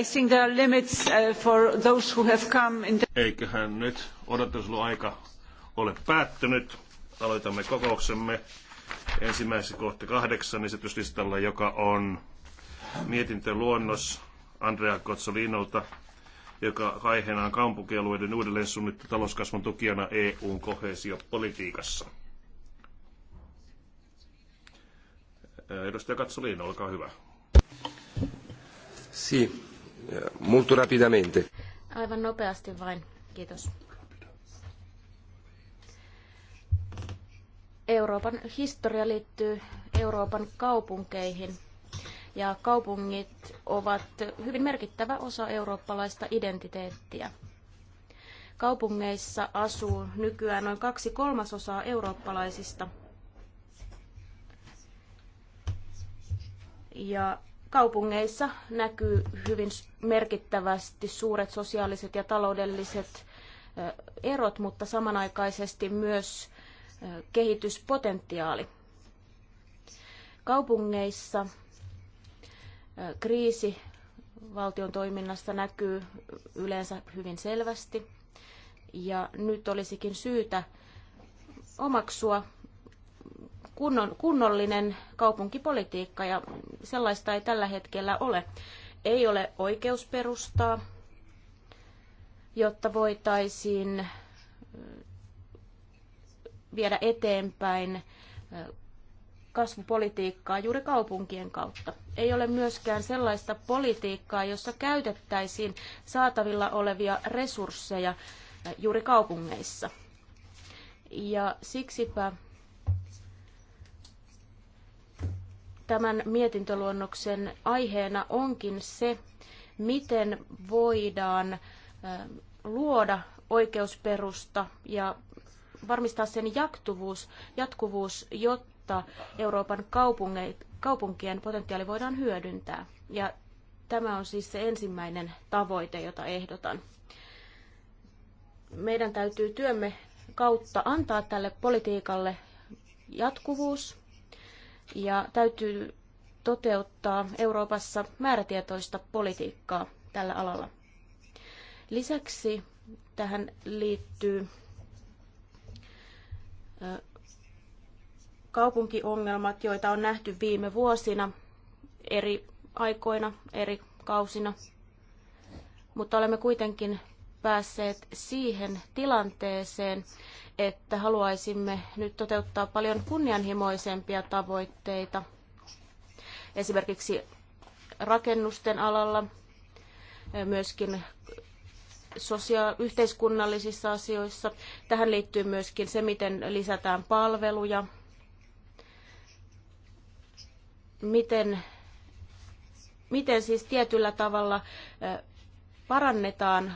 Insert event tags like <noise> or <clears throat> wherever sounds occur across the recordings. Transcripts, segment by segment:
I think there are limits uh, for those who have come in the... Eiköhän nyt odotusluaika ole päättynyt. Aloitamme kokouksemme ensimmäisessä kohta kahdeksan esityslistalla, joka on mietintöluonnos Andrea Kotsolinolta, joka aiheena on kaupunkialueiden uudelleen talouskasvun tukijana EUn kohesiopolitiikassa. Edustaja Katsolin, olkaa hyvä. Si molto rapidamente. Aivan nopeasti vain, kiitos. Euroopan historia liittyy Euroopan kaupunkeihin ja kaupungit ovat hyvin merkittävä osa eurooppalaista identiteettiä. Kaupungeissa asuu nykyään noin kaksi kolmasosaa eurooppalaisista. Ja Kaupungeissa näkyy hyvin merkittävästi suuret sosiaaliset ja taloudelliset erot, mutta samanaikaisesti myös kehityspotentiaali. Kaupungeissa kriisi valtion toiminnasta näkyy yleensä hyvin selvästi. Ja nyt olisikin syytä omaksua kunnon, kunnollinen kaupunkipolitiikka ja sellaista ei tällä hetkellä ole. Ei ole oikeusperustaa, jotta voitaisiin viedä eteenpäin kasvupolitiikkaa juuri kaupunkien kautta. Ei ole myöskään sellaista politiikkaa, jossa käytettäisiin saatavilla olevia resursseja juuri kaupungeissa. Ja siksipä Tämän mietintöluonnoksen aiheena onkin se, miten voidaan luoda oikeusperusta ja varmistaa sen jatkuvuus, jatkuvuus jotta Euroopan kaupunkien potentiaali voidaan hyödyntää. Ja tämä on siis se ensimmäinen tavoite, jota ehdotan. Meidän täytyy työmme kautta antaa tälle politiikalle jatkuvuus ja täytyy toteuttaa Euroopassa määrätietoista politiikkaa tällä alalla. Lisäksi tähän liittyy kaupunkiongelmat, joita on nähty viime vuosina eri aikoina, eri kausina, mutta olemme kuitenkin päässeet siihen tilanteeseen, että haluaisimme nyt toteuttaa paljon kunnianhimoisempia tavoitteita, esimerkiksi rakennusten alalla, myöskin sosia- yhteiskunnallisissa asioissa. Tähän liittyy myöskin se, miten lisätään palveluja, miten, miten siis tietyllä tavalla parannetaan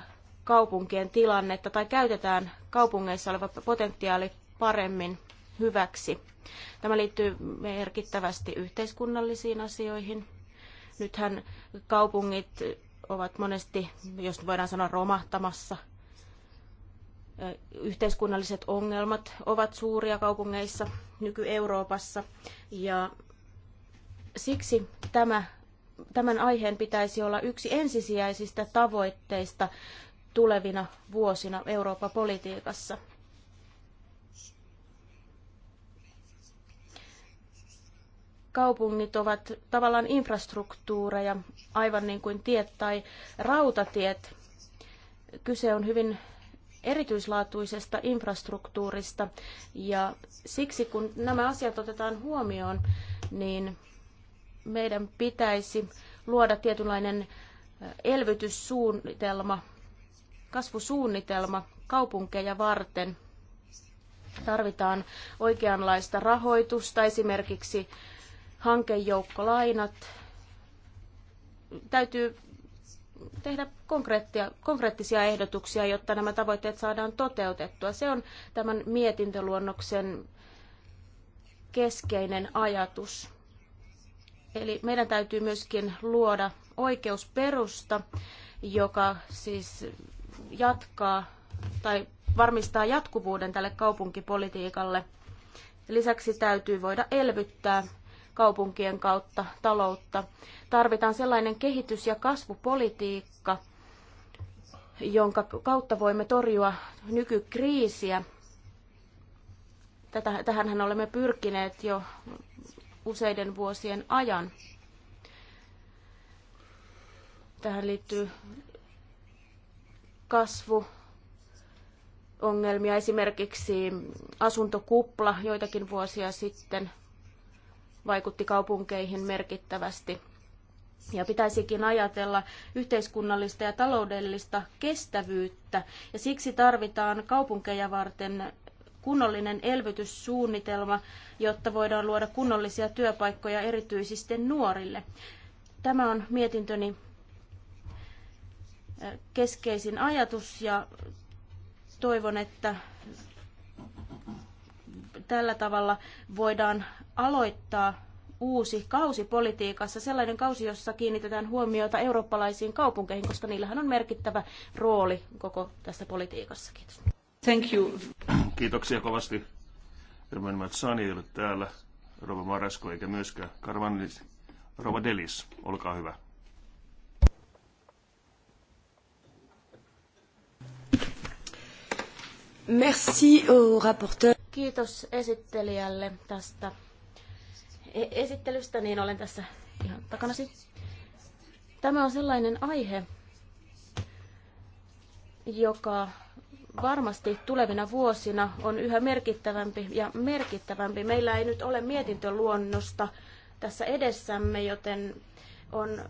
kaupunkien tilannetta tai käytetään kaupungeissa oleva potentiaali paremmin hyväksi. Tämä liittyy merkittävästi yhteiskunnallisiin asioihin. Nythän kaupungit ovat monesti, jos voidaan sanoa, romahtamassa. Yhteiskunnalliset ongelmat ovat suuria kaupungeissa nyky-Euroopassa ja siksi tämä, tämän aiheen pitäisi olla yksi ensisijaisista tavoitteista tulevina vuosina Euroopan politiikassa. Kaupungit ovat tavallaan infrastruktuureja, aivan niin kuin tiet tai rautatiet. Kyse on hyvin erityislaatuisesta infrastruktuurista ja siksi kun nämä asiat otetaan huomioon, niin meidän pitäisi luoda tietynlainen elvytyssuunnitelma kasvusuunnitelma kaupunkeja varten. Tarvitaan oikeanlaista rahoitusta, esimerkiksi hankejoukkolainat. Täytyy tehdä konkreettisia ehdotuksia, jotta nämä tavoitteet saadaan toteutettua. Se on tämän mietintöluonnoksen keskeinen ajatus. Eli meidän täytyy myöskin luoda oikeusperusta, joka siis jatkaa tai varmistaa jatkuvuuden tälle kaupunkipolitiikalle. Lisäksi täytyy voida elvyttää kaupunkien kautta taloutta. Tarvitaan sellainen kehitys- ja kasvupolitiikka, jonka kautta voimme torjua nykykriisiä. Tähän olemme pyrkineet jo useiden vuosien ajan. Tähän liittyy kasvu ongelmia, esimerkiksi asuntokupla joitakin vuosia sitten vaikutti kaupunkeihin merkittävästi. Ja pitäisikin ajatella yhteiskunnallista ja taloudellista kestävyyttä, ja siksi tarvitaan kaupunkeja varten kunnollinen elvytyssuunnitelma, jotta voidaan luoda kunnollisia työpaikkoja erityisesti nuorille. Tämä on mietintöni keskeisin ajatus ja toivon, että tällä tavalla voidaan aloittaa uusi kausi politiikassa, sellainen kausi, jossa kiinnitetään huomiota eurooppalaisiin kaupunkeihin, koska niillähän on merkittävä rooli koko tässä politiikassa. Kiitos. Thank you. Kiitoksia kovasti. Herman Matsani ei ole täällä, Rova Marasko eikä myöskään Karvanis. Rova Delis, olkaa hyvä. Merci au rapporteur. Kiitos esittelijälle tästä e- esittelystä, niin olen tässä ihan takanasi. Tämä on sellainen aihe, joka varmasti tulevina vuosina on yhä merkittävämpi ja merkittävämpi. Meillä ei nyt ole mietintöluonnosta tässä edessämme, joten on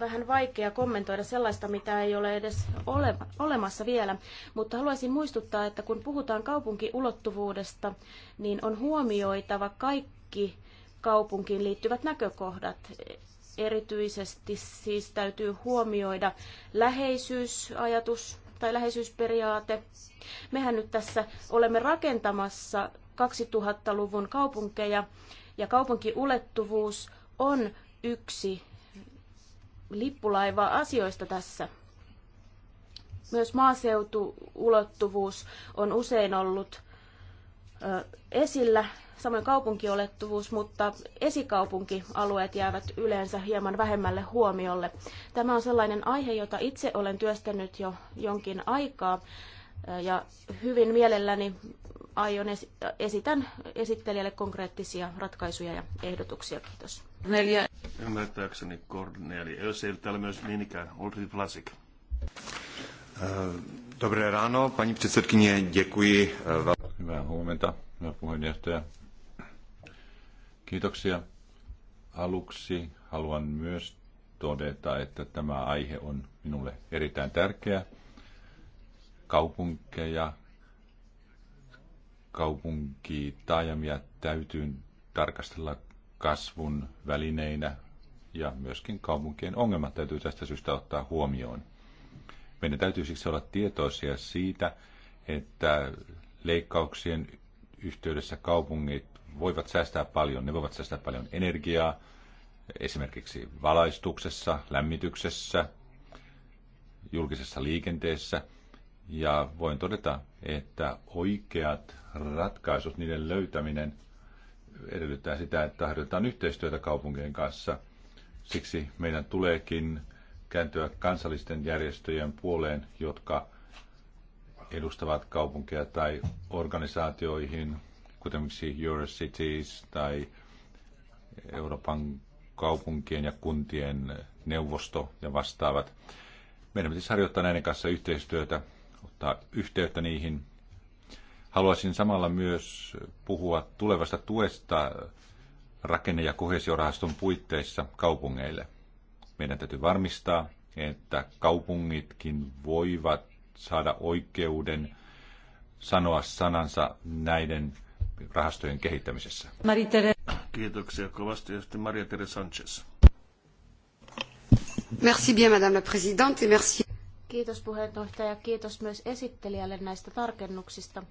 vähän vaikea kommentoida sellaista, mitä ei ole edes ole, olemassa vielä, mutta haluaisin muistuttaa, että kun puhutaan kaupunkiulottuvuudesta, niin on huomioitava kaikki kaupunkiin liittyvät näkökohdat. Erityisesti siis täytyy huomioida läheisyysajatus tai läheisyysperiaate. Mehän nyt tässä olemme rakentamassa 2000-luvun kaupunkeja ja kaupunkiulettuvuus on yksi lippulaiva-asioista tässä. Myös maaseutuulottuvuus on usein ollut esillä, samoin kaupunkiolettuvuus, mutta esikaupunkialueet jäävät yleensä hieman vähemmälle huomiolle. Tämä on sellainen aihe, jota itse olen työstänyt jo jonkin aikaa ja hyvin mielelläni aion esi- esitän esittelijälle konkreettisia ratkaisuja ja ehdotuksia. Kiitos. Neljä. Ymmärtääkseni Korneli ei täällä myös niin ikään Ulrich Vlasik. Äh, dobré ráno, pani předsedkyně, děkuji. Äh, Hyvää huomenta, hyvä puheenjohtaja. Kiitoksia. Aluksi haluan myös todeta, että tämä aihe on minulle erittäin tärkeä. Kaupunkeja kaupunki taajamia täytyy tarkastella kasvun välineinä ja myöskin kaupunkien ongelmat täytyy tästä syystä ottaa huomioon. Meidän täytyy siksi olla tietoisia siitä, että leikkauksien yhteydessä kaupungit voivat säästää paljon. Ne voivat säästää paljon energiaa, esimerkiksi valaistuksessa, lämmityksessä, julkisessa liikenteessä – ja voin todeta, että oikeat ratkaisut, niiden löytäminen edellyttää sitä, että tarvitaan yhteistyötä kaupunkien kanssa. Siksi meidän tuleekin kääntyä kansallisten järjestöjen puoleen, jotka edustavat kaupunkeja tai organisaatioihin, kuten esimerkiksi Eurocities tai Euroopan kaupunkien ja kuntien neuvosto ja vastaavat. Meidän pitäisi harjoittaa näiden kanssa yhteistyötä ottaa yhteyttä niihin. Haluaisin samalla myös puhua tulevasta tuesta rakenne- ja kohesiorahaston puitteissa kaupungeille. Meidän täytyy varmistaa, että kaupungitkin voivat saada oikeuden sanoa sanansa näiden rahastojen kehittämisessä. Kiitoksia kovasti. Maria Tere Sanchez. Merci bien, Madame la Présidente, et merci. Kiitos puheenjohtaja ja kiitos myös esittelijälle näistä tarkennuksista.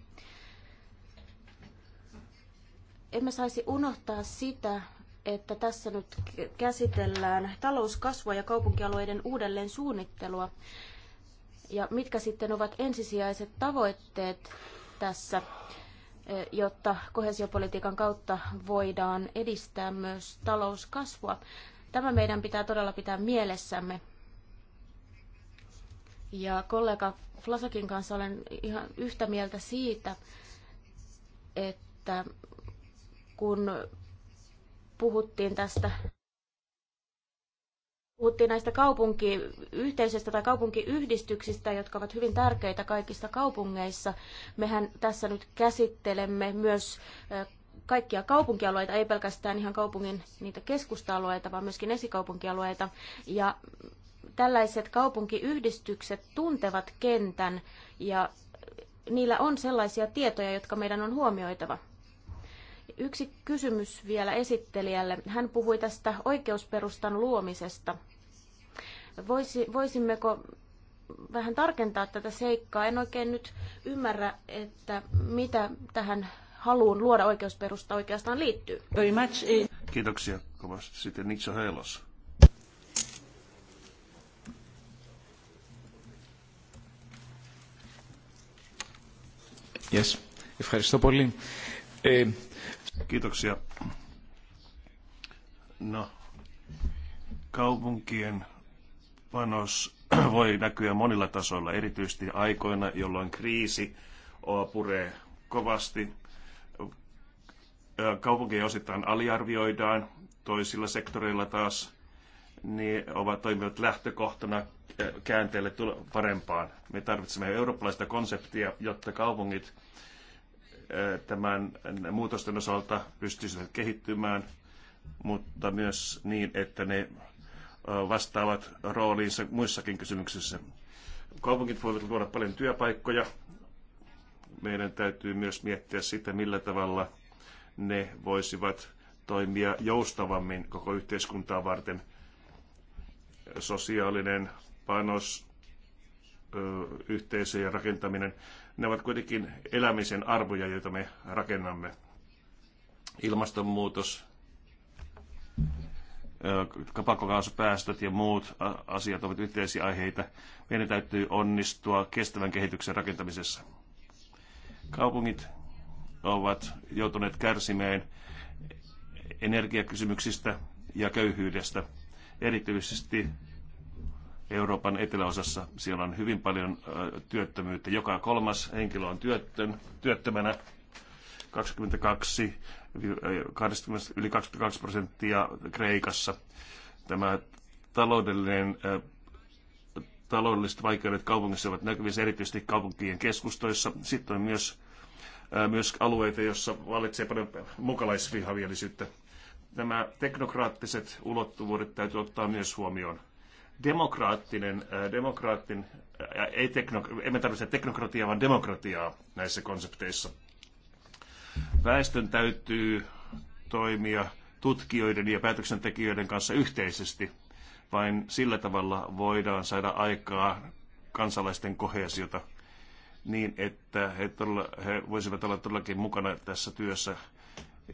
Emme saisi unohtaa sitä, että tässä nyt käsitellään talouskasvua ja kaupunkialueiden uudelleen suunnittelua. Ja mitkä sitten ovat ensisijaiset tavoitteet tässä, e, jotta kohesiopolitiikan kautta voidaan edistää myös talouskasvua. Tämä meidän pitää todella pitää mielessämme. Ja kollega Flasakin kanssa olen ihan yhtä mieltä siitä, että kun puhuttiin tästä puhuttiin näistä kaupunkiyhteisöistä tai kaupunkiyhdistyksistä, jotka ovat hyvin tärkeitä kaikissa kaupungeissa. Mehän tässä nyt käsittelemme myös kaikkia kaupunkialueita, ei pelkästään ihan kaupungin niitä keskusta-alueita, vaan myöskin esikaupunkialueita. Ja tällaiset kaupunkiyhdistykset tuntevat kentän ja niillä on sellaisia tietoja, jotka meidän on huomioitava. Yksi kysymys vielä esittelijälle. Hän puhui tästä oikeusperustan luomisesta. Voisi, voisimmeko vähän tarkentaa tätä seikkaa? En oikein nyt ymmärrä, että mitä tähän haluun luoda oikeusperusta oikeastaan liittyy. Kiitoksia kovasti. Sitten Nitsa Heilos. Yes. Ευχαριστώ πολύ. Ε... No, kaupunkien panos <clears throat> voi näkyä monilla tasoilla, erityisesti aikoina, jolloin kriisi puree kovasti. Kaupunkeja osittain aliarvioidaan, toisilla sektoreilla taas niin ovat toimivat lähtökohtana käänteelle parempaan. Me tarvitsemme eurooppalaista konseptia, jotta kaupungit eh, tämän muutosten osalta pystyisivät kehittymään, mutta myös niin, että ne vastaavat rooliinsa muissakin kysymyksissä. Kaupungit voivat luoda paljon työpaikkoja. Meidän täytyy myös miettiä sitä, millä tavalla ne voisivat toimia joustavammin koko yhteiskuntaa varten. Sosiaalinen panos, yhteisöjen rakentaminen, ne ovat kuitenkin elämisen arvoja, joita me rakennamme. Ilmastonmuutos, kapakokaasupäästöt ja muut asiat ovat yhteisiä aiheita. Meidän täytyy onnistua kestävän kehityksen rakentamisessa. Kaupungit ovat joutuneet kärsimään energiakysymyksistä ja köyhyydestä, erityisesti Euroopan eteläosassa. Siellä on hyvin paljon työttömyyttä. Joka kolmas henkilö on työttön, työttömänä. 22, yli 22 prosenttia Kreikassa. Tämä taloudellinen taloudelliset vaikeudet kaupungissa ovat näkyvissä erityisesti kaupunkien keskustoissa. Sitten on myös, myös alueita, joissa vallitsee paljon mukalaisvihavielisyyttä. Nämä teknokraattiset ulottuvuudet täytyy ottaa myös huomioon demokraattinen, äh, demokraattin, äh, ei tekno, emme tarvitse teknokratiaa, vaan demokratiaa näissä konsepteissa. Väestön täytyy toimia tutkijoiden ja päätöksentekijöiden kanssa yhteisesti. Vain sillä tavalla voidaan saada aikaa kansalaisten kohesiota niin, että he, todella, he voisivat olla todellakin mukana tässä työssä,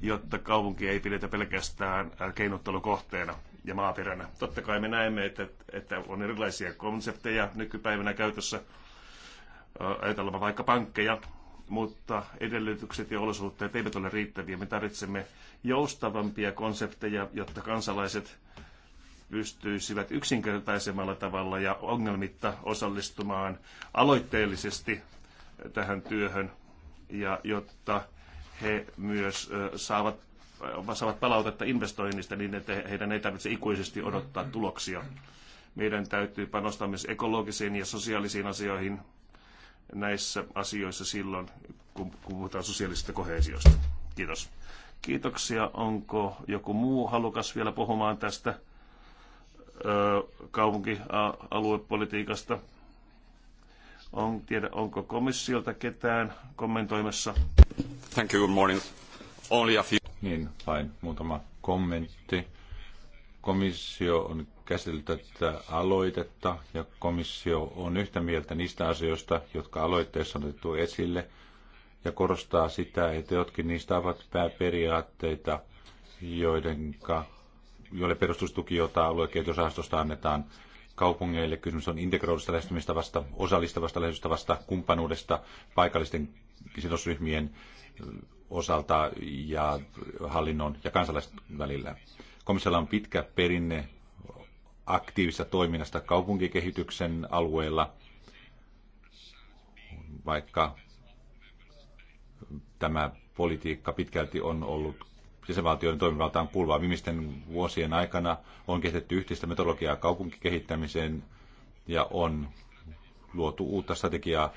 jotta kaupunki ei pidetä pelkästään äh, keinottelukohteena ja maaperänä. Totta kai me näemme, että, että on erilaisia konsepteja nykypäivänä käytössä. ajatellaan vaikka pankkeja, mutta edellytykset ja olosuhteet eivät ole riittäviä. Me tarvitsemme joustavampia konsepteja, jotta kansalaiset pystyisivät yksinkertaisemmalla tavalla ja ongelmitta osallistumaan aloitteellisesti tähän työhön ja jotta he myös saavat saavat palautetta investoinnista, niin että heidän ei tarvitse ikuisesti odottaa tuloksia. Meidän täytyy panostaa myös ekologisiin ja sosiaalisiin asioihin näissä asioissa silloin, kun puhutaan sosiaalisesta kohesiosta. Kiitos. Kiitoksia. Onko joku muu halukas vielä puhumaan tästä kaupunkialuepolitiikasta? On, tiedä, onko komissiolta ketään kommentoimassa? Thank you, good morning. Only a few niin vain muutama kommentti. Komissio on käsitellyt tätä aloitetta ja komissio on yhtä mieltä niistä asioista, jotka aloitteessa on otettu esille ja korostaa sitä, että jotkin niistä ovat pääperiaatteita, joidenka, joille perustustuki, jota aluekehitysrahastosta annetaan kaupungeille. Kysymys on integroidusta lähestymistavasta, osallistavasta lähestymistavasta, kumppanuudesta, paikallisten sidosryhmien osalta ja hallinnon ja kansalaisten välillä. Komissiolla on pitkä perinne aktiivista toiminnasta kaupunkikehityksen alueella, vaikka tämä politiikka pitkälti on ollut jäsenvaltioiden toimivaltaan kuuluvaa. Viimeisten vuosien aikana on kehitetty yhteistä metodologiaa kaupunkikehittämiseen ja on luotu uutta strategiaa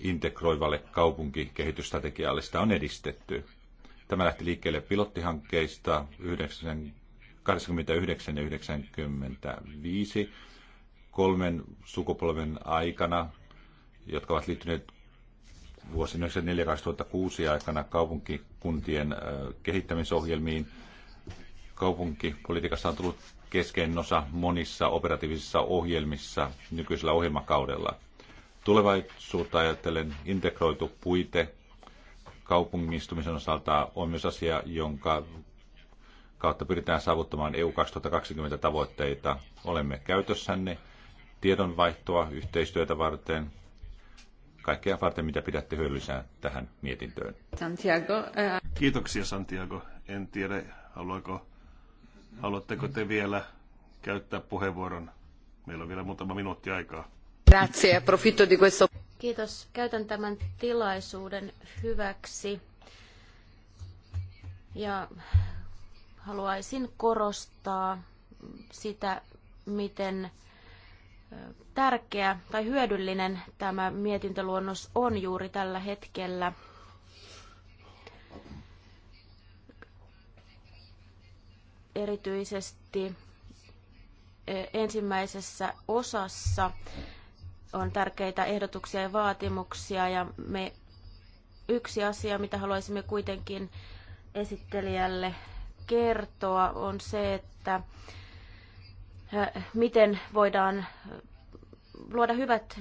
integroivalle kaupunkikehitysstrategialle. Sitä on edistetty. Tämä lähti liikkeelle pilottihankkeista 1989 ja 1995 kolmen sukupolven aikana, jotka ovat liittyneet vuosina 1994-2006 aikana kaupunkikuntien kehittämisohjelmiin. Kaupunkipolitiikassa on tullut keskeinen osa monissa operatiivisissa ohjelmissa nykyisellä ohjelmakaudella – Tulevaisuutta ajatellen integroitu puite kaupungistumisen osalta on myös asia, jonka kautta pyritään saavuttamaan EU 2020 tavoitteita. Olemme käytössänne tiedonvaihtoa yhteistyötä varten, kaikkea varten, mitä pidätte hyödyllisenä tähän mietintöön. Santiago. Ää... Äh. Kiitoksia Santiago. En tiedä, haluaako, haluatteko te vielä käyttää puheenvuoron. Meillä on vielä muutama minuutti aikaa. Kiitos. Käytän tämän tilaisuuden hyväksi. Ja haluaisin korostaa sitä, miten tärkeä tai hyödyllinen tämä mietintöluonnos on juuri tällä hetkellä. Erityisesti ensimmäisessä osassa on tärkeitä ehdotuksia ja vaatimuksia ja me yksi asia, mitä haluaisimme kuitenkin esittelijälle kertoa, on se, että miten voidaan luoda hyvät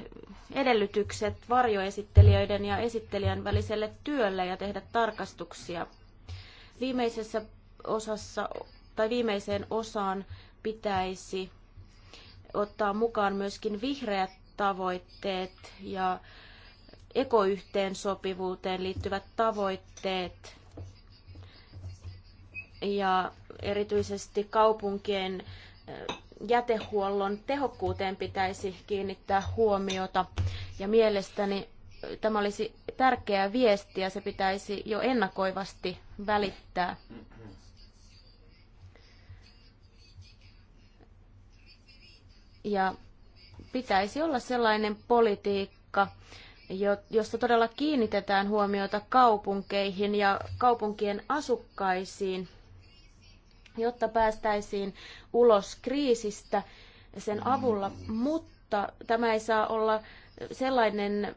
edellytykset varjoesittelijöiden ja esittelijän väliselle työlle ja tehdä tarkastuksia. Viimeisessä osassa tai viimeiseen osaan pitäisi ottaa mukaan myöskin vihreät tavoitteet ja ekoyhteensopivuuteen liittyvät tavoitteet ja erityisesti kaupunkien jätehuollon tehokkuuteen pitäisi kiinnittää huomiota. Ja mielestäni tämä olisi tärkeä viesti ja se pitäisi jo ennakoivasti välittää. Ja pitäisi olla sellainen politiikka, josta todella kiinnitetään huomiota kaupunkeihin ja kaupunkien asukkaisiin, jotta päästäisiin ulos kriisistä sen avulla, mutta tämä ei saa olla sellainen,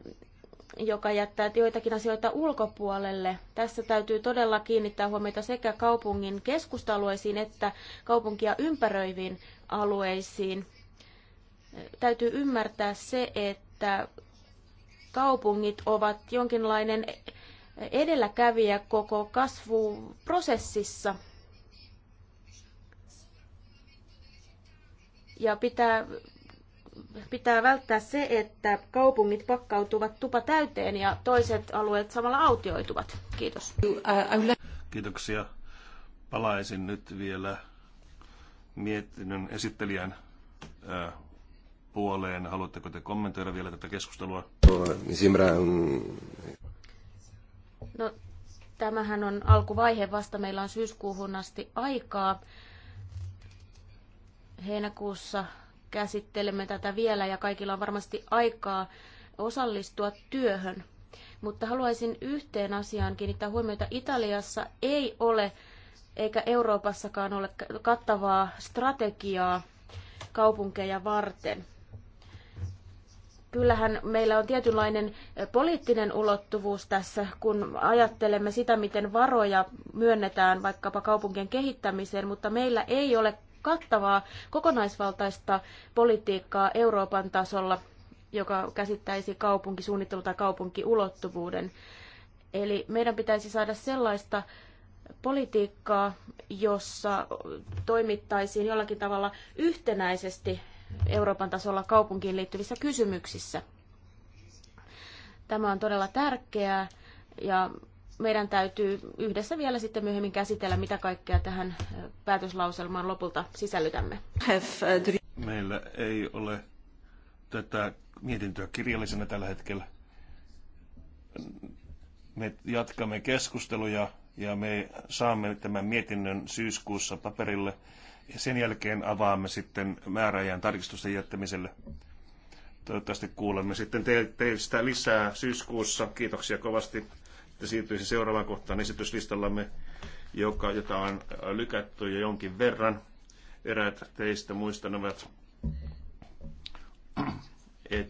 joka jättää joitakin asioita ulkopuolelle. Tässä täytyy todella kiinnittää huomiota sekä kaupungin keskustalueisiin että kaupunkia ympäröiviin alueisiin täytyy ymmärtää se, että kaupungit ovat jonkinlainen edelläkävijä koko kasvuprosessissa. Ja pitää, pitää välttää se, että kaupungit pakkautuvat tupa täyteen ja toiset alueet samalla autioituvat. Kiitos. Kiitoksia. Palaisin nyt vielä mietinnön esittelijän äh, puoleen. Haluatteko te kommentoida vielä tätä keskustelua? No, tämähän on alkuvaihe vasta. Meillä on syyskuuhun asti aikaa. Heinäkuussa käsittelemme tätä vielä ja kaikilla on varmasti aikaa osallistua työhön. Mutta haluaisin yhteen asiaan kiinnittää huomiota. Italiassa ei ole eikä Euroopassakaan ole kattavaa strategiaa kaupunkeja varten kyllähän meillä on tietynlainen eh, poliittinen ulottuvuus tässä, kun ajattelemme sitä, miten varoja myönnetään vaikkapa kaupunkien kehittämiseen, mutta meillä ei ole kattavaa kokonaisvaltaista politiikkaa Euroopan tasolla, joka käsittäisi kaupunkisuunnittelu- tai kaupunkiulottuvuuden. Eli meidän pitäisi saada sellaista politiikkaa, jossa toimittaisiin jollakin tavalla yhtenäisesti Euroopan tasolla kaupunkiin liittyvissä kysymyksissä. Tämä on todella tärkeää ja meidän täytyy yhdessä vielä sitten myöhemmin käsitellä, mitä kaikkea tähän päätöslauselmaan lopulta sisällytämme. Meillä ei ole tätä mietintöä kirjallisena tällä hetkellä. Me jatkamme keskusteluja ja me saamme tämän mietinnön syyskuussa paperille ja sen jälkeen avaamme sitten määräajan tarkistusten jättämiselle. Toivottavasti kuulemme sitten teistä lisää syyskuussa. Kiitoksia kovasti. että siirtyisi seuraavaan kohtaan esityslistallamme, joka, jota on lykätty jo jonkin verran. Eräät teistä muistanevat,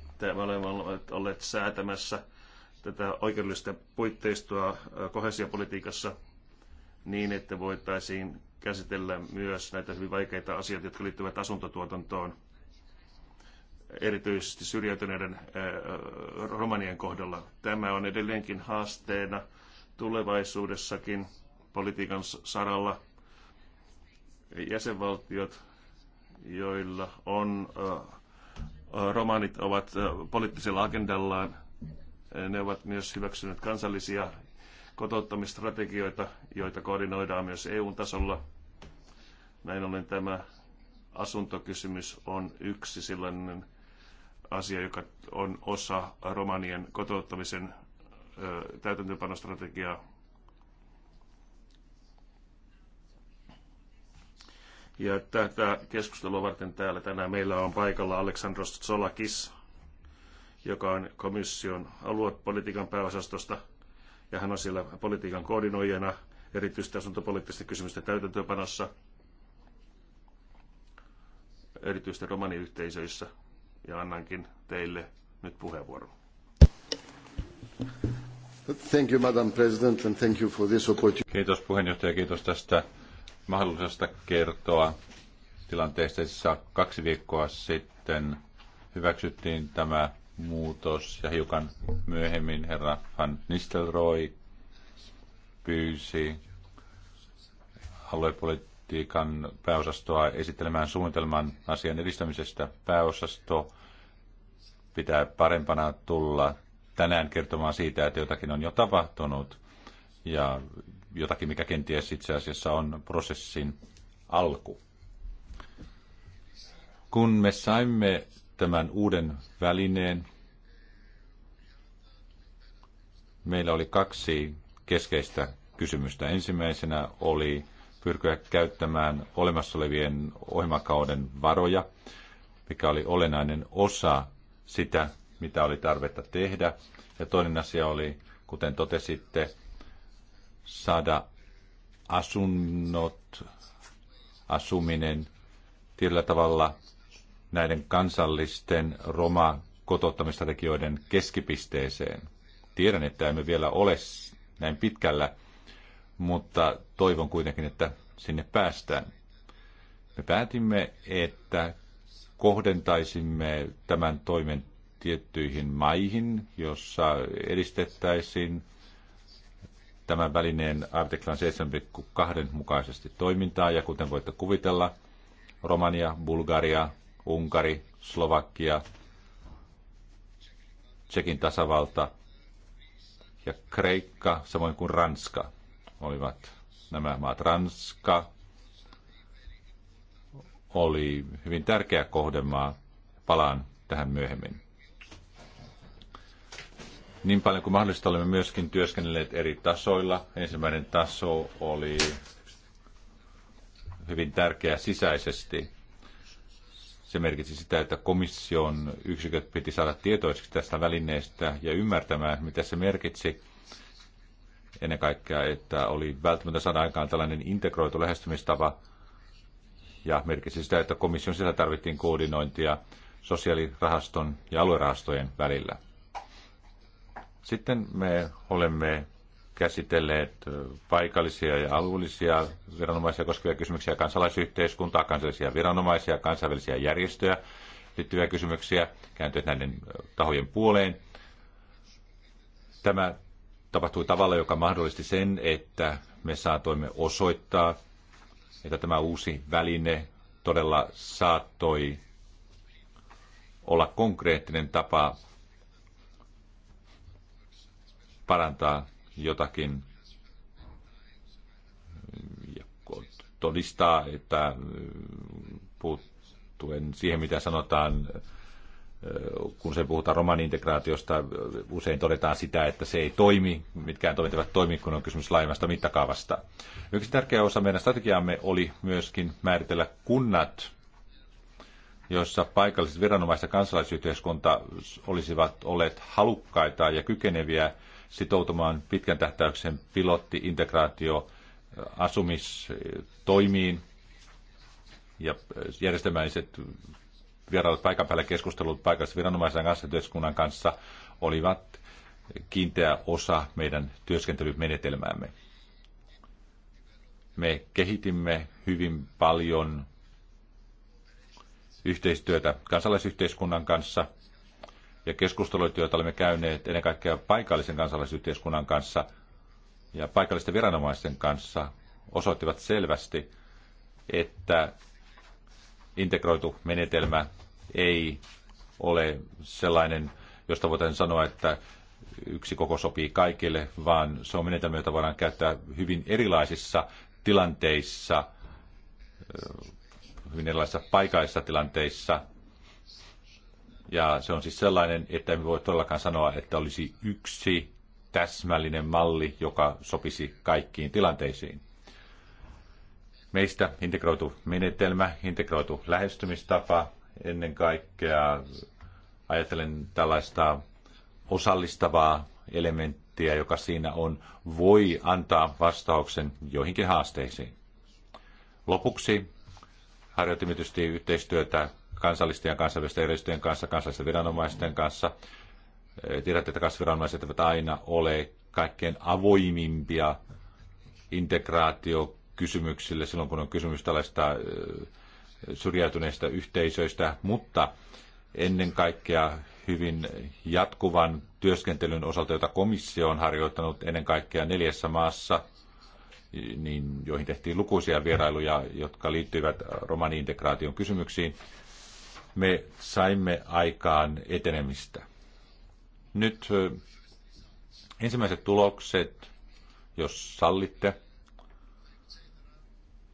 että me olemme olleet säätämässä tätä oikeudellista puitteistoa kohesiapolitiikassa niin, että voitaisiin käsitellä myös näitä hyvin vaikeita asioita, jotka liittyvät asuntotuotantoon, erityisesti syrjäytyneiden romanien kohdalla. Tämä on edelleenkin haasteena tulevaisuudessakin politiikan saralla. Jäsenvaltiot, joilla on romanit ovat poliittisella agendallaan. Ne ovat myös hyväksyneet kansallisia kotouttamistrategioita, joita koordinoidaan myös EU-tasolla. Näin ollen tämä asuntokysymys on yksi sellainen asia, joka on osa romanien kotouttamisen täytäntöpanostrategiaa. Ja tätä keskustelua varten täällä tänään meillä on paikalla Aleksandros Solakis, joka on komission aluepolitiikan pääosastosta, ja hän on siellä politiikan koordinoijana erityisesti asuntopoliittisten kysymysten täytäntöönpanossa – erityisesti romaniyhteisöissä, ja annankin teille nyt puheenvuoron. Thank you, Madam President, and thank you for this opportunity. Kiitos puheenjohtaja, kiitos tästä mahdollisesta kertoa tilanteesta. Kaksi viikkoa sitten hyväksyttiin tämä muutos ja hiukan myöhemmin herra Van Nistelrooy pyysi aluepoliittisen politiikan pääosastoa esittelemään suunnitelman asian edistämisestä. Pääosasto pitää parempana tulla tänään kertomaan siitä, että jotakin on jo tapahtunut ja jotakin, mikä kenties itse asiassa on prosessin alku. Kun me saimme tämän uuden välineen, meillä oli kaksi keskeistä kysymystä. Ensimmäisenä oli pyrkiä käyttämään olemassa olevien ohjelmakauden varoja, mikä oli olennainen osa sitä, mitä oli tarvetta tehdä. Ja toinen asia oli, kuten totesitte, saada asunnot, asuminen tietyllä tavalla näiden kansallisten roma kotouttamistrategioiden keskipisteeseen. Tiedän, että emme vielä ole näin pitkällä, mutta toivon kuitenkin, että sinne päästään. Me päätimme, että kohdentaisimme tämän toimen tiettyihin maihin, jossa edistettäisiin tämän välineen artiklan 7.2 mukaisesti toimintaa. Ja kuten voitte kuvitella, Romania, Bulgaria, Unkari, Slovakia, Tsekin tasavalta ja Kreikka, samoin kuin Ranska – olivat nämä maat. Ranska oli hyvin tärkeä kohdemaa. Palaan tähän myöhemmin. Niin paljon kuin mahdollista olemme myöskin työskennelleet eri tasoilla. Ensimmäinen taso oli hyvin tärkeä sisäisesti. Se merkitsi sitä, että komission yksiköt piti saada tietoisiksi tästä välineestä ja ymmärtämään, mitä se merkitsi ennen kaikkea, että oli välttämättä saada aikaan tällainen integroitu lähestymistapa ja merkitsi sitä, että komission sisällä tarvittiin koordinointia sosiaalirahaston ja aluerahastojen välillä. Sitten me olemme käsitelleet paikallisia ja alueellisia viranomaisia koskevia kysymyksiä, kansalaisyhteiskuntaa, kansallisia viranomaisia, kansainvälisiä järjestöjä liittyviä kysymyksiä, kääntyneet näiden tahojen puoleen. Tämä tapahtui tavalla, joka mahdollisti sen, että me saatoimme osoittaa, että tämä uusi väline todella saattoi olla konkreettinen tapa parantaa jotakin ja todistaa, että puuttuen siihen, mitä sanotaan kun se puhutaan romani-integraatiosta, usein todetaan sitä, että se ei toimi, mitkään toimet eivät toimi, kun on kysymys laajemmasta mittakaavasta. Yksi tärkeä osa meidän strategiaamme oli myöskin määritellä kunnat, joissa paikalliset viranomaiset ja kansalaisyhteiskunta olisivat olleet halukkaita ja kykeneviä sitoutumaan pitkän tähtäyksen pilotti-integraatio asumistoimiin ja järjestelmälliset vierailut paikan päällä, keskustelut paikallisen viranomaisen kanssa, työskunnan kanssa olivat kiinteä osa meidän työskentelymenetelmäämme. Me kehitimme hyvin paljon yhteistyötä kansalaisyhteiskunnan kanssa ja keskusteluita, joita olemme käyneet ennen kaikkea paikallisen kansalaisyhteiskunnan kanssa ja paikallisten viranomaisten kanssa, osoittivat selvästi, että integroitu menetelmä ei ole sellainen, josta voitaisiin sanoa, että yksi koko sopii kaikille, vaan se on menetelmä, jota voidaan käyttää hyvin erilaisissa tilanteissa, hyvin erilaisissa paikallisissa tilanteissa. Ja se on siis sellainen, että emme voi todellakaan sanoa, että olisi yksi täsmällinen malli, joka sopisi kaikkiin tilanteisiin meistä integroitu menetelmä, integroitu lähestymistapa, ennen kaikkea ajatellen tällaista osallistavaa elementtiä, joka siinä on, voi antaa vastauksen joihinkin haasteisiin. Lopuksi harjoitimme tietysti yhteistyötä kansallisten ja kansainvälisten järjestöjen kanssa, kansallisten viranomaisten kanssa. Eh, tiedätte, että kasviranomaiset eivät aina ole kaikkein avoimimpia integraatio kysymyksille silloin, kun on kysymys tällaista syrjäytyneistä yhteisöistä, mutta ennen kaikkea hyvin jatkuvan työskentelyn osalta, jota komissio on harjoittanut ennen kaikkea neljässä maassa, niin joihin tehtiin lukuisia vierailuja, jotka liittyivät romani-integraation kysymyksiin, me saimme aikaan etenemistä. Nyt ensimmäiset tulokset, jos sallitte,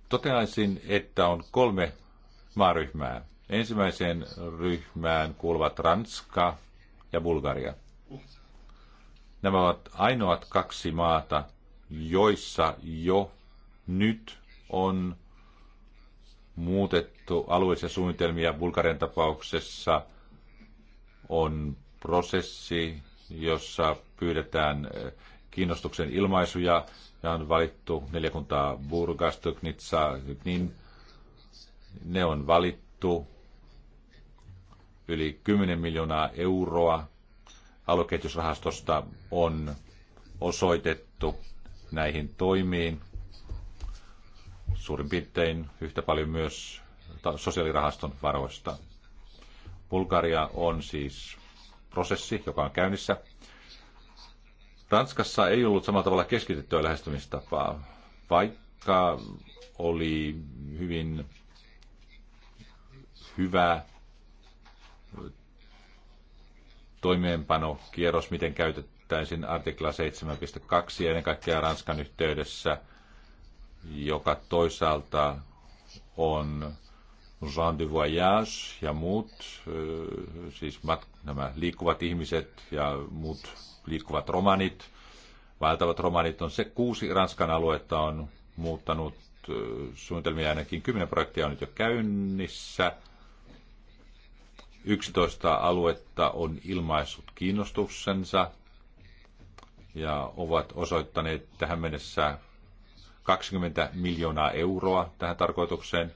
Toteaisin, että on kolme maaryhmää. Ensimmäiseen ryhmään kuuluvat Ranska ja Bulgaria. Nämä ovat ainoat kaksi maata, joissa jo nyt on muutettu alueellisia suunnitelmia. Bulgarian tapauksessa on prosessi, jossa pyydetään kiinnostuksen ilmaisuja ja on valittu neljäkuntaa kuntaa Burgas, Tyknitsa, niin ne on valittu yli 10 miljoonaa euroa aluekehitysrahastosta on osoitettu näihin toimiin. Suurin piirtein yhtä paljon myös sosiaalirahaston varoista. Bulgaria on siis prosessi, joka on käynnissä. Ranskassa ei ollut samalla tavalla keskitettyä lähestymistapaa, vaikka oli hyvin hyvä toimeenpano kierros, miten käytettäisiin artikla 7.2 ja ennen kaikkea Ranskan yhteydessä, joka toisaalta on Jean de Voyage ja muut, siis mat, nämä liikkuvat ihmiset ja muut liikkuvat romanit, valtavat romanit on se kuusi Ranskan aluetta on muuttanut suunnitelmia ainakin kymmenen projektia on nyt jo käynnissä. 11 aluetta on ilmaissut kiinnostuksensa ja ovat osoittaneet tähän mennessä 20 miljoonaa euroa tähän tarkoitukseen.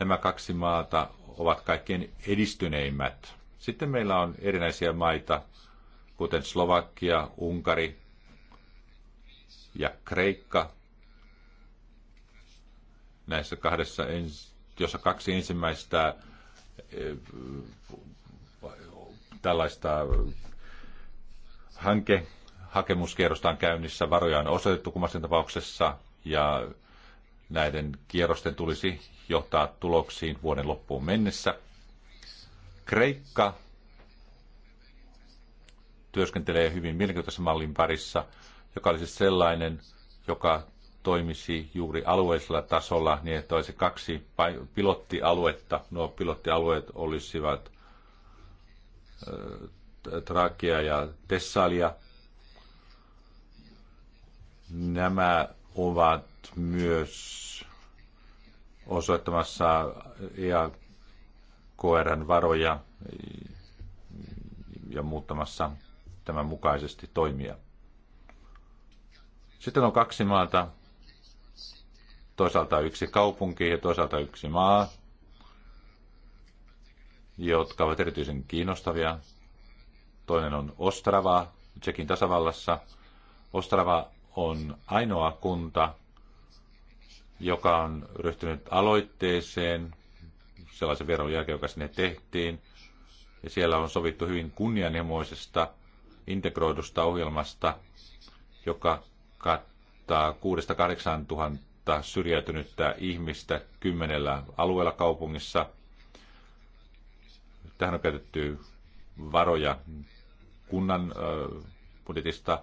Nämä kaksi maata ovat kaikkein edistyneimmät. Sitten meillä on erinäisiä maita, kuten Slovakia, Unkari ja Kreikka. Näissä kahdessa, jossa kaksi ensimmäistä eh, tällaista eh, hanke, hakemuskierrosta on käynnissä, varoja on osoitettu kummassa tapauksessa ja näiden kierrosten tulisi johtaa tuloksiin vuoden loppuun mennessä. Kreikka työskentelee hyvin mielenkiintoisen mallin parissa, joka olisi sellainen, joka toimisi juuri alueellisella tasolla niin, että olisi kaksi pilottialuetta. Nuo pilottialueet olisivat Trakia ja Tessalia. Nämä ovat myös osoittamassa EAKRn varoja ja muuttamassa tämän mukaisesti toimia. Sitten on kaksi maata, toisaalta yksi kaupunki ja toisaalta yksi maa, jotka ovat erityisen kiinnostavia. Toinen on Ostrava, Tsekin tasavallassa. Ostrava on ainoa kunta, joka on ryhtynyt aloitteeseen sellaisen vierailun jälkeen, joka sinne tehtiin. Ja siellä on sovittu hyvin kunnianhimoisesta integroidusta ohjelmasta, joka kattaa 6-8 000 syrjäytynyttä ihmistä kymmenellä alueella kaupungissa. Tähän on käytetty varoja kunnan budjetista.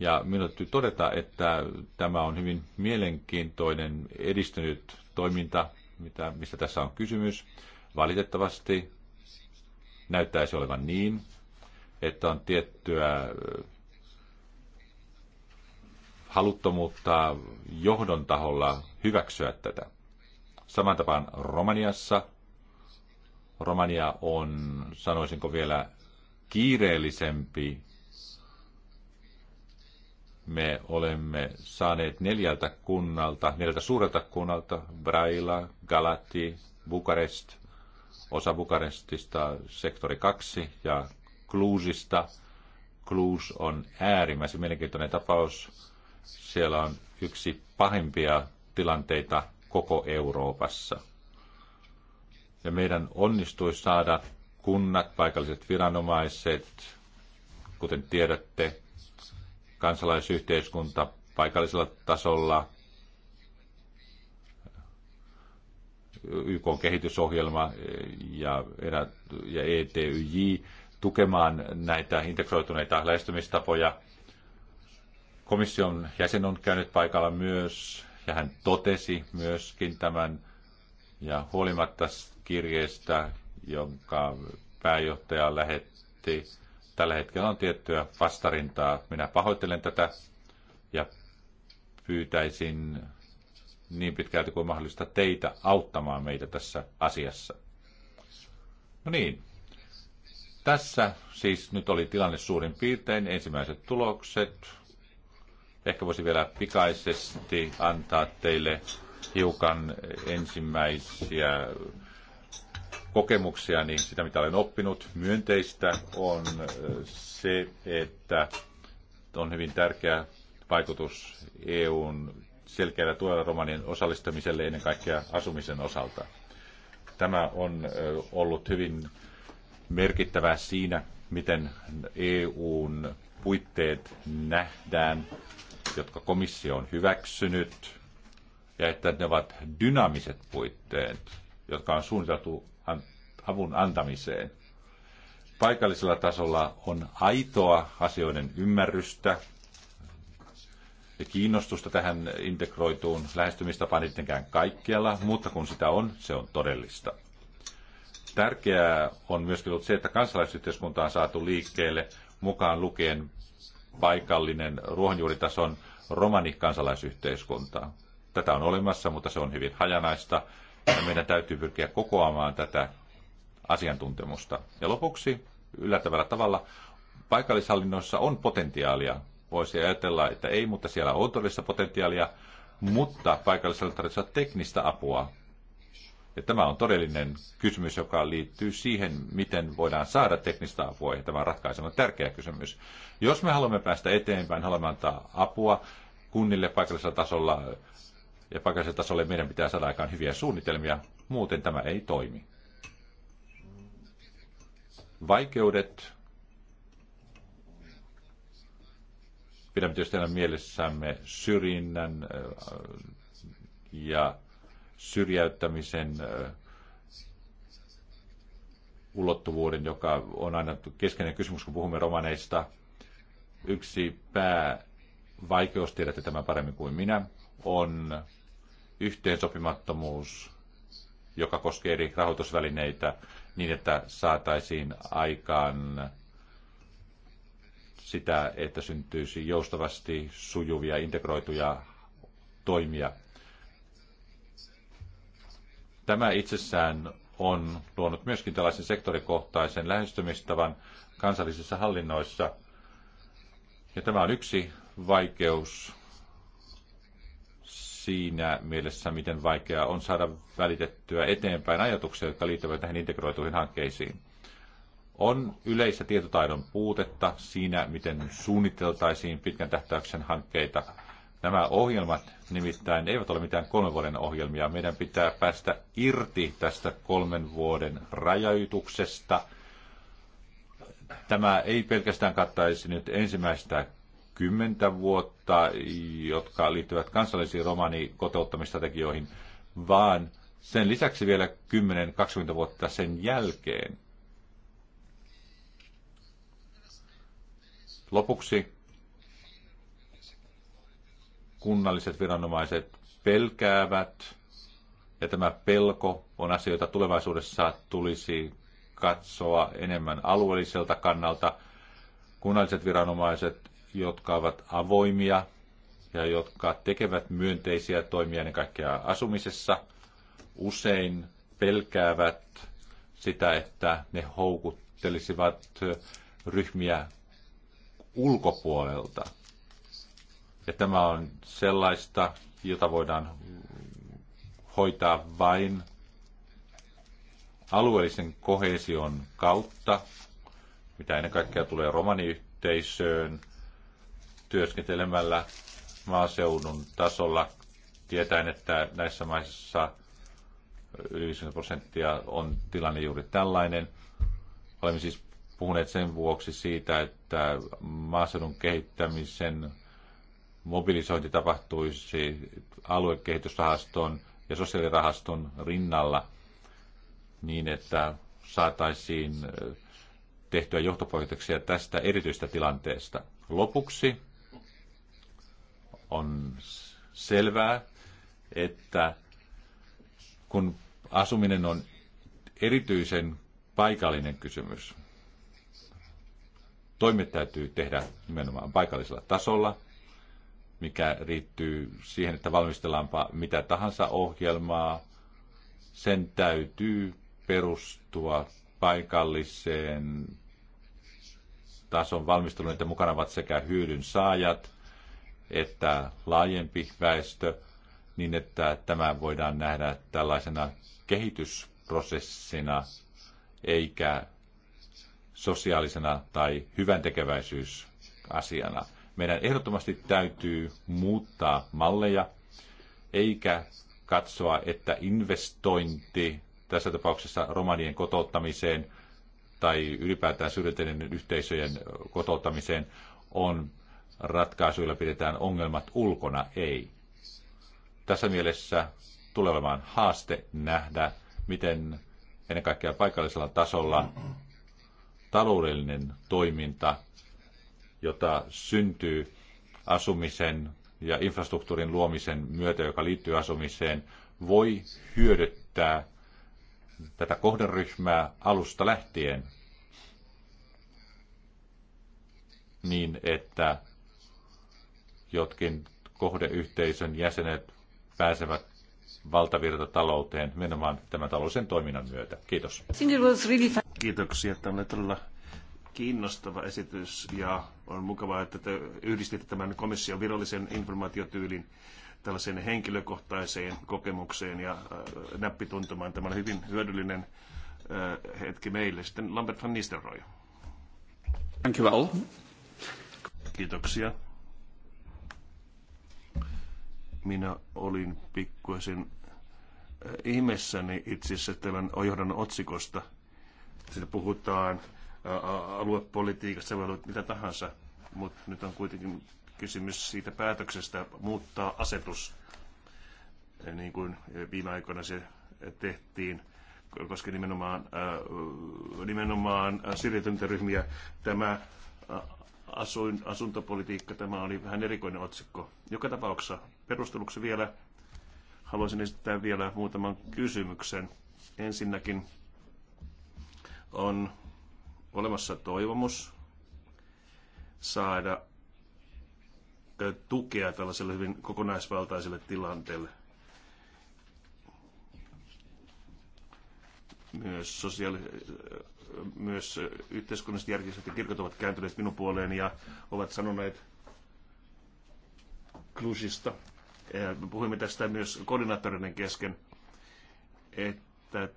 Ja minun täytyy todeta, että tämä on hyvin mielenkiintoinen edistynyt toiminta, mitä, mistä tässä on kysymys. Valitettavasti näyttäisi olevan niin, että on tiettyä haluttomuutta johdon taholla hyväksyä tätä. Saman tapaan Romaniassa. Romania on, sanoisinko vielä, kiireellisempi. Me olemme saaneet neljältä kunnalta, neljältä suurelta kunnalta, Braila, Galati, Bukarest, osa Bukarestista, sektori 2 ja Kluusista. Kluus on äärimmäisen mielenkiintoinen tapaus. Siellä on yksi pahimpia tilanteita koko Euroopassa. Ja meidän onnistui saada kunnat, paikalliset viranomaiset, kuten tiedätte, kansalaisyhteiskunta paikallisella tasolla, YK kehitysohjelma ja, ja ETYJ tukemaan näitä integroituneita lähestymistapoja. Komission jäsen on käynyt paikalla myös, ja hän totesi myöskin tämän, ja huolimatta kirjeestä, jonka pääjohtaja lähetti, tällä hetkellä on tiettyä vastarintaa. Minä pahoittelen tätä ja pyytäisin niin pitkälti kuin mahdollista teitä auttamaan meitä tässä asiassa. No niin, tässä siis nyt oli tilanne suurin piirtein, ensimmäiset tulokset. Ehkä voisi vielä pikaisesti antaa teille hiukan ensimmäisiä kokemuksia, niin sitä mitä olen oppinut myönteistä on äh, se, että on hyvin tärkeä vaikutus EUn selkeällä tuella romanien osallistamiselle ennen kaikkea asumisen osalta. Tämä on äh, ollut hyvin merkittävää siinä, miten EUn puitteet nähdään, jotka komissio on hyväksynyt, ja että ne ovat dynaamiset puitteet, jotka on suunniteltu avun antamiseen. Paikallisella tasolla on aitoa asioiden ymmärrystä ja kiinnostusta tähän integroituun lähestymistapaan tietenkään kaikkialla, mutta kun sitä on, se on todellista. Tärkeää on myöskin ollut se, että kansalaisyhteiskunta on saatu liikkeelle mukaan lukien paikallinen ruohonjuuritason romanikansalaisyhteiskunta. Tätä on olemassa, mutta se on hyvin hajanaista ja meidän täytyy pyrkiä kokoamaan tätä asiantuntemusta. Ja lopuksi yllättävällä tavalla paikallishallinnoissa on potentiaalia. Voisi ajatella, että ei, mutta siellä on todellista potentiaalia, mutta paikallishallinnot tarvitsee teknistä apua ja tämä on todellinen kysymys, joka liittyy siihen, miten voidaan saada teknistä apua, ja tämä on ratkaisevan tärkeä kysymys. Jos me haluamme päästä eteenpäin, haluamme antaa apua kunnille paikallisella tasolla, ja paikallisella tasolla meidän pitää saada aikaan hyviä suunnitelmia, muuten tämä ei toimi. Vaikeudet pidämme tietysti aina mielessämme syrjinnän äh, ja syrjäyttämisen ulottuvuuden, joka on aina keskeinen kysymys, kun puhumme romaneista. Yksi päävaikeus, tiedätte tämän paremmin kuin minä, on yhteensopimattomuus, joka koskee eri rahoitusvälineitä niin, että saataisiin aikaan sitä, että syntyisi joustavasti sujuvia, integroituja toimia. Tämä itsessään on luonut myöskin tällaisen sektorikohtaisen lähestymistavan kansallisissa hallinnoissa. Ja tämä on yksi vaikeus siinä mielessä, miten vaikeaa on saada välitettyä eteenpäin ajatuksia, jotka liittyvät näihin integroituihin hankkeisiin. On yleistä tietotaidon puutetta siinä, miten suunniteltaisiin pitkän tähtäyksen hankkeita. Nämä ohjelmat nimittäin eivät ole mitään kolmen vuoden ohjelmia. Meidän pitää päästä irti tästä kolmen vuoden rajoituksesta. Tämä ei pelkästään kattaisi nyt ensimmäistä kymmentä vuotta, jotka liittyvät kansallisiin romani kotouttamistrategioihin, vaan sen lisäksi vielä 10-20 vuotta sen jälkeen. Lopuksi kunnalliset viranomaiset pelkäävät, ja tämä pelko on asia, jota tulevaisuudessa tulisi katsoa enemmän alueelliselta kannalta. Kunnalliset viranomaiset, jotka ovat avoimia ja jotka tekevät myönteisiä toimia ennen kaikkea asumisessa, usein pelkäävät sitä, että ne houkuttelisivat ryhmiä ulkopuolelta. Ja tämä on sellaista, jota voidaan hoitaa vain alueellisen kohesion kautta, mitä ennen kaikkea tulee romaniyhteisöön, työskentelemällä maaseudun tasolla, tietäen, että näissä maissa yli 50 prosenttia on tilanne juuri tällainen. Olemme siis puhuneet sen vuoksi siitä, että maaseudun kehittämisen mobilisointi tapahtuisi aluekehitysrahaston ja sosiaalirahaston rinnalla niin, että saataisiin tehtyä johtopäätöksiä tästä erityistä tilanteesta. Lopuksi on selvää, että kun asuminen on erityisen paikallinen kysymys, toimet täytyy tehdä nimenomaan paikallisella tasolla mikä riittyy siihen, että valmistellaanpa mitä tahansa ohjelmaa, sen täytyy perustua paikalliseen tason valmisteluun, että mukana ovat sekä hyödyn saajat että laajempi väestö, niin että tämä voidaan nähdä tällaisena kehitysprosessina eikä sosiaalisena tai hyväntekeväisyysasiana. Meidän ehdottomasti täytyy muuttaa malleja, eikä katsoa, että investointi tässä tapauksessa romanien kotouttamiseen tai ylipäätään syrjäytyneiden yhteisöjen kotouttamiseen on ratkaisuilla pidetään ongelmat ulkona, ei. Tässä mielessä tulee olemaan haaste nähdä, miten ennen kaikkea paikallisella tasolla taloudellinen toiminta jota syntyy asumisen ja infrastruktuurin luomisen myötä, joka liittyy asumiseen, voi hyödyttää tätä kohderyhmää alusta lähtien niin, että jotkin kohdeyhteisön jäsenet pääsevät talouteen, menemään tämän taloudellisen toiminnan myötä. Kiitos. Kiitoksia. Tämä oli todella kiinnostava esitys ja on mukavaa, että te yhdistitte tämän komission virallisen informaatiotyylin tällaiseen henkilökohtaiseen kokemukseen ja äh, näppituntumaan. Tämä on hyvin hyödyllinen äh, hetki meille. Sitten Lambert van Nistelrooy. Thank you all. Kiitoksia. Minä olin pikkuisen äh, ihmeessäni itse asiassa tämän johdannon otsikosta. Siinä puhutaan aluepolitiikassa, voi olla mitä tahansa, mutta nyt on kuitenkin kysymys siitä päätöksestä muuttaa asetus, niin kuin viime aikoina se tehtiin, koska nimenomaan, nimenomaan syrjäytyntä tämä asuin, asuntopolitiikka, tämä oli vähän erikoinen otsikko. Joka tapauksessa perusteluksi vielä haluaisin esittää vielä muutaman kysymyksen. Ensinnäkin on olemassa toivomus saada tukea tällaiselle hyvin kokonaisvaltaiselle tilanteelle. Myös, sosiaali- myös yhteiskunnalliset järjestöt ja kirkot ovat kääntyneet minun puoleeni ja ovat sanoneet Klusista. puhuimme tästä myös koordinaattoreiden kesken, että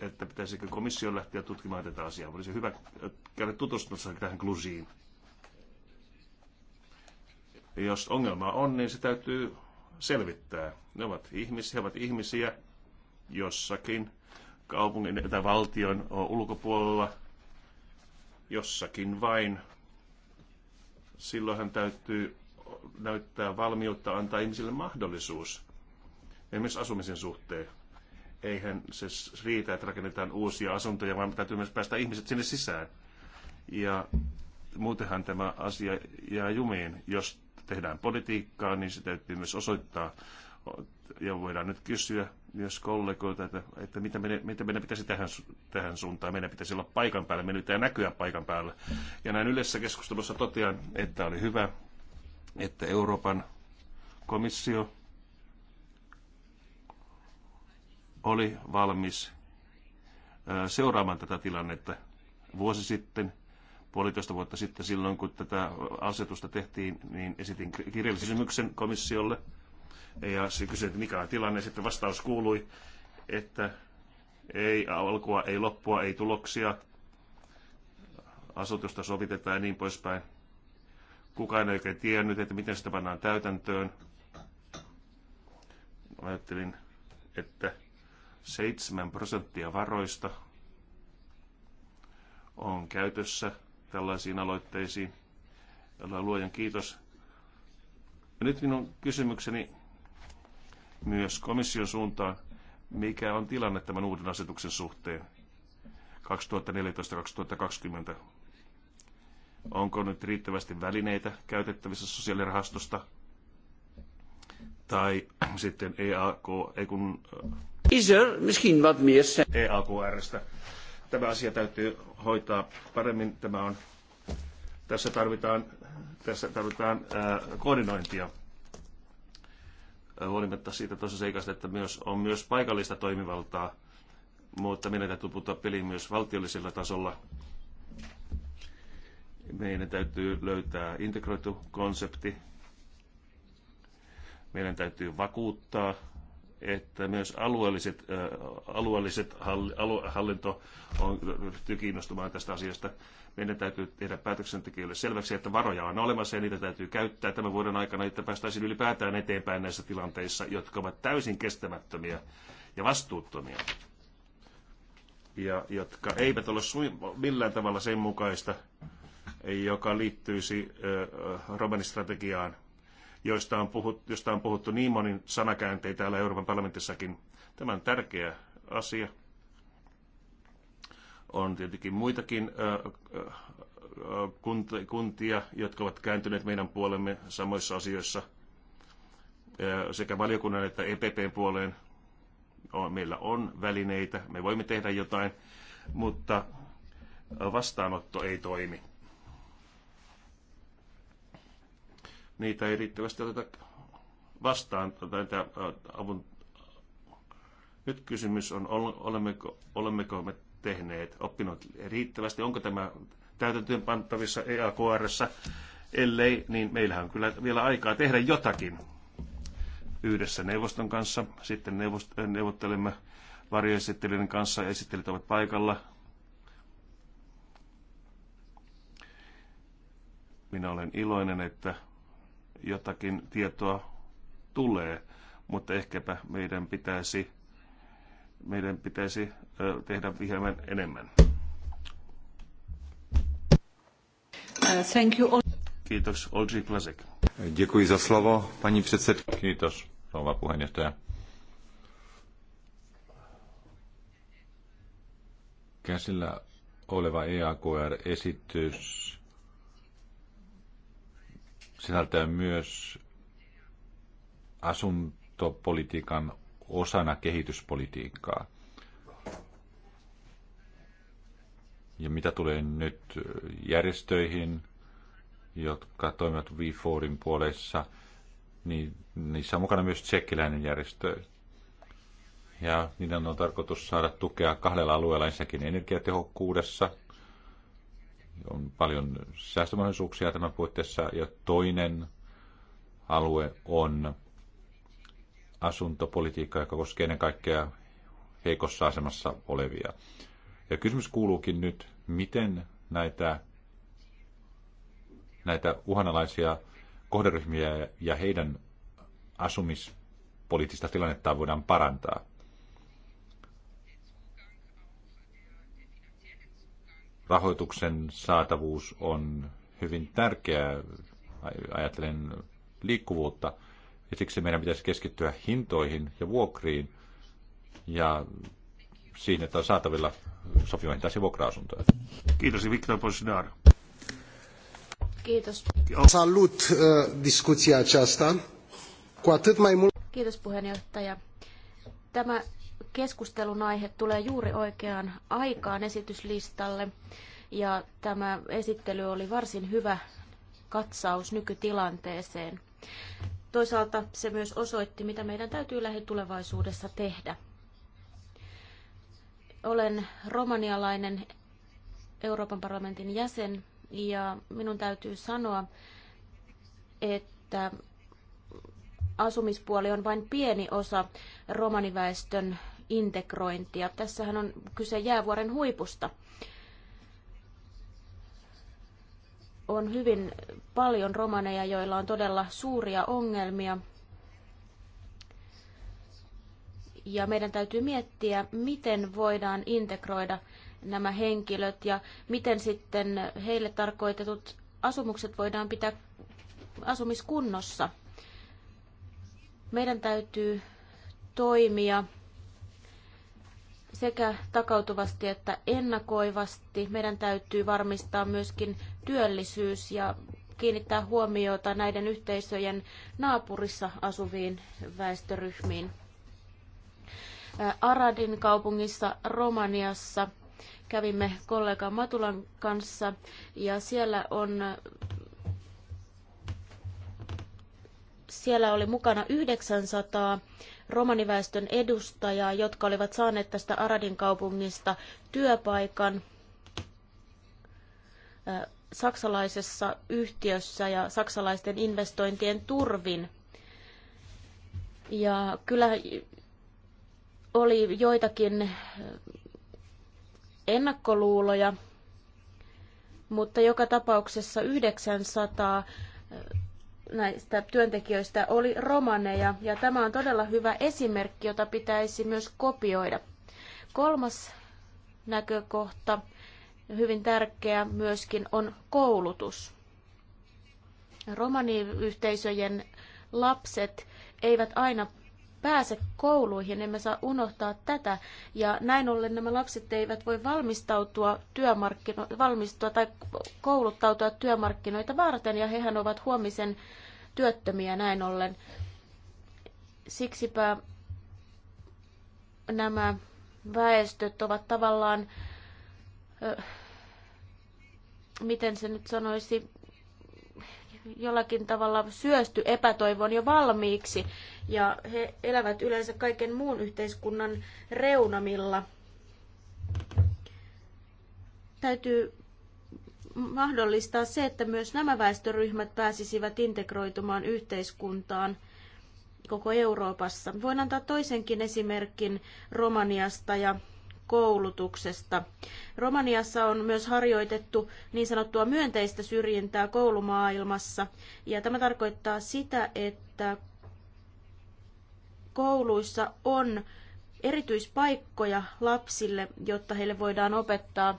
että pitäisikö komissio lähteä tutkimaan tätä asiaa. Olisi hyvä äh, käydä tutustumassa tähän klusiin. Jos ongelma on, niin se täytyy selvittää. Ne ovat ihmisiä, ovat ihmisiä jossakin kaupungin tai valtion ulkopuolella, jossakin vain. Silloinhan täytyy näyttää valmiutta antaa ihmisille mahdollisuus, esimerkiksi asumisen suhteen Eihän se riitä, että rakennetaan uusia asuntoja, vaan täytyy myös päästä ihmiset sinne sisään. Ja muutenhan tämä asia jää jumiin. Jos tehdään politiikkaa, niin se täytyy myös osoittaa. Ja voidaan nyt kysyä myös kollegoilta, että, että mitä, meidän, mitä meidän pitäisi tähän, tähän suuntaan. Meidän pitäisi olla paikan päällä, meidän pitää näkyä paikan päällä. Ja näin yleisessä keskustelussa totean, että oli hyvä, että Euroopan komissio oli valmis seuraamaan tätä tilannetta vuosi sitten, puolitoista vuotta sitten silloin, kun tätä asetusta tehtiin, niin esitin kirjallisen kysymyksen komissiolle. Ja se kysyi, että mikä on tilanne. Sitten vastaus kuului, että ei alkua, ei loppua, ei tuloksia. Asutusta sovitetaan ja niin poispäin. Kukaan ei oikein tiennyt, että miten sitä pannaan täytäntöön. Ajattelin, että 7 prosenttia varoista on käytössä tällaisiin aloitteisiin. Luojan kiitos. Ja nyt minun kysymykseni myös komission suuntaan. Mikä on tilanne tämän uuden asetuksen suhteen 2014-2020? Onko nyt riittävästi välineitä käytettävissä sosiaalirahastosta? Tai sitten EAK, ei kun Iser, misschien wat meer... E Tämä asia täytyy hoitaa paremmin. Tämä on, tässä tarvitaan, tässä tarvitaan ää, koordinointia huolimatta siitä tosiseikasta, että myös, on myös paikallista toimivaltaa, mutta meidän täytyy puuttua peliin myös valtiollisella tasolla. Meidän täytyy löytää integroitu konsepti. Meidän täytyy vakuuttaa että myös alueelliset, alueelliset hallinto on ryhtyy kiinnostumaan tästä asiasta. Meidän täytyy tehdä päätöksentekijöille selväksi, että varoja on olemassa ja niitä täytyy käyttää tämän vuoden aikana, että päästäisiin ylipäätään eteenpäin näissä tilanteissa, jotka ovat täysin kestämättömiä ja vastuuttomia. Ja jotka eivät ole millään tavalla sen mukaista, joka liittyisi romanistrategiaan joista on puhuttu, josta on puhuttu niin monin sanakääntein täällä Euroopan parlamentissakin. Tämä on tärkeä asia. On tietenkin muitakin kuntia, jotka ovat kääntyneet meidän puolemme samoissa asioissa sekä valiokunnan että EPPn puoleen. Meillä on välineitä, me voimme tehdä jotain, mutta vastaanotto ei toimi. niitä ei riittävästi oteta vastaan tätä avun. Nyt kysymys on, olemmeko, olemmeko me tehneet, oppineet riittävästi, onko tämä täytäntöön pantavissa EAKRssä, ellei, niin meillähän on kyllä vielä aikaa tehdä jotakin yhdessä neuvoston kanssa. Sitten neuvost- neuvottelemme varjoesittelijöiden kanssa, esittelijät ovat paikalla. Minä olen iloinen, että jotakin tietoa tulee, mutta ehkäpä meidän pitäisi, meidän pitäisi tehdä hieman enemmän. Uh, thank you. Kiitos, Olji Klasik. Děkuji za slovo, paní předsed. Kiitos, rouva puheenjohtaja. Käsillä oleva EAKR-esitys sisältää myös asuntopolitiikan osana kehityspolitiikkaa. Ja mitä tulee nyt järjestöihin, jotka toimivat V4in puolessa, niin niissä on mukana myös tsekkiläinen järjestö. Ja niiden on tarkoitus saada tukea kahdella alueella ensinnäkin energiatehokkuudessa – on paljon säästömahdollisuuksia tämän puitteissa. Ja toinen alue on asuntopolitiikka, joka koskee ennen kaikkea heikossa asemassa olevia. Ja kysymys kuuluukin nyt, miten näitä, näitä uhanalaisia kohderyhmiä ja heidän asumispoliittista tilannettaan voidaan parantaa. rahoituksen saatavuus on hyvin tärkeää, ajattelen liikkuvuutta, ja siksi meidän pitäisi keskittyä hintoihin ja vuokriin ja siihen, että on saatavilla sopivan hintaisia vuokra-asuntoja. Kiitos, Viktor Posnar. Kiitos. Salut uh, diskutsia aceasta. Kiitos puheenjohtaja. Tämä keskustelun aihe tulee juuri oikeaan aikaan esityslistalle ja tämä esittely oli varsin hyvä katsaus nykytilanteeseen. Toisaalta se myös osoitti, mitä meidän täytyy lähitulevaisuudessa tehdä. Olen romanialainen Euroopan parlamentin jäsen ja minun täytyy sanoa, että asumispuoli on vain pieni osa romaniväestön integrointia. Tässähän on kyse jäävuoren huipusta. On hyvin paljon romaneja, joilla on todella suuria ongelmia. Ja meidän täytyy miettiä, miten voidaan integroida nämä henkilöt ja miten sitten heille tarkoitetut asumukset voidaan pitää asumiskunnossa – meidän täytyy toimia sekä takautuvasti että ennakoivasti. Meidän täytyy varmistaa myöskin työllisyys ja kiinnittää huomiota näiden yhteisöjen naapurissa asuviin väestöryhmiin. Aradin kaupungissa Romaniassa kävimme kollega Matulan kanssa ja siellä on Siellä oli mukana 900 romaniväestön edustajaa, jotka olivat saaneet tästä Aradin kaupungista työpaikan saksalaisessa yhtiössä ja saksalaisten investointien turvin. Ja kyllä oli joitakin ennakkoluuloja, mutta joka tapauksessa 900 näistä työntekijöistä oli romaneja, ja tämä on todella hyvä esimerkki, jota pitäisi myös kopioida. Kolmas näkökohta, hyvin tärkeä myöskin, on koulutus. Romaniyhteisöjen lapset eivät aina pääse kouluihin, emme saa unohtaa tätä. Ja näin ollen nämä lapset eivät voi valmistautua, työmarkkino- valmistua tai kouluttautua työmarkkinoita varten, ja hehän ovat huomisen työttömiä näin ollen. Siksipä nämä väestöt ovat tavallaan, miten se nyt sanoisi, jollakin tavalla syösty epätoivon jo valmiiksi ja he elävät yleensä kaiken muun yhteiskunnan reunamilla. Täytyy mahdollistaa se, että myös nämä väestöryhmät pääsisivät integroitumaan yhteiskuntaan koko Euroopassa. Voin antaa toisenkin esimerkin Romaniasta ja koulutuksesta. Romaniassa on myös harjoitettu niin sanottua myönteistä syrjintää koulumaailmassa, ja tämä tarkoittaa sitä, että kouluissa on erityispaikkoja lapsille, jotta heille voidaan opettaa,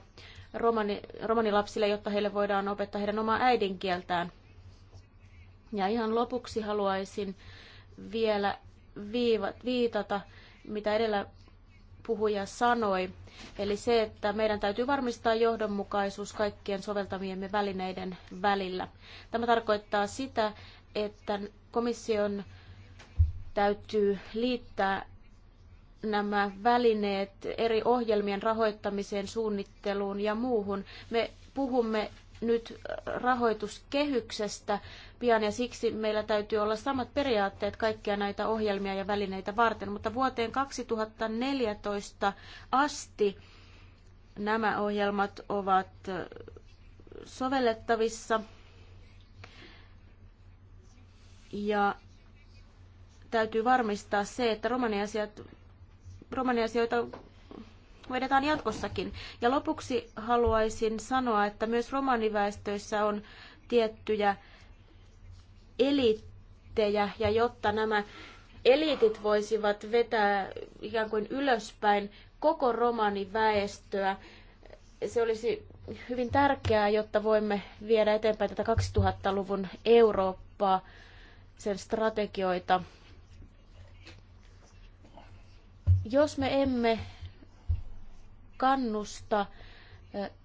romani, romanilapsille, jotta heille voidaan opettaa heidän omaa äidinkieltään. Ja ihan lopuksi haluaisin vielä viitata, mitä edellä puhuja sanoi, eli se, että meidän täytyy varmistaa johdonmukaisuus kaikkien soveltamiemme välineiden välillä. Tämä tarkoittaa sitä, että komission täytyy liittää nämä välineet eri ohjelmien rahoittamiseen, suunnitteluun ja muuhun. Me puhumme nyt rahoituskehyksestä pian ja siksi meillä täytyy olla samat periaatteet kaikkia näitä ohjelmia ja välineitä varten, mutta vuoteen 2014 asti nämä ohjelmat ovat sovellettavissa ja täytyy varmistaa se, että romaniasiat, romaniasioita vedetään jatkossakin. Ja lopuksi haluaisin sanoa, että myös romaniväestöissä on tiettyjä eliittejä, ja jotta nämä eliitit voisivat vetää ikään kuin ylöspäin koko romaniväestöä, se olisi hyvin tärkeää, jotta voimme viedä eteenpäin tätä 2000-luvun Eurooppaa, sen strategioita jos me emme kannusta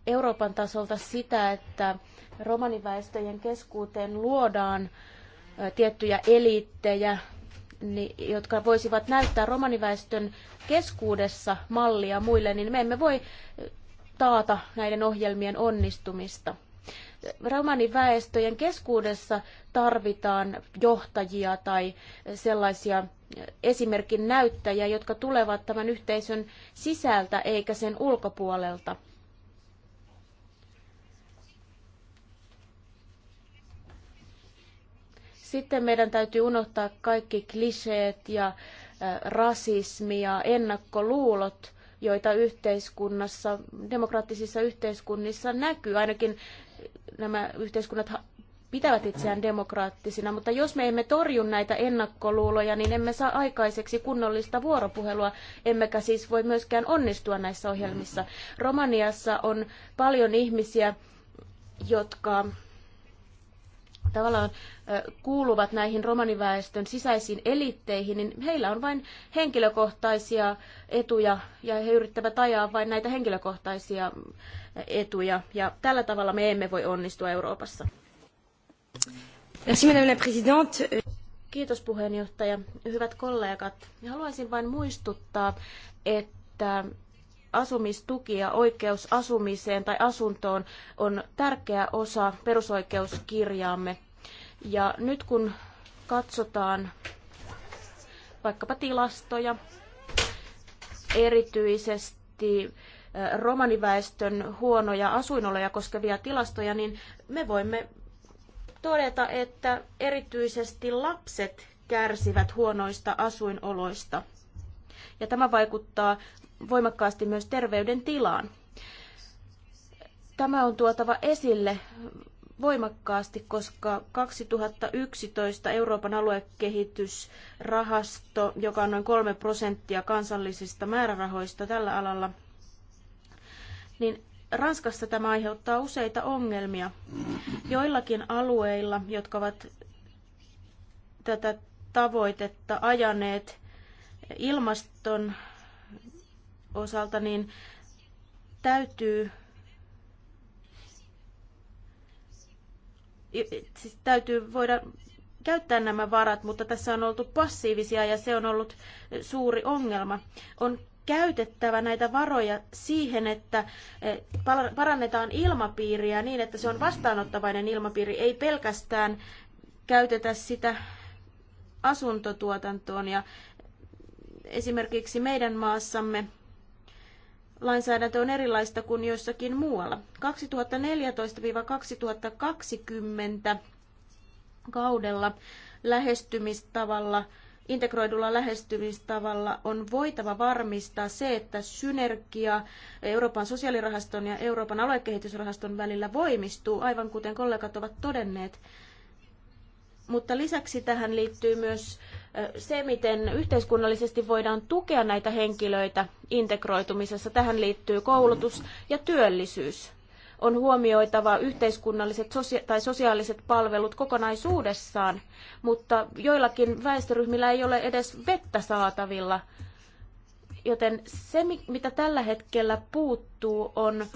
Euroopan tasolta sitä, että romaniväestöjen keskuuteen luodaan tiettyjä eliittejä, jotka voisivat näyttää romaniväestön keskuudessa mallia muille, niin me emme voi taata näiden ohjelmien onnistumista. Romaniväestöjen keskuudessa tarvitaan johtajia tai sellaisia esimerkin jotka tulevat tämän yhteisön sisältä eikä sen ulkopuolelta. Sitten meidän täytyy unohtaa kaikki kliseet ja äh, rasismi ja ennakkoluulot, joita yhteiskunnassa, demokraattisissa yhteiskunnissa näkyy. Ainakin nämä yhteiskunnat pitävät itseään demokraattisina, mutta jos me emme torju näitä ennakkoluuloja, niin emme saa aikaiseksi kunnollista vuoropuhelua, emmekä siis voi myöskään onnistua näissä ohjelmissa. Romaniassa on paljon ihmisiä, jotka tavallaan kuuluvat näihin romaniväestön sisäisiin eliitteihin, niin heillä on vain henkilökohtaisia etuja ja he yrittävät ajaa vain näitä henkilökohtaisia etuja. Ja tällä tavalla me emme voi onnistua Euroopassa. Merci, madame la présidente. Kiitos puheenjohtaja. Hyvät kollegat, haluaisin vain muistuttaa, että asumistuki ja oikeus asumiseen tai asuntoon on tärkeä osa perusoikeuskirjaamme. Ja nyt kun katsotaan vaikkapa tilastoja, erityisesti romaniväestön huonoja asuinoloja koskevia tilastoja, niin me voimme todeta, että erityisesti lapset kärsivät huonoista asuinoloista. Ja tämä vaikuttaa voimakkaasti myös terveydentilaan. Tämä on tuotava esille voimakkaasti, koska 2011 Euroopan aluekehitysrahasto, joka on noin 3 prosenttia kansallisista määrärahoista tällä alalla, niin Ranskassa tämä aiheuttaa useita ongelmia. Joillakin alueilla, jotka ovat tätä tavoitetta ajaneet ilmaston osalta, niin täytyy siis täytyy voida käyttää nämä varat, mutta tässä on oltu passiivisia ja se on ollut suuri ongelma. On käytettävä näitä varoja siihen, että e, parannetaan ilmapiiriä niin, että se on vastaanottavainen ilmapiiri, ei pelkästään käytetä sitä asuntotuotantoon. Ja esimerkiksi meidän maassamme lainsäädäntö on erilaista kuin joissakin muualla. 2014-2020 kaudella lähestymistavalla – integroidulla lähestymistavalla on voitava varmistaa se, että synergia Euroopan sosiaalirahaston ja Euroopan aluekehitysrahaston välillä voimistuu, aivan kuten kollegat ovat todenneet. Mutta lisäksi tähän liittyy myös se, miten yhteiskunnallisesti voidaan tukea näitä henkilöitä integroitumisessa. Tähän liittyy koulutus ja työllisyys on huomioitava yhteiskunnalliset tai sosiaaliset palvelut kokonaisuudessaan, mutta joillakin väestöryhmillä ei ole edes vettä saatavilla. Joten se, mitä tällä hetkellä puuttuu, on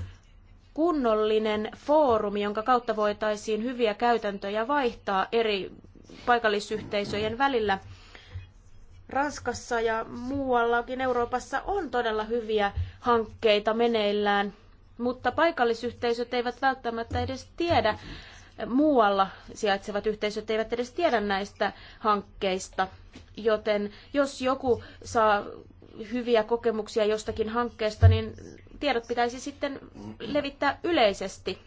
kunnollinen foorumi, jonka kautta voitaisiin hyviä käytäntöjä vaihtaa eri paikallisyhteisöjen välillä. Ranskassa ja muuallakin Euroopassa on todella hyviä hankkeita meneillään – mutta paikallisyhteisöt eivät välttämättä edes tiedä, muualla sijaitsevat yhteisöt eivät edes tiedä näistä hankkeista, joten jos joku saa hyviä kokemuksia jostakin hankkeesta, niin tiedot pitäisi sitten levittää yleisesti.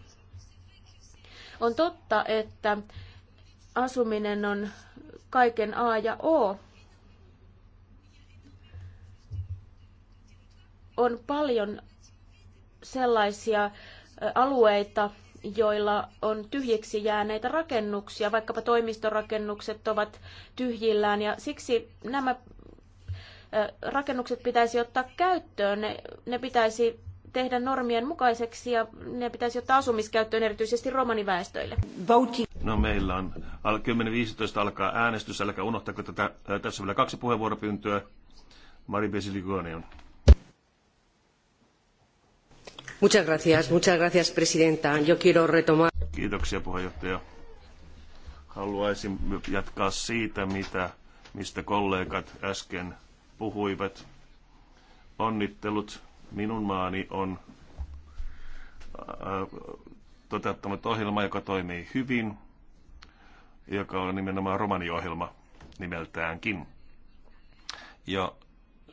On totta, että asuminen on kaiken A ja O. On paljon sellaisia alueita, joilla on tyhjiksi jääneitä rakennuksia, vaikkapa toimistorakennukset ovat tyhjillään ja siksi nämä rakennukset pitäisi ottaa käyttöön, ne, ne pitäisi tehdä normien mukaiseksi ja ne pitäisi ottaa asumiskäyttöön erityisesti romaniväestöille. Voting. No meillä on 10.15 alkaa äänestys, älkää unohtako tätä. Tässä on vielä kaksi puheenvuoropyyntöä. Mari Besiligonion. Muchas gracias, muchas gracias, presidenta. Yo quiero retomar... Kiitoksia, puheenjohtaja. Haluaisin jatkaa siitä, mitä, mistä kollegat äsken puhuivat. Onnittelut. Minun maani on äh, toteuttanut ohjelma, joka toimii hyvin, joka on nimenomaan romaniohjelma nimeltäänkin. Ja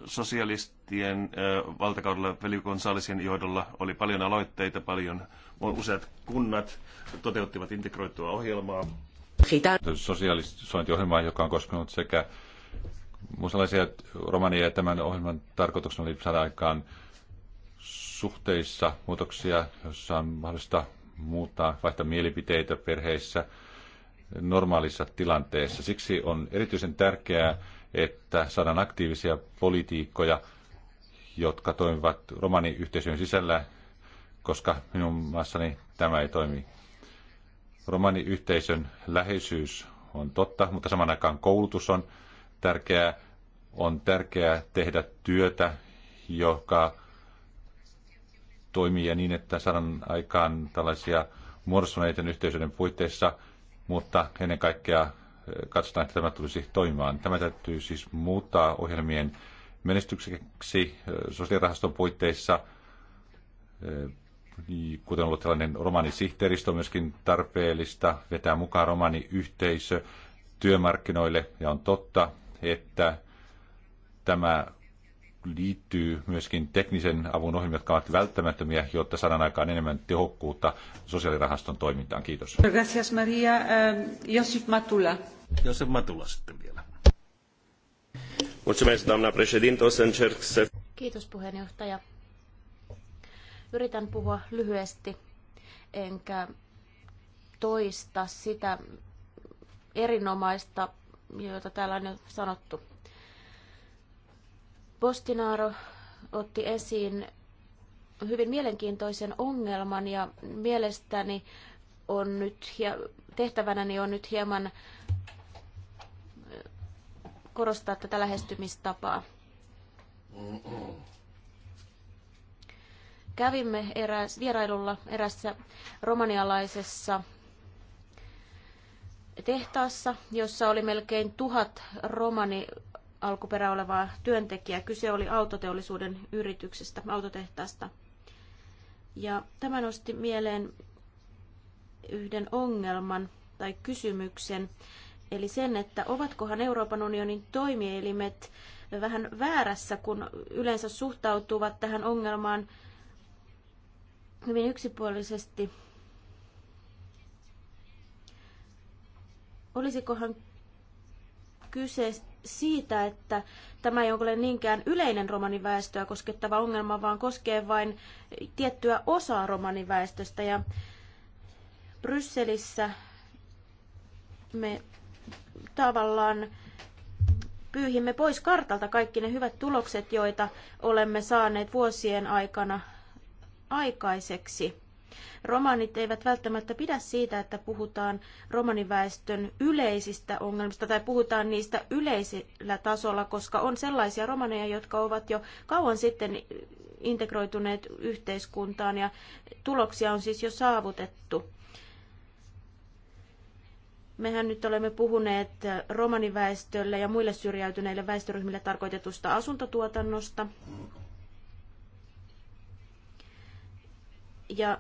sosialist, presidenttien valtakaudella veli Gonzalesin johdolla oli paljon aloitteita, paljon useat kunnat toteuttivat integroitua ohjelmaa. Sosiaalisointiohjelmaa, joka on koskenut sekä musalaisia romania ja tämän ohjelman tarkoituksena oli saada aikaan suhteissa muutoksia, joissa on mahdollista muuttaa, vaihtaa mielipiteitä perheissä normaalissa tilanteessa. Siksi on erityisen tärkeää, että saadaan aktiivisia politiikkoja, jotka toimivat romaniyhteisön sisällä, koska minun maassani tämä ei toimi. Romaniyhteisön läheisyys on totta, mutta saman aikaan koulutus on tärkeää. On tärkeää tehdä työtä, joka toimii ja niin, että saadaan aikaan tällaisia muodostuneiden yhteisöiden puitteissa, mutta ennen kaikkea katsotaan, että tämä tulisi toimimaan. Tämä täytyy siis muuttaa ohjelmien menestykseksi sosiaalirahaston puitteissa, kuten ollut tällainen romanisihteeristö, on myöskin tarpeellista vetää mukaan romaniyhteisö työmarkkinoille. Ja on totta, että tämä liittyy myöskin teknisen avun ohjelmiin, jotka ovat välttämättömiä, jotta saadaan aikaan enemmän tehokkuutta sosiaalirahaston toimintaan. Kiitos. Gracias Maria. Josef Matula. Josef Matula sitten Kiitos puheenjohtaja. Yritän puhua lyhyesti, enkä toista sitä erinomaista, jota täällä on jo sanottu. Postinaaro otti esiin hyvin mielenkiintoisen ongelman ja mielestäni on nyt tehtävänäni on nyt hieman korostaa tätä lähestymistapaa. Kävimme eräs, vierailulla erässä romanialaisessa tehtaassa, jossa oli melkein tuhat romani alkuperä olevaa työntekijää. Kyse oli autoteollisuuden yrityksestä, autotehtaasta. Ja tämä nosti mieleen yhden ongelman tai kysymyksen, Eli sen, että ovatkohan Euroopan unionin toimielimet vähän väärässä, kun yleensä suhtautuvat tähän ongelmaan hyvin yksipuolisesti. Olisikohan kyse siitä, että tämä ei ole niinkään yleinen romaniväestöä koskettava ongelma, vaan koskee vain tiettyä osaa romaniväestöstä. Ja Brysselissä me tavallaan pyyhimme pois kartalta kaikki ne hyvät tulokset, joita olemme saaneet vuosien aikana aikaiseksi. Romanit eivät välttämättä pidä siitä, että puhutaan romaniväestön yleisistä ongelmista tai puhutaan niistä yleisellä tasolla, koska on sellaisia romaneja, jotka ovat jo kauan sitten integroituneet yhteiskuntaan ja tuloksia on siis jo saavutettu. Mehän nyt olemme puhuneet romaniväestölle ja muille syrjäytyneille väestöryhmille tarkoitetusta asuntotuotannosta. Ja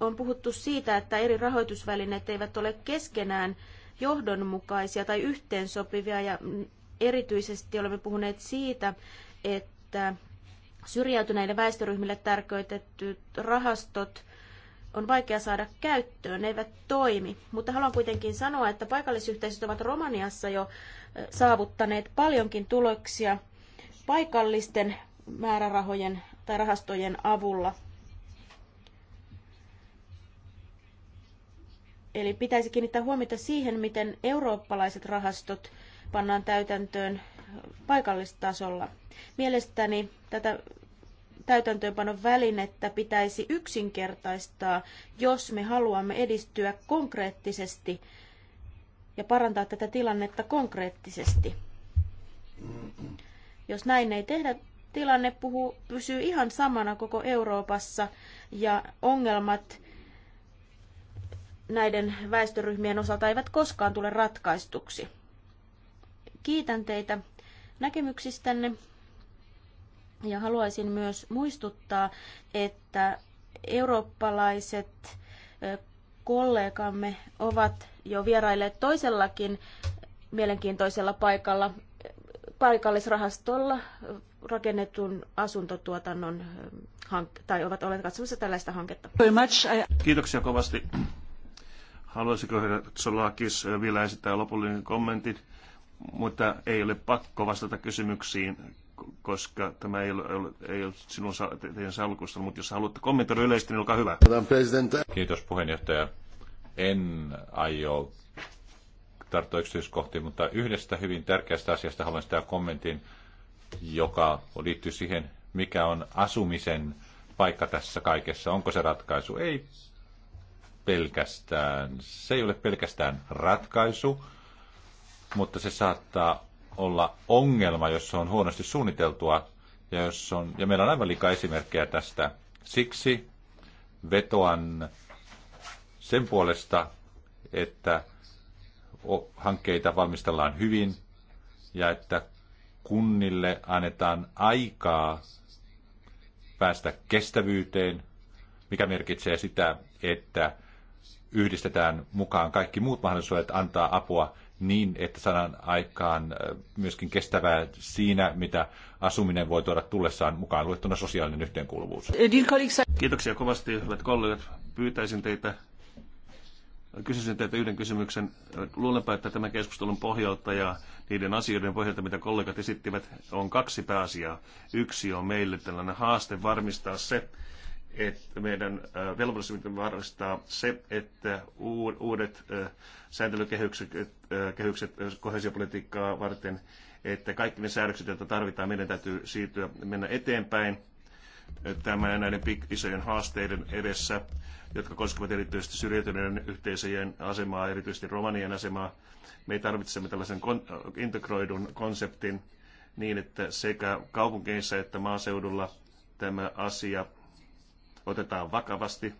on puhuttu siitä, että eri rahoitusvälineet eivät ole keskenään johdonmukaisia tai yhteensopivia ja erityisesti olemme puhuneet siitä, että syrjäytyneille väestöryhmille tarkoitetut rahastot on vaikea saada käyttöön, ne eivät toimi. Mutta haluan kuitenkin sanoa, että paikallisyhteisöt ovat Romaniassa jo saavuttaneet paljonkin tuloksia paikallisten määrärahojen tai rahastojen avulla. Eli pitäisi kiinnittää huomiota siihen, miten eurooppalaiset rahastot pannaan täytäntöön paikallistasolla. Mielestäni tätä täytäntöönpanon välinettä pitäisi yksinkertaistaa, jos me haluamme edistyä konkreettisesti ja parantaa tätä tilannetta konkreettisesti. Jos näin ei tehdä, tilanne puhuu, pysyy ihan samana koko Euroopassa ja ongelmat näiden väestöryhmien osalta eivät koskaan tule ratkaistuksi. Kiitän teitä näkemyksistänne. Ja haluaisin myös muistuttaa, että eurooppalaiset kollegamme ovat jo vierailleet toisellakin mielenkiintoisella paikalla, paikallisrahastolla rakennetun asuntotuotannon hanke, tai ovat olleet katsomassa tällaista hanketta. Kiitoksia kovasti. Haluaisiko herra Solakis vielä esittää lopullinen kommentti, mutta ei ole pakko vastata kysymyksiin koska tämä ei ole, ei ole sinun teidän salkussa, mutta jos haluatte kommentoida yleisesti, niin olkaa hyvä. Kiitos puheenjohtaja. En aio tarttua yksityiskohtiin, mutta yhdestä hyvin tärkeästä asiasta haluan sitä kommentin, joka liittyy siihen, mikä on asumisen paikka tässä kaikessa. Onko se ratkaisu? Ei pelkästään. Se ei ole pelkästään ratkaisu, mutta se saattaa olla ongelma, jos se on huonosti suunniteltua. Ja, jos on, ja meillä on aivan liikaa esimerkkejä tästä. Siksi vetoan sen puolesta, että hankkeita valmistellaan hyvin ja että kunnille annetaan aikaa päästä kestävyyteen, mikä merkitsee sitä, että yhdistetään mukaan kaikki muut mahdollisuudet antaa apua niin, että saadaan aikaan äh, myöskin kestävää siinä, mitä asuminen voi tuoda tullessaan mukaan luettuna sosiaalinen yhteenkuuluvuus. Äh, Kiitoksia kovasti, hyvät kollegat. Pyytäisin teitä, kysyisin teitä yhden kysymyksen. Luulenpa, että tämän keskustelun pohjalta ja niiden asioiden pohjalta, mitä kollegat esittivät, on kaksi pääasiaa. Yksi on meille tällainen haaste varmistaa se, että meidän velvollisuutemme varmistaa se, että uudet sääntelykehykset kohesiopolitiikkaa varten, että kaikki ne säädökset, joita tarvitaan, meidän täytyy siirtyä, mennä eteenpäin tämän näiden isojen haasteiden edessä, jotka koskevat erityisesti syrjäytyneiden yhteisöjen asemaa, erityisesti romanien asemaa. Me tarvitsemme tällaisen integroidun konseptin niin, että sekä kaupunkeissa että maaseudulla tämä asia otetaan vakavasti.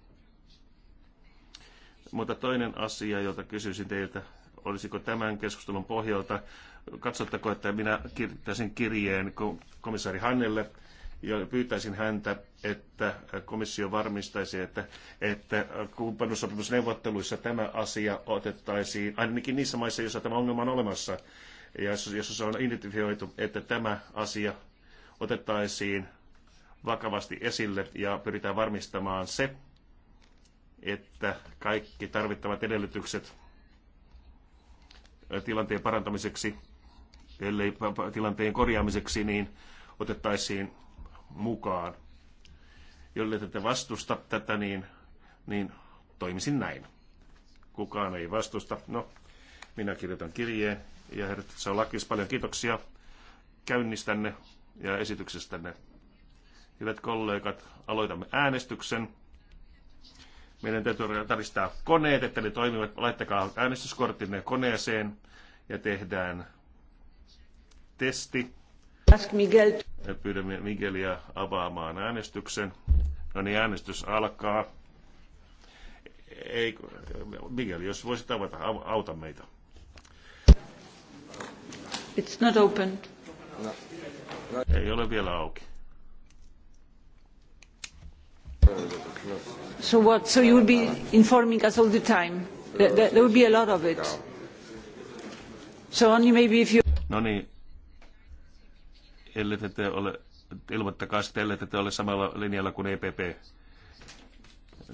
Mutta toinen asia, jota kysyisin teiltä, olisiko tämän keskustelun pohjalta, katsottako, että minä kirjoittaisin kirjeen komissaari Hannelle, ja pyytäisin häntä, että komissio varmistaisi, että, että kumppanuussopimusneuvotteluissa tämä asia otettaisiin, ainakin niissä maissa, joissa tämä ongelma on olemassa, ja jos, jos se on identifioitu, että tämä asia otettaisiin vakavasti esille ja pyritään varmistamaan se, että kaikki tarvittavat edellytykset tilanteen parantamiseksi, ellei tilanteen korjaamiseksi, niin otettaisiin mukaan. Jolle tätä vastusta tätä, niin, niin toimisin näin. Kukaan ei vastusta. No, minä kirjoitan kirjeen ja herrat, se on lakis. Paljon kiitoksia käynnistänne ja esityksestänne. Hyvät kollegat, aloitamme äänestyksen. Meidän täytyy tarkistaa koneet, että ne toimivat. Laittakaa äänestyskorttinne koneeseen ja tehdään testi. Ask Miguel. Pyydämme Miguelia avaamaan äänestyksen. No niin, äänestys alkaa. Ei, Miguel, jos voisit avata, auta meitä. It's not opened. No. No. Ei ole vielä auki. So what? So you will be informing us all the time. There, there, there will be a lot of it. So only maybe if you... No niin. Ellette te ole, ilmoittakaa sitten, ellette te ole samalla linjalla kuin EPP.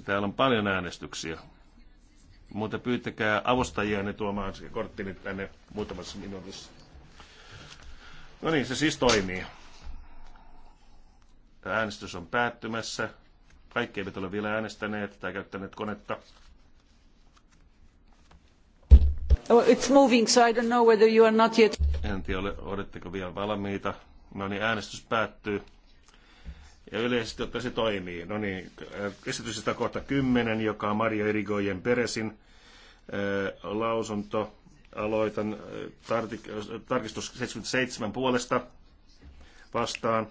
Täällä on paljon äänestyksiä. Mutta pyytäkää avustajia ne tuomaan korttini tänne muutamassa minuutissa. No niin, se siis toimii. äänestys on päättymässä. Kaikki eivät ole vielä äänestäneet tai käyttäneet konetta. Oh, it's moving, so I don't know whether you are not yet... En tiedä, oletteko vielä valmiita. No niin, äänestys päättyy. Ja yleisesti ottaen se toimii. No niin, äh, esityksestä kohta 10, joka on Maria Irigoyen Peresin ää, äh, lausunto. Aloitan äh, tarkistus 77 puolesta vastaan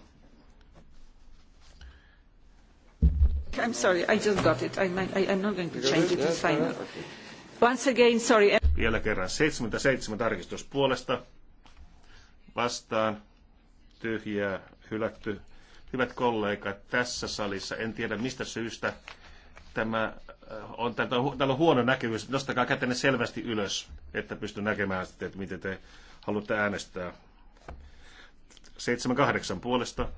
I'm sorry, I just got it. I'm, not going to change it, it's fine. Once again, sorry. Vielä kerran 77 tarkistus puolesta. Vastaan tyhjää hylätty. Hyvät kollegat, tässä salissa, en tiedä mistä syystä tämä äh, on, täällä on, täällä on huono näkyvyys. Nostakaa kätenne selvästi ylös, että pystyn näkemään sitten, että miten te haluatte äänestää. 78 puolesta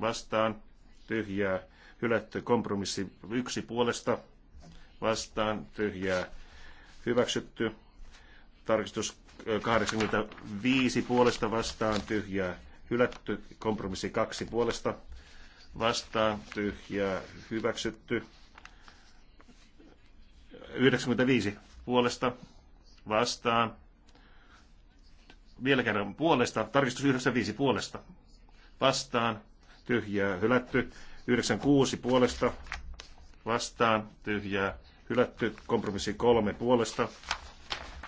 vastaan tyhjää hylätty kompromissi yksi puolesta vastaan tyhjää hyväksytty. Tarkistus 85 puolesta vastaan tyhjää hylätty. Kompromissi kaksi puolesta vastaan tyhjää hyväksytty. 95 puolesta vastaan. Vielä kerran puolesta. Tarkistus 95 puolesta vastaan. Tyhjää hylätty. 96 puolesta vastaan tyhjää hylätty. Kompromissi 3 puolesta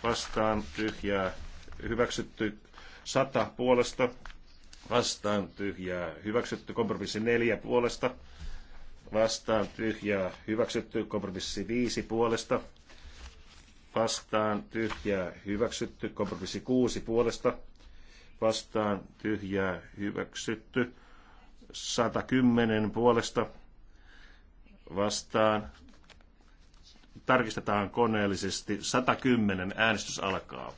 vastaan tyhjää hyväksytty. 100 puolesta vastaan tyhjää hyväksytty. Kompromissi 4 puolesta vastaan tyhjää hyväksytty. Kompromissi 5 puolesta vastaan tyhjää hyväksytty. Kompromissi 6 puolesta vastaan tyhjää hyväksytty. 110 puolesta vastaan. Tarkistetaan koneellisesti. 110 äänestys alkaa.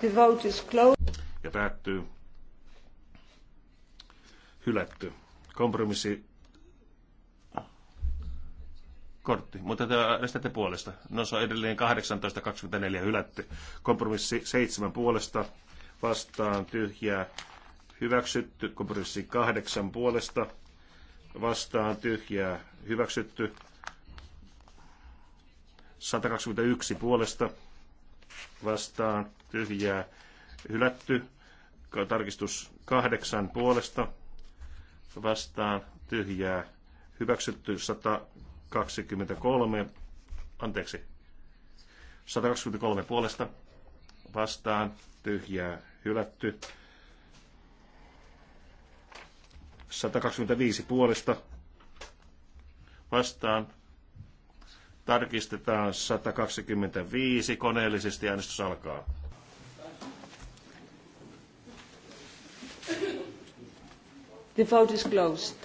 The vote is closed. Ja päättyy. Hylätty. Kompromissi kortti, mutta te äänestätte puolesta. No se on edelleen 18.24 hylätty. Kompromissi 7 puolesta vastaan tyhjää hyväksytty. Kompromissi kahdeksan puolesta vastaan tyhjää hyväksytty. 121 puolesta vastaan tyhjää hylätty. Tarkistus kahdeksan puolesta vastaan tyhjää hyväksytty 123, anteeksi, 123 puolesta vastaan tyhjää hylätty. 125 puolesta vastaan tarkistetaan 125 koneellisesti äänestys alkaa. The vote is closed.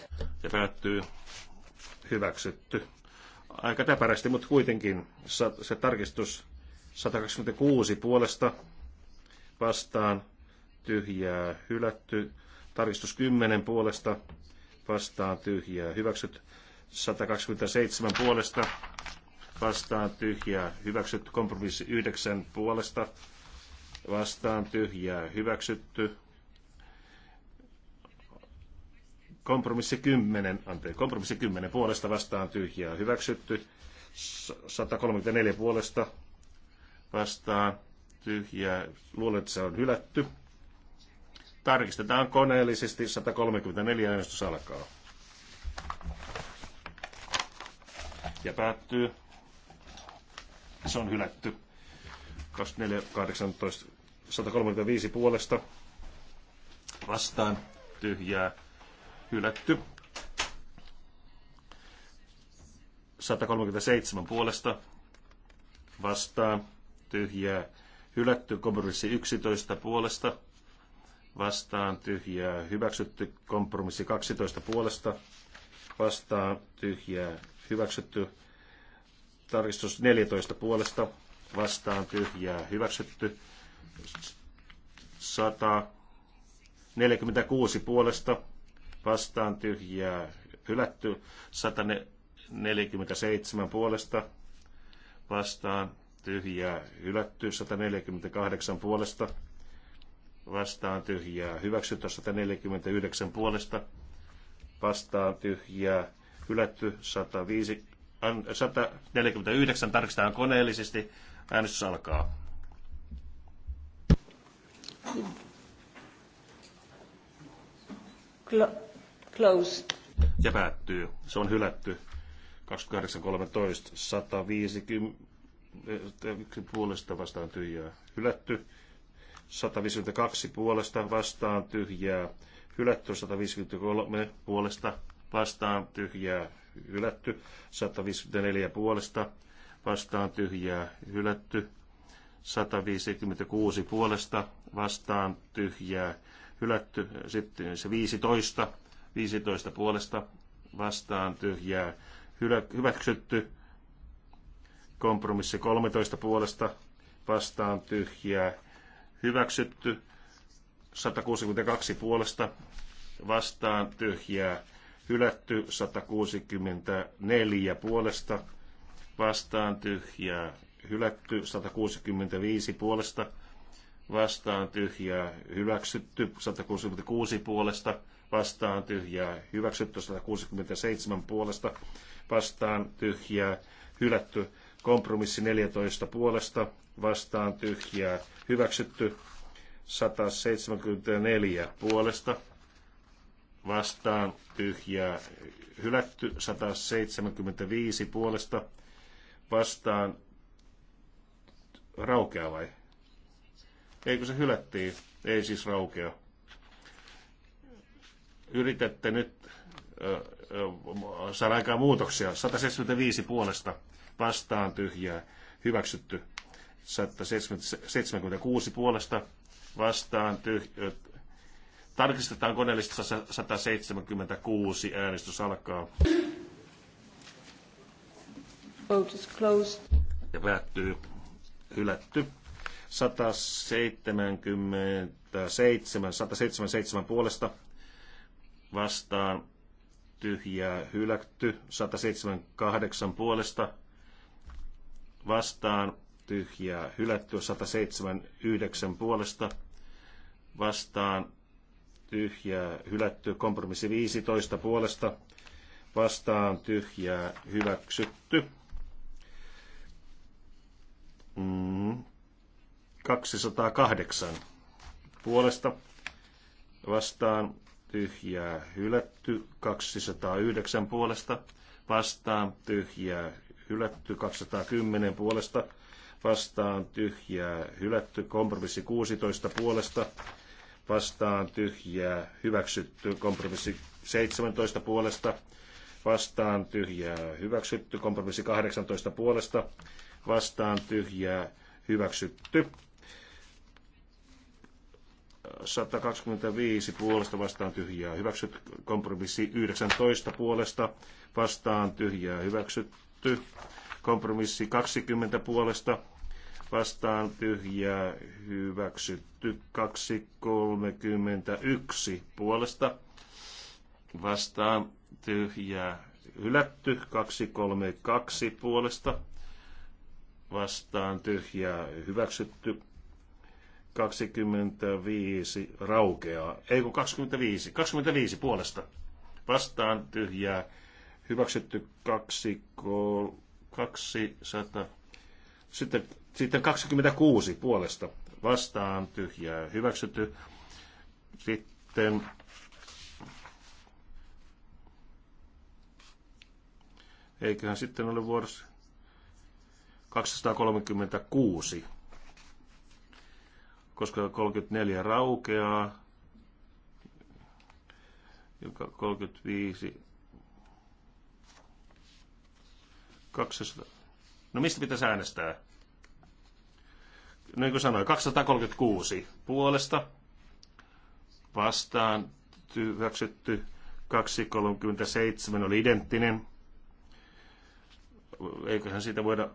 Se päättyy hyväksytty. Aika täpärästi, mutta kuitenkin se tarkistus 126 puolesta vastaan tyhjää hylätty. Tarkistus 10 puolesta vastaan tyhjää hyväksyt. 127 puolesta vastaan tyhjää hyväksytty. Kompromissi 9 puolesta vastaan tyhjää hyväksytty. Kompromissi 10, anteeksi, kompromissi 10 puolesta vastaan tyhjää hyväksytty. 134 puolesta vastaan tyhjää. Luulen, että se on hylätty. Tarkistetaan koneellisesti. 134 äänestys alkaa. Ja päättyy. Se on hylätty. 24, 18, 135 puolesta vastaan tyhjää hylätty. 137 puolesta vastaan tyhjää hylätty. Kompromissi 11 puolesta vastaan tyhjää hyväksytty. Kompromissi 12 puolesta vastaan tyhjää hyväksytty. Tarkistus 14 puolesta vastaan tyhjää hyväksytty. 146 puolesta vastaan tyhjää hylätty. 147 puolesta vastaan tyhjää hylätty, 148 puolesta vastaan tyhjää hyväksytty, 149 puolesta vastaan tyhjää hylätty, 105, 149 tarkistetaan koneellisesti, äänestys alkaa. Close. Ja päättyy. Se on hylätty. 28.13. 150 puolesta vastaan tyhjää hylätty. 152 puolesta vastaan tyhjää hylätty. 153 puolesta vastaan tyhjää hylätty. 154 puolesta vastaan tyhjää hylätty. 156 puolesta vastaan tyhjää hylätty. Sitten se 15, 15 puolesta vastaan tyhjää hyväksytty. Kompromissi 13 puolesta vastaan tyhjää hyväksytty. 162 puolesta vastaan tyhjää hylätty. 164 puolesta vastaan tyhjää hylätty. 165 puolesta vastaan tyhjää hyväksytty. 166 puolesta vastaan tyhjää hyväksytty. 167 puolesta vastaan tyhjää hylätty. Kompromissi 14 puolesta vastaan tyhjää hyväksytty. 174 puolesta vastaan tyhjää hylätty. 175 puolesta vastaan raukea vai? Eikö se hylättiin? Ei siis raukea. Yritätte nyt saada aikaan muutoksia. 175 puolesta vastaan tyhjää hyväksytty. 176 puolesta vastaan tyhjää. Tarkistetaan koneellista 176 äänestys alkaa. Vote is closed. Ja päättyy hylätty. 177, 177 puolesta vastaan tyhjää hylätty, 178 puolesta vastaan tyhjää hylätty 179 puolesta vastaan tyhjää hylätty kompromissi 15 puolesta vastaan tyhjää hyväksytty. Mm. 208 puolesta vastaan tyhjää hylätty, 209 puolesta vastaan tyhjää hylätty, 210 puolesta vastaan tyhjää hylätty, kompromissi 16 puolesta vastaan tyhjää hyväksytty, kompromissi 17 puolesta vastaan tyhjää hyväksytty, kompromissi 18 puolesta vastaan tyhjää hyväksytty. 125 puolesta vastaan tyhjää hyväksytty, kompromissi 19 puolesta vastaan tyhjää hyväksytty, hyväksytty. Kompromissi 20 puolesta vastaan tyhjää hyväksytty. 231 puolesta vastaan tyhjää hylätty. 232 puolesta vastaan tyhjää hyväksytty. 25 raukeaa, ei kun 25, 25 puolesta vastaan tyhjää hyväksytty kaksi, kaksi sata, Sitten, sitten 26 puolesta vastaan tyhjää hyväksytty. Sitten eiköhän sitten ole vuorossa 236, koska 34 raukeaa, joka 35 200. No mistä pitäisi äänestää? No niin kuin sanoin, 236 puolesta vastaan hyväksytty 237 oli identtinen. Eiköhän siitä voida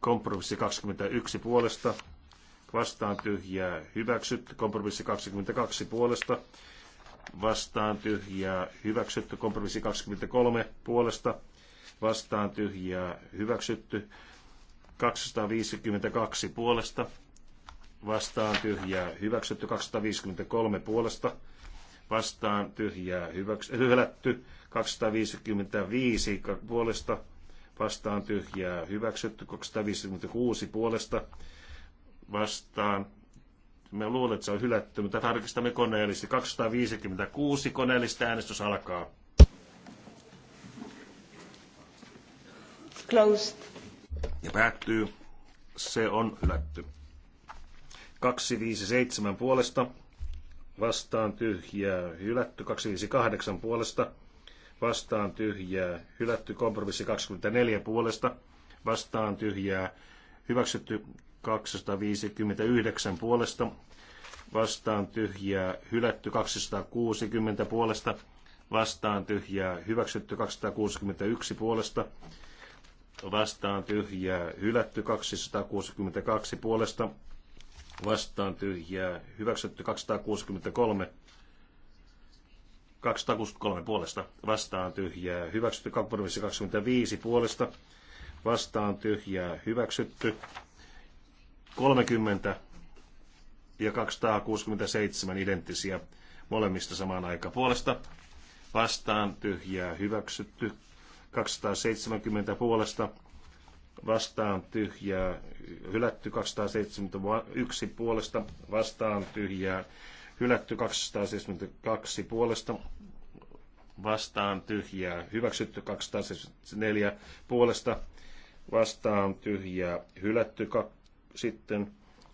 kompromissi 21 puolesta vastaan tyhjää hyväksytty, kompromissi 22 puolesta, vastaan tyhjää hyväksytty, kompromissi 23 puolesta, vastaan tyhjää hyväksytty. 252 puolesta vastaan tyhjää hyväksytty. 253 puolesta vastaan tyhjää hyväksytty. 255 puolesta vastaan tyhjää hyväksytty. 256 puolesta vastaan me luulen, että se on hylätty, mutta tarkistamme koneellisesti. 256 koneellista äänestys alkaa. Closed. Ja päättyy. Se on hylätty. 257 puolesta vastaan tyhjää hylätty. 258 puolesta vastaan tyhjää hylätty. Kompromissi 24 puolesta vastaan tyhjää hyväksytty. 259 puolesta vastaan tyhjää hylätty. 260 puolesta vastaan tyhjää hyväksytty. 261 puolesta vastaan tyhjää hylätty 262 puolesta, vastaan tyhjää hyväksytty 263 263 puolesta, vastaan tyhjää hyväksytty 25 puolesta, vastaan tyhjää hyväksytty 30 ja 267 identtisiä molemmista samaan aikaan puolesta, vastaan tyhjää hyväksytty 270 puolesta vastaan tyhjää, hylätty 271 puolesta vastaan tyhjää, hylätty 272 puolesta vastaan tyhjää, hyväksytty 274 puolesta vastaan tyhjää, hylätty ka- sitten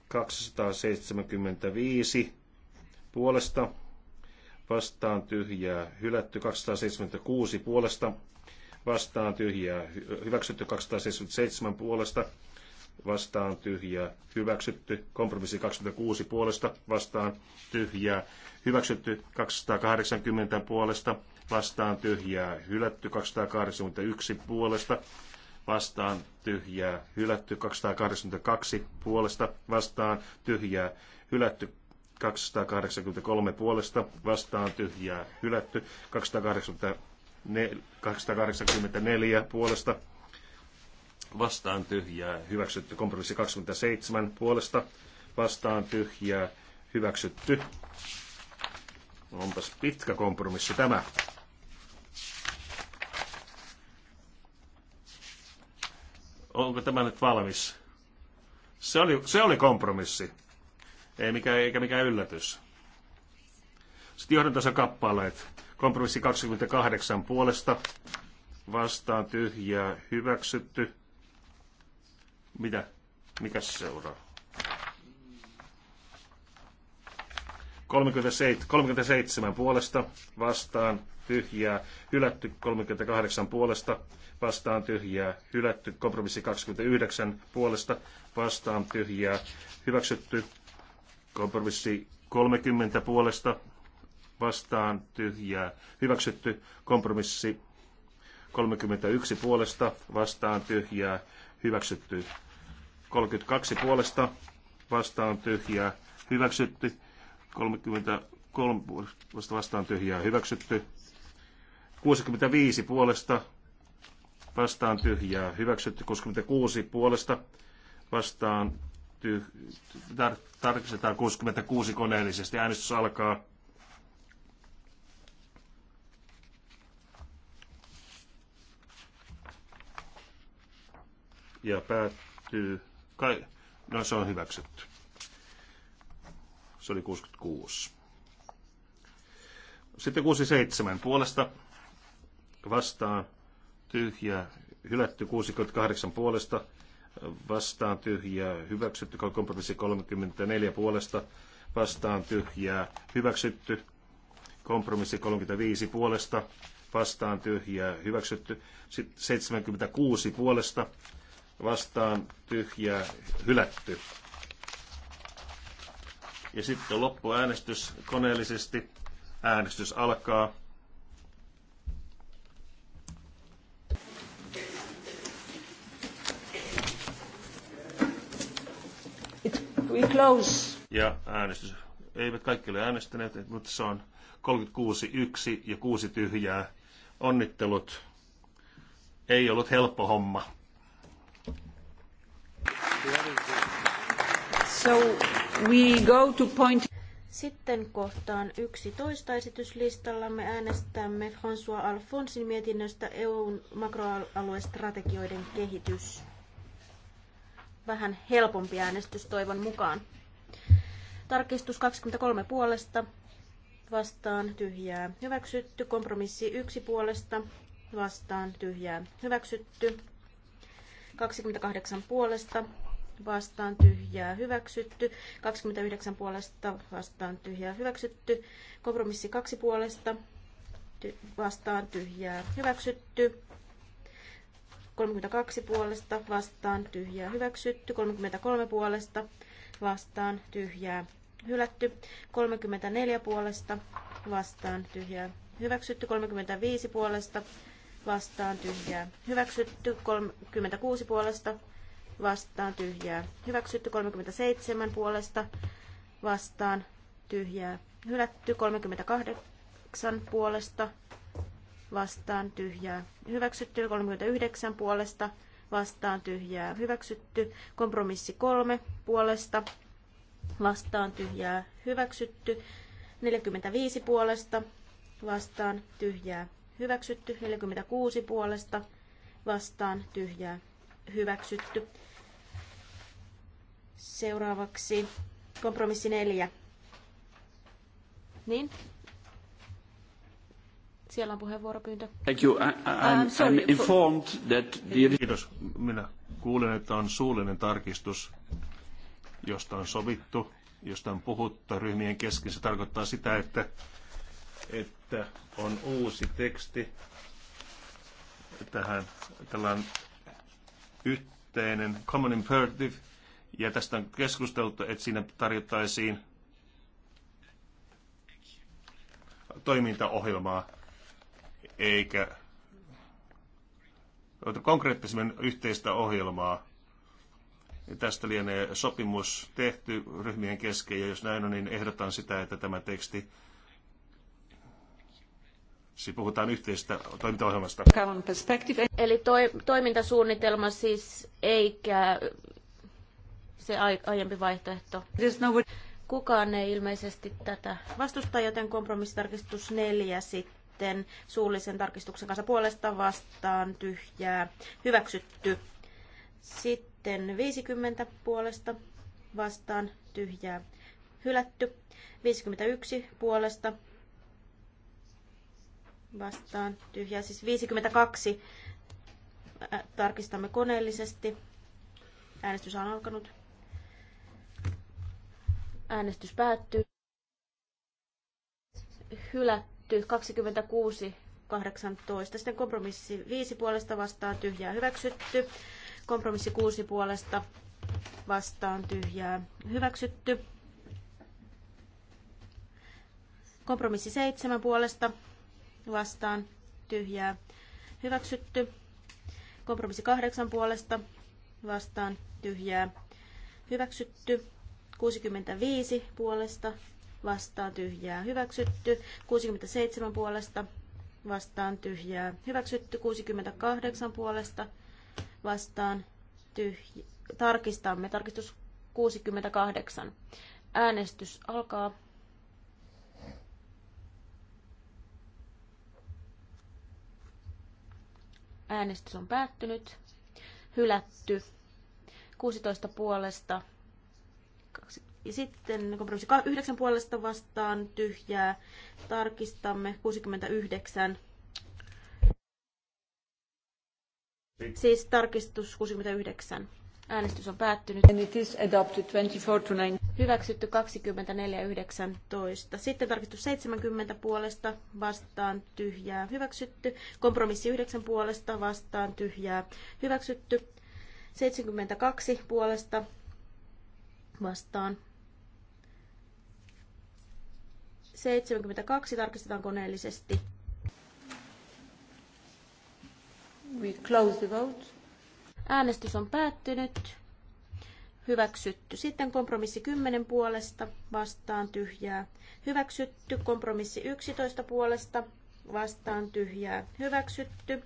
275 puolesta vastaan tyhjää, hylätty 276 puolesta vastaan tyhjää hyväksytty 277 puolesta, vastaan tyhjää hyväksytty, kompromissi 26 puolesta vastaan tyhjää hyväksytty, 280 puolesta vastaan tyhjää hylätty, 281 puolesta vastaan tyhjää hylätty, 282 puolesta vastaan tyhjää hylätty, 283 puolesta vastaan tyhjää hylätty, 280 284 puolesta vastaan tyhjää hyväksytty. Kompromissi 27 puolesta vastaan tyhjää hyväksytty. Onpas pitkä kompromissi tämä. Onko tämä nyt valmis? Se oli, se oli kompromissi. Ei mikä, eikä mikään yllätys. Sitten tässä kappaleet Kompromissi 28 puolesta vastaan tyhjää hyväksytty. Mitä? mikä seuraa? 37, 37 puolesta vastaan tyhjää, hylätty 38 puolesta vastaan tyhjää, hylätty kompromissi 29 puolesta vastaan tyhjää, hyväksytty kompromissi 30 puolesta vastaan tyhjää hyväksytty. Kompromissi 31 puolesta vastaan tyhjää hyväksytty. 32 puolesta vastaan tyhjää hyväksytty. 33 puolesta vastaan tyhjää hyväksytty. 65 puolesta vastaan tyhjää hyväksytty. 66 puolesta vastaan tyh- tar- tarkistetaan 66 koneellisesti. Äänestys alkaa. ja päättyy, kai, no se on hyväksytty. Se oli 66. Sitten 67 puolesta vastaan tyhjää, hylätty 68 puolesta vastaan tyhjää, hyväksytty kompromissi 34 puolesta vastaan tyhjää, hyväksytty kompromissi 35 puolesta vastaan tyhjää, hyväksytty 76 puolesta vastaan tyhjää hylätty. Ja sitten loppuäänestys koneellisesti. Äänestys alkaa. we close. Ja äänestys. Eivät kaikki ole äänestäneet, mutta se on 36, 1 ja 6 tyhjää. Onnittelut. Ei ollut helppo homma. So we go to point... Sitten kohtaan 11 esityslistallamme äänestämme François Alfonsin mietinnöstä EUn makroaluestrategioiden kehitys. Vähän helpompi äänestys toivon mukaan. Tarkistus 23 puolesta, vastaan tyhjää hyväksytty. Kompromissi 1 puolesta, vastaan tyhjää hyväksytty. 28 puolesta, vastaan tyhjää hyväksytty, 29 puolesta vastaan tyhjää hyväksytty, kompromissi 2 puolesta ty- vastaan tyhjää hyväksytty, 32 puolesta vastaan tyhjää hyväksytty, 33 puolesta vastaan tyhjää hylätty, 34 puolesta vastaan tyhjää hyväksytty, 35 puolesta vastaan tyhjää hyväksytty, 36 puolesta vastaan tyhjää. Hyväksytty 37 puolesta vastaan tyhjää. Hylätty 38 puolesta vastaan tyhjää. Hyväksytty 39 puolesta vastaan tyhjää. Hyväksytty kompromissi 3 puolesta vastaan tyhjää. Hyväksytty 45 puolesta vastaan tyhjää. Hyväksytty 46 puolesta vastaan tyhjää hyväksytty. Seuraavaksi kompromissi neljä. Niin. Siellä on puheenvuoropyyntö. Thank you. I, I'm, um, I'm informed that the... Kiitos. Minä kuulen, että on suullinen tarkistus, josta on sovittu, josta on puhuttu ryhmien kesken. Se tarkoittaa sitä, että, että on uusi teksti tähän tällainen yhteinen common imperative, ja tästä on keskusteltu, että siinä tarjottaisiin toimintaohjelmaa, eikä konkreettisemmin yhteistä ohjelmaa. Ja tästä lienee sopimus tehty ryhmien kesken, ja jos näin on, niin ehdotan sitä, että tämä teksti Siis puhutaan yhteisestä toimintaohjelmasta. Eli toi, toimintasuunnitelma siis eikä se aiempi vaihtoehto. No Kukaan ei ilmeisesti tätä vastusta, joten kompromissitarkistus neljä sitten suullisen tarkistuksen kanssa puolesta vastaan tyhjää hyväksytty. Sitten 50 puolesta vastaan tyhjää hylätty. 51 puolesta vastaan tyhjää, siis 52. Tarkistamme koneellisesti. Äänestys on alkanut. Äänestys päättyy. Hylätty 26 18. Sitten kompromissi 5 puolesta vastaan tyhjää hyväksytty. Kompromissi 6 puolesta vastaan tyhjää hyväksytty. Kompromissi 7 puolesta vastaan tyhjää hyväksytty. Kompromissi kahdeksan puolesta vastaan tyhjää hyväksytty. 65 puolesta vastaan tyhjää hyväksytty. 67 puolesta vastaan tyhjää hyväksytty. 68 puolesta vastaan tyhjää. Tarkistamme. Tarkistus 68. Äänestys alkaa. Äänestys on päättynyt. Hylätty. 16 puolesta. Ja sitten kompromissi 9 puolesta vastaan tyhjää. Tarkistamme 69. Siis tarkistus 69. Äänestys on päättynyt. And it is adopted 24 to 9. Hyväksytty 24.19. Sitten tarkistus 70 puolesta vastaan tyhjää. Hyväksytty. Kompromissi 9 puolesta vastaan tyhjää. Hyväksytty. 72 puolesta vastaan. 72 tarkistetaan koneellisesti. We close the vote. Äänestys on päättynyt. Hyväksytty. Sitten kompromissi 10 puolesta vastaan tyhjää. Hyväksytty. Kompromissi 11 puolesta vastaan tyhjää. Hyväksytty.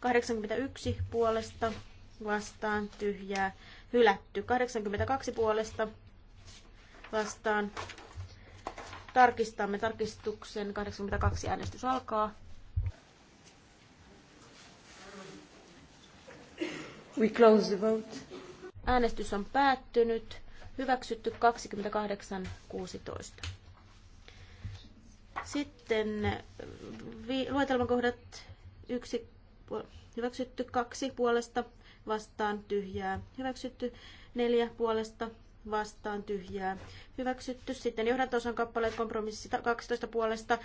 81 puolesta vastaan tyhjää. Hylätty. 82 puolesta vastaan. Tarkistamme tarkistuksen. 82 äänestys alkaa. We close the vote. Äänestys on päättynyt. Hyväksytty 28.16. Sitten äh, vi- luetelmakohdat yksi hyväksytty kaksi puolesta vastaan tyhjää. Hyväksytty neljä puolesta vastaan tyhjää. Hyväksytty. Sitten johdantosan kappaleet kompromissi 12 puolesta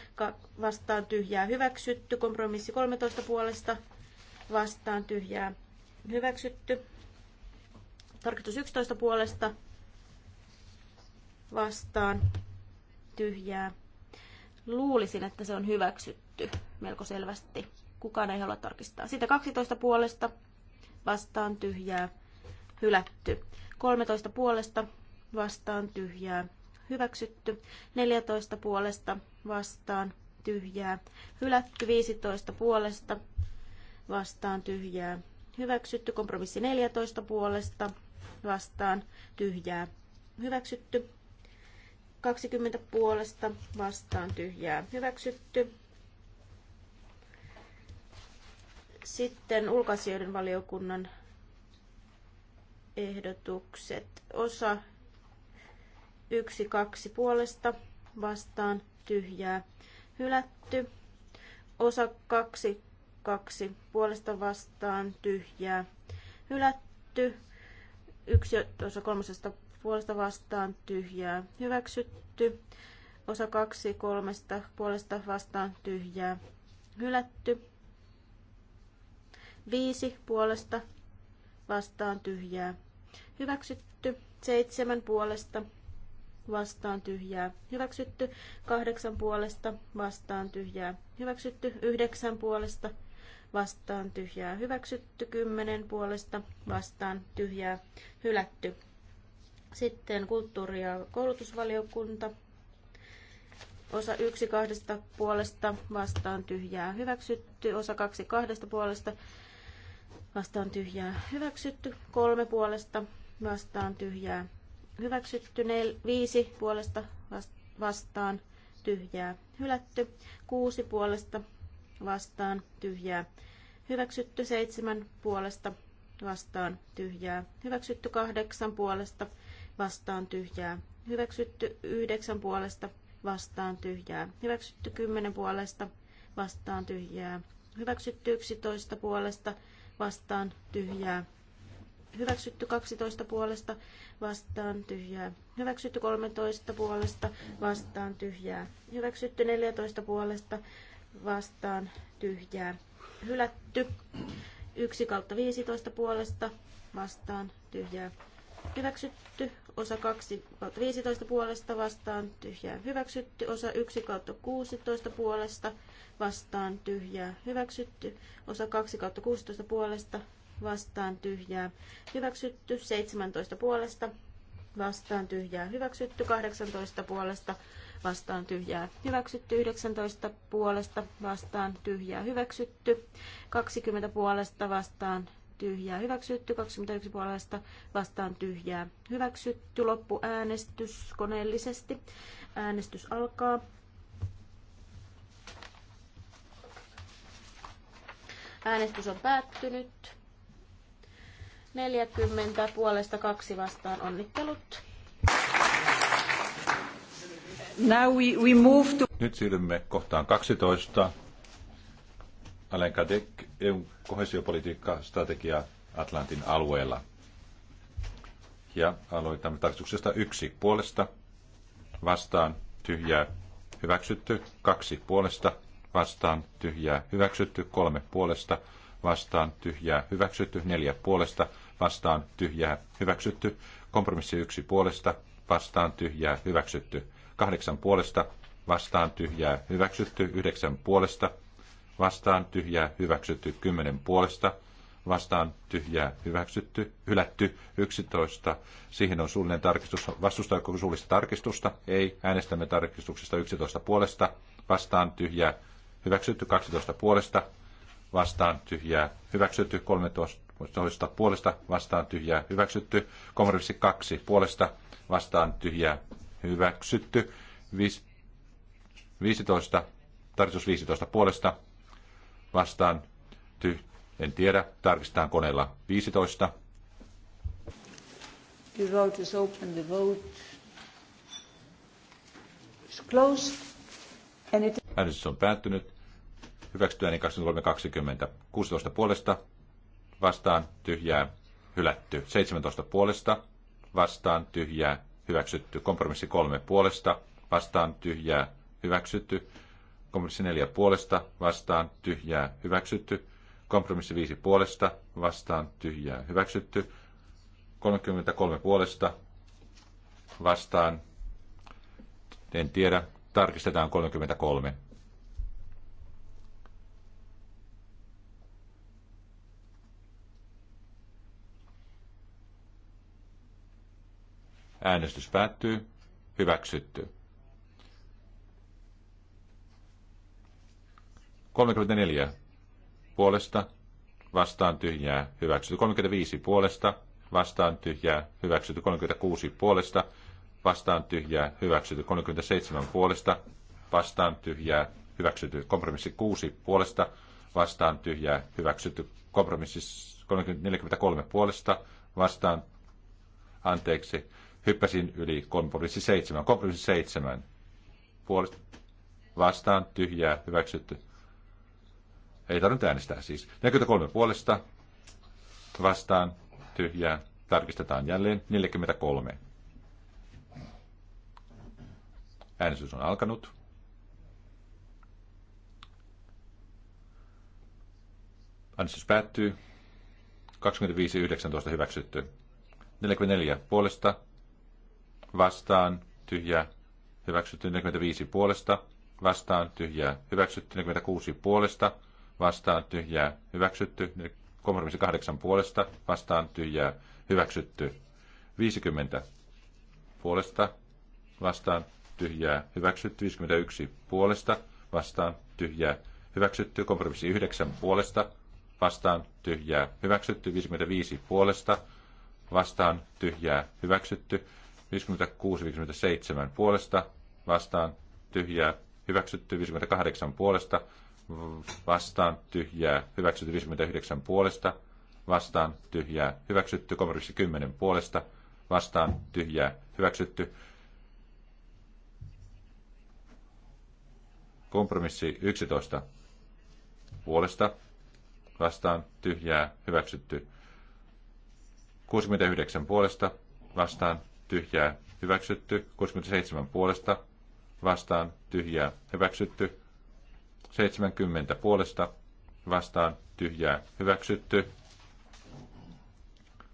vastaan tyhjää. Hyväksytty. Kompromissi 13 puolesta vastaan tyhjää. Hyväksytty. Tarkistus 11 puolesta vastaan tyhjää. Luulisin, että se on hyväksytty melko selvästi. Kukaan ei halua tarkistaa. Sitä 12 puolesta vastaan tyhjää. Hylätty. 13 puolesta vastaan tyhjää. Hyväksytty. 14 puolesta vastaan tyhjää. Hylätty. 15 puolesta vastaan tyhjää hyväksytty. Kompromissi 14 puolesta vastaan tyhjää hyväksytty. 20 puolesta vastaan tyhjää hyväksytty. Sitten ulkoasioiden valiokunnan ehdotukset. Osa 1, 2 puolesta vastaan tyhjää hylätty. Osa 2, kaksi puolesta vastaan tyhjää hylätty. Yksi osa kolmosesta puolesta vastaan tyhjää hyväksytty. Osa kaksi kolmesta puolesta vastaan tyhjää hylätty. Viisi puolesta vastaan tyhjää hyväksytty. Seitsemän puolesta vastaan tyhjää, hyväksytty. Kahdeksan puolesta vastaan tyhjää, hyväksytty. Yhdeksän puolesta vastaan tyhjää hyväksytty, 10 puolesta vastaan tyhjää hylätty. Sitten kulttuuri- ja koulutusvaliokunta. Osa 1 kahdesta puolesta vastaan tyhjää hyväksytty. Osa 2 kahdesta puolesta vastaan tyhjää hyväksytty. Kolme puolesta vastaan tyhjää hyväksytty. Nel, viisi puolesta vastaan tyhjää hylätty. Kuusi puolesta vastaan tyhjää. Hyväksytty seitsemän puolesta vastaan tyhjää. Hyväksytty kahdeksan puolesta vastaan tyhjää. Hyväksytty yhdeksän puolesta vastaan tyhjää. Hyväksytty kymmenen puolesta vastaan tyhjää. Hyväksytty yksitoista puolesta vastaan tyhjää. Hyväksytty 12 puolesta vastaan tyhjää. Hyväksytty 13 puolesta vastaan tyhjää. Hyväksytty 14 puolesta vastaan tyhjää hylätty. 1 kautta 15 puolesta vastaan tyhjää hyväksytty. Osa 2 kautta 15 puolesta vastaan tyhjää hyväksytty. Osa 1 kautta 16 puolesta vastaan tyhjää hyväksytty. Osa 2 kautta 16 puolesta vastaan tyhjää hyväksytty. 17 puolesta vastaan tyhjää hyväksytty. 18 puolesta vastaan tyhjää hyväksytty, 19 puolesta vastaan tyhjää hyväksytty, 20 puolesta vastaan tyhjää hyväksytty, 21 puolesta vastaan tyhjää hyväksytty, äänestys koneellisesti, äänestys alkaa. Äänestys on päättynyt. 40 puolesta kaksi vastaan onnittelut. Now we, we move to... Nyt siirrymme kohtaan 12. Alain Kadek, EUn kohesiopolitiikka, strategia Atlantin alueella. Ja aloitamme tarkistuksesta yksi puolesta, vastaan, tyhjää, hyväksytty, kaksi puolesta, vastaan, tyhjää, hyväksytty, kolme puolesta, vastaan, tyhjää, hyväksytty, neljä puolesta, vastaan, tyhjää, hyväksytty, kompromissi yksi puolesta, vastaan, tyhjää, hyväksytty kahdeksan puolesta vastaan tyhjää hyväksytty, yhdeksän puolesta vastaan tyhjää hyväksytty, kymmenen puolesta vastaan tyhjää hyväksytty, hylätty, 11. Siihen on suullinen tarkistus. Vastustaako suullista tarkistusta? Ei. Äänestämme tarkistuksesta 11 puolesta. Vastaan tyhjää hyväksytty 12 puolesta. Vastaan tyhjää hyväksytty 13 puolesta. Vastaan tyhjää hyväksytty. Kompromissi 2 puolesta. Vastaan tyhjää hyväksytty. 15, tarkistus 15 puolesta vastaan, ty, en tiedä, tarkistetaan koneella 15. The vote is open, the vote is closed. And it... Äänestys on päättynyt. Hyväksytty ääni 2320. 16 puolesta vastaan tyhjää hylätty. 17 puolesta vastaan tyhjää hyväksytty. Kompromissi kolme puolesta, vastaan tyhjää, hyväksytty. Kompromissi neljä puolesta, vastaan tyhjää, hyväksytty. Kompromissi viisi puolesta, vastaan tyhjää, hyväksytty. 33 puolesta, vastaan, en tiedä, tarkistetaan 33. Äänestys päättyy. Hyväksytty. 34 puolesta vastaan tyhjää hyväksytty. 35 puolesta vastaan tyhjää hyväksytty. 36 puolesta vastaan tyhjää hyväksytty. 37 puolesta vastaan tyhjää hyväksytty. Kompromissi 6 puolesta vastaan tyhjää hyväksytty. Kompromissi 43 puolesta vastaan anteeksi hyppäsin yli kompromissi seitsemän. Kompromissi seitsemän Puolesta vastaan tyhjää hyväksytty. Ei tarvinnut äänestää siis. 43 puolesta vastaan tyhjää. Tarkistetaan jälleen 43. Äänestys on alkanut. Äänestys päättyy. 25.19 hyväksytty. 44 puolesta vastaan tyhjä hyväksytty 45 puolesta, vastaan tyhjä hyväksytty 46 puolesta, vastaan tyhjä hyväksytty 38 puolesta, vastaan tyhjä hyväksytty 50 puolesta, vastaan tyhjää hyväksytty 51 puolesta, vastaan tyhjää hyväksytty kompromissi 9 puolesta, vastaan tyhjää hyväksytty 55 puolesta, vastaan tyhjää hyväksytty 56-57 puolesta vastaan tyhjää hyväksytty 58 puolesta vastaan tyhjää hyväksytty 59 puolesta vastaan tyhjää hyväksytty kompromissi 10 puolesta vastaan tyhjää hyväksytty kompromissi 11 puolesta vastaan tyhjää hyväksytty 69 puolesta vastaan tyhjää, hyväksytty. 67 puolesta vastaan, tyhjää, hyväksytty. 70 puolesta vastaan, tyhjää, hyväksytty.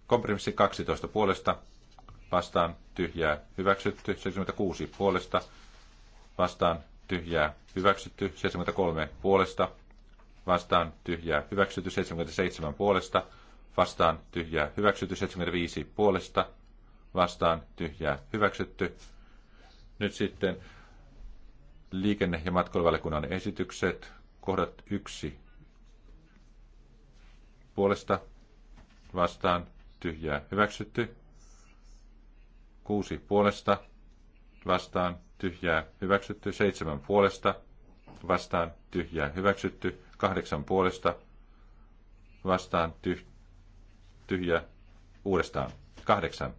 Kompromissi 12 puolesta vastaan, tyhjää, hyväksytty. 76 puolesta vastaan, tyhjää, hyväksytty. 73 puolesta vastaan, tyhjää, hyväksytty. 77 puolesta vastaan, tyhjää, hyväksytty. 75 puolesta vastaan tyhjää hyväksytty. Nyt sitten liikenne- ja matkailuvaliokunnan esitykset, kohdat yksi puolesta vastaan tyhjää hyväksytty. Kuusi puolesta vastaan tyhjää hyväksytty. Seitsemän puolesta vastaan tyhjää hyväksytty. Kahdeksan puolesta vastaan tyh, tyhjää uudestaan. Kahdeksan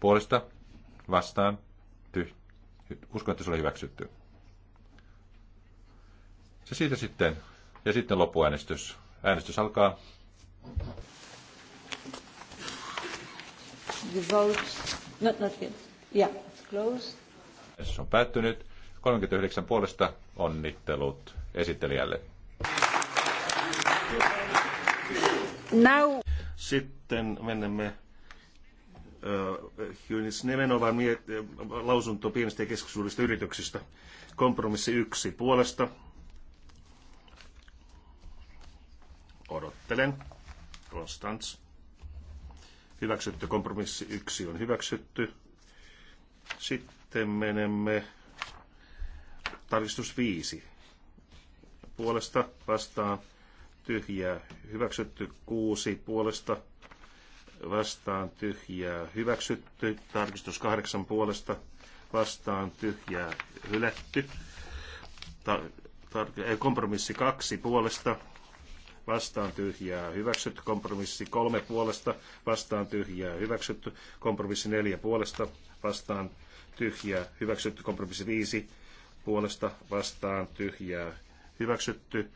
Puolesta vastaan. Tyh. Uskon, että se oli hyväksytty. Se siitä sitten. Ja sitten loppuäänestys. Äänestys alkaa. The vote, not, not yet. Yeah, closed. Se on päättynyt. 39 puolesta onnittelut esittelijälle. Now. Sitten menemme Äh, Hyönis nimenomaan miet, äh, lausunto pienistä ja keskisuurista yrityksistä. Kompromissi yksi puolesta. Odottelen. Konstans. Hyväksytty. Kompromissi yksi on hyväksytty. Sitten menemme tarkistus viisi. Puolesta vastaan tyhjää. Hyväksytty kuusi puolesta vastaan tyhjää hyväksytty. Tarkistus kahdeksan puolesta vastaan tyhjää hylätty. ei tar- kompromissi kaksi puolesta vastaan tyhjää hyväksytty. Kompromissi kolme puolesta vastaan tyhjää hyväksytty. Kompromissi neljä puolesta vastaan tyhjää hyväksytty. Kompromissi viisi puolesta vastaan tyhjää hyväksytty.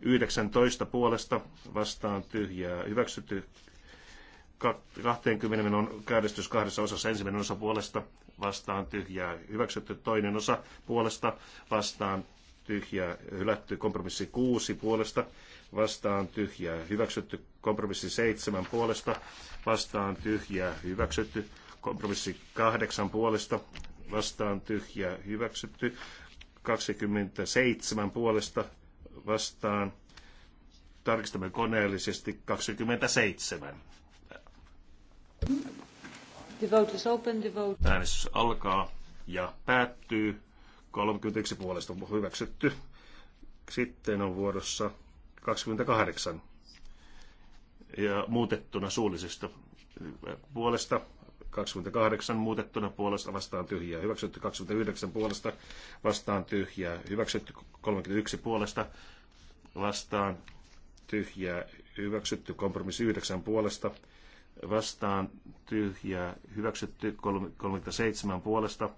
19 puolesta vastaan tyhjää hyväksytty, 20 on käynnistys kahdessa osassa. Ensimmäinen osa puolesta vastaan tyhjää hyväksytty, toinen osa puolesta vastaan tyhjää hylätty, kompromissi 6 puolesta vastaan tyhjää hyväksytty, kompromissi 7 puolesta vastaan tyhjää hyväksytty, kompromissi 8 puolesta vastaan tyhjää hyväksytty, 27 puolesta vastaan tarkistamme koneellisesti 27. The vote is open, the vote... Äänestys alkaa ja päättyy. 31 puolesta on hyväksytty. Sitten on vuorossa 28 ja muutettuna suullisesta puolesta 28 muutettuna puolesta vastaan tyhjää, hyväksytty 29 puolesta vastaan tyhjää, hyväksytty 31 puolesta vastaan tyhjää, hyväksytty kompromissi 9 puolesta vastaan tyhjää hyväksytty 37 puolesta,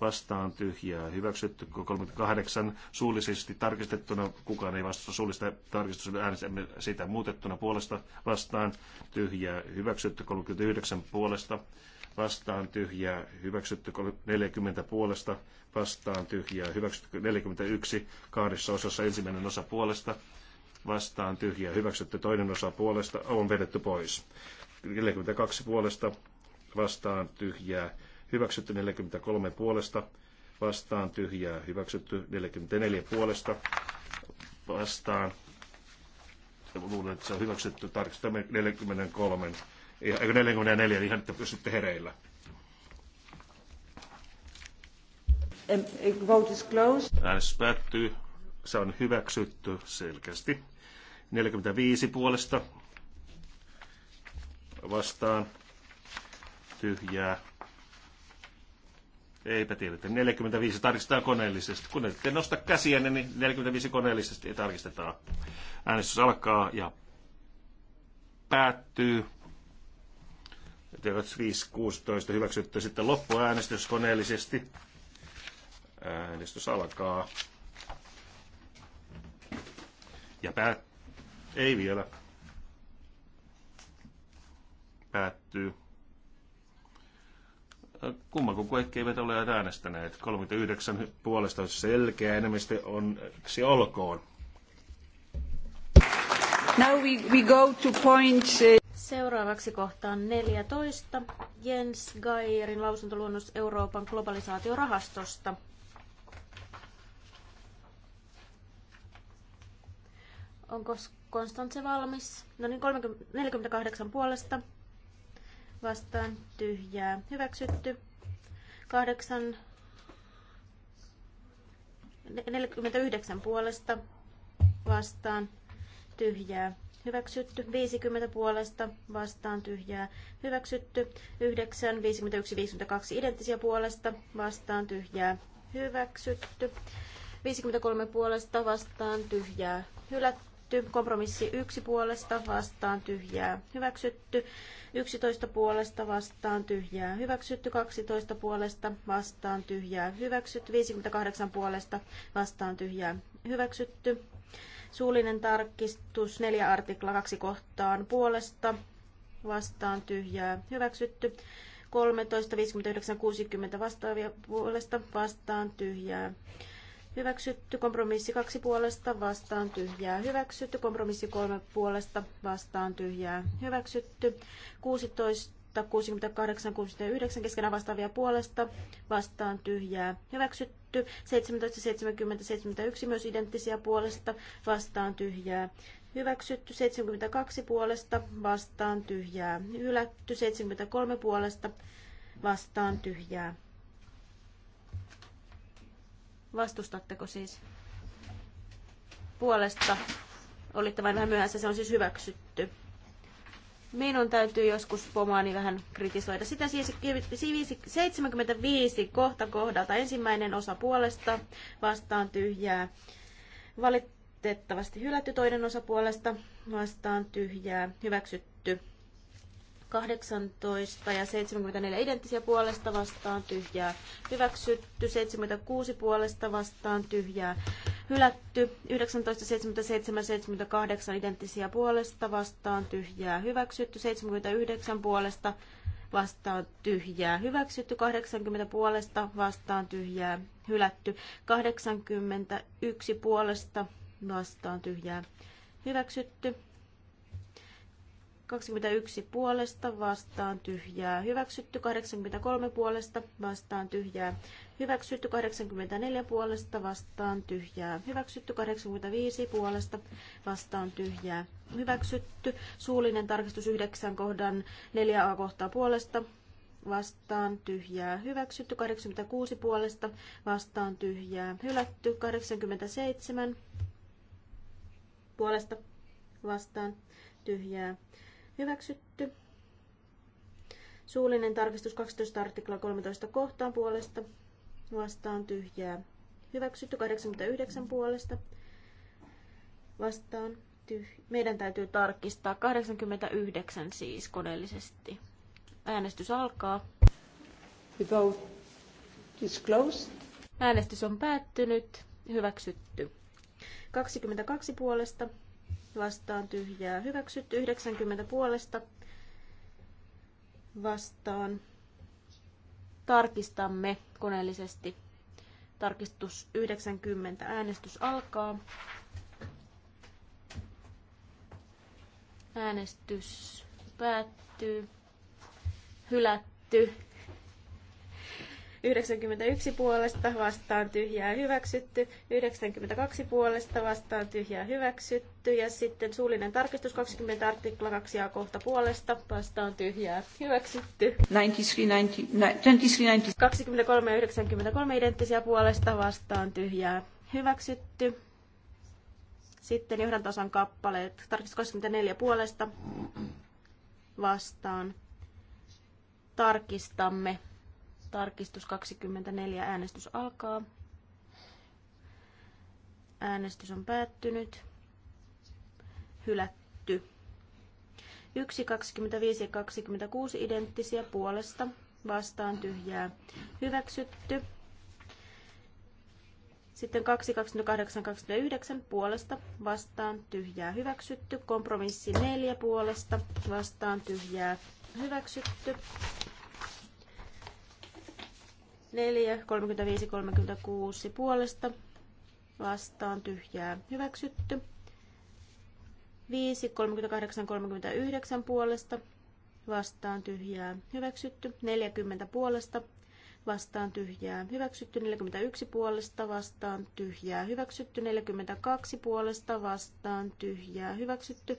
vastaan tyhjää hyväksytty 38 suullisesti tarkistettuna, kukaan ei vastusta suullista tarkistusta äänestämme sitä muutettuna puolesta vastaan tyhjää hyväksytty 39 puolesta, vastaan tyhjää hyväksytty 40 puolesta, vastaan tyhjää hyväksytty 41 kahdessa osassa ensimmäinen osa puolesta, vastaan tyhjää hyväksytty toinen osa puolesta on vedetty pois. 42 puolesta vastaan tyhjää hyväksytty 43 puolesta vastaan tyhjää hyväksytty 44 puolesta vastaan. Luulen, että se on hyväksytty tarkistamme 43, ei 44, ihan että pysytte hereillä. Vote is closed. Äänestys päättyy. Se on hyväksytty selkeästi. 45 puolesta vastaan tyhjää. Eipä tiedetä. 45 tarkistetaan koneellisesti. Kun ette nosta käsiä, niin 45 koneellisesti tarkistetaan. Äänestys alkaa ja päättyy. 5.16 hyväksytty sitten loppuäänestys koneellisesti. Äänestys alkaa. Ja päät... Ei vielä päättyy. Kumma kun kaikki eivät ole äänestäneet. 39 puolesta selkeä enemmistö on se olkoon. Now we, we go to point... Uh, Seuraavaksi kohtaan 14. Jens Geierin lausuntoluonnos Euroopan globalisaatiorahastosta. Onko Konstantse valmis? No niin, 30, 48 puolesta vastaan tyhjää. Hyväksytty. 8, 49 puolesta vastaan tyhjää. Hyväksytty 50 puolesta vastaan tyhjää. Hyväksytty 9, 51, 52 identtisiä puolesta vastaan tyhjää. Hyväksytty 53 puolesta vastaan tyhjää. Hylätty hyväksytty. Kompromissi 1 puolesta vastaan tyhjää hyväksytty. 11 puolesta vastaan tyhjää hyväksytty. 12 puolesta vastaan tyhjää hyväksytty. 58 puolesta vastaan tyhjää hyväksytty. Suullinen tarkistus 4 artikla 2 kohtaan puolesta vastaan tyhjää hyväksytty. 13, 59, 60 vastaavia puolesta vastaan tyhjää Hyväksytty kompromissi kaksi puolesta vastaan tyhjää. Hyväksytty kompromissi kolme puolesta vastaan tyhjää. Hyväksytty 16, 68, 69 keskenään vastaavia puolesta vastaan tyhjää. Hyväksytty 17, 70, 71 myös identtisiä puolesta vastaan tyhjää. Hyväksytty 72 puolesta vastaan tyhjää. Hylätty 73 puolesta vastaan tyhjää. Vastustatteko siis? Puolesta. Olitte vain vähän myöhässä, se on siis hyväksytty. Minun täytyy joskus pomaani vähän kritisoida. Sitä siis 75 kohta kohdalta. Ensimmäinen osa puolesta vastaan tyhjää. Valitettavasti hylätty toinen osa puolesta vastaan tyhjää. Hyväksytty 18 ja 74 identtisiä puolesta vastaan tyhjää. Hyväksytty 76 puolesta vastaan tyhjää. Hylätty 19, 77, 78 identtisiä puolesta vastaan tyhjää. Hyväksytty 79 puolesta vastaan tyhjää. Hyväksytty 80 puolesta vastaan tyhjää. Hylätty 81 puolesta vastaan tyhjää. Hyväksytty 21 puolesta vastaan tyhjää hyväksytty, 83 puolesta vastaan tyhjää hyväksytty, 84 puolesta vastaan tyhjää hyväksytty, 85 puolesta vastaan tyhjää hyväksytty, suullinen tarkistus 9 kohdan 4a kohtaa puolesta vastaan tyhjää hyväksytty, 86 puolesta vastaan tyhjää hylätty, 87 puolesta vastaan tyhjää Hyväksytty. Suullinen tarkistus 12 artikla 13 kohtaan puolesta. Vastaan tyhjää. Hyväksytty 89 puolesta. Vastaan tyhjää. Meidän täytyy tarkistaa 89 siis koneellisesti. Äänestys alkaa. The vote is closed. Äänestys on päättynyt. Hyväksytty. 22 puolesta vastaan tyhjää hyväksytty, 90 puolesta vastaan. Tarkistamme koneellisesti. Tarkistus 90. Äänestys alkaa. Äänestys päättyy. Hylätty. 91 puolesta vastaan tyhjää hyväksytty, 92 puolesta vastaan tyhjää hyväksytty ja sitten suullinen tarkistus 20 artikla 2 ja kohta puolesta vastaan tyhjää hyväksytty. 23 ja 93 identtisiä puolesta vastaan tyhjää hyväksytty. Sitten tasan kappaleet tarkistus 24 puolesta vastaan tarkistamme. Tarkistus 24. Äänestys alkaa. Äänestys on päättynyt. Hylätty. 1, 25 ja 26 identtisiä puolesta vastaan tyhjää. Hyväksytty. Sitten 2, 28, 29 puolesta vastaan tyhjää hyväksytty. Kompromissi 4 puolesta vastaan tyhjää hyväksytty. 4, 35, 36 puolesta vastaan tyhjää hyväksytty. 5, 38, 39 puolesta vastaan tyhjää hyväksytty. 40 puolesta vastaan tyhjää hyväksytty. 41 puolesta vastaan tyhjää hyväksytty. 42 puolesta vastaan tyhjää hyväksytty.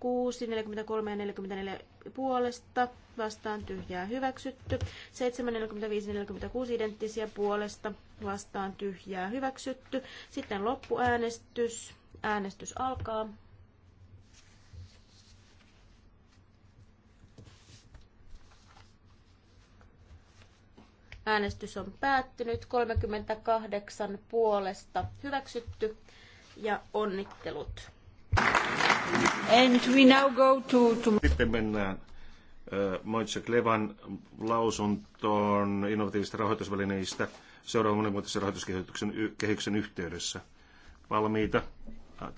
6, 43 ja 44 puolesta, vastaan tyhjää hyväksytty. 7, 45 46 identtisiä puolesta, vastaan tyhjää hyväksytty. Sitten loppuäänestys. Äänestys alkaa. Äänestys on päättynyt 38 puolesta hyväksytty ja onnittelut. And we now go to, to... Sitten mennään Moitse Klevan lausuntoon innovatiivisista rahoitusvälineistä seuraavan monimuotoisen rahoituskehyksen yhteydessä. Valmiita.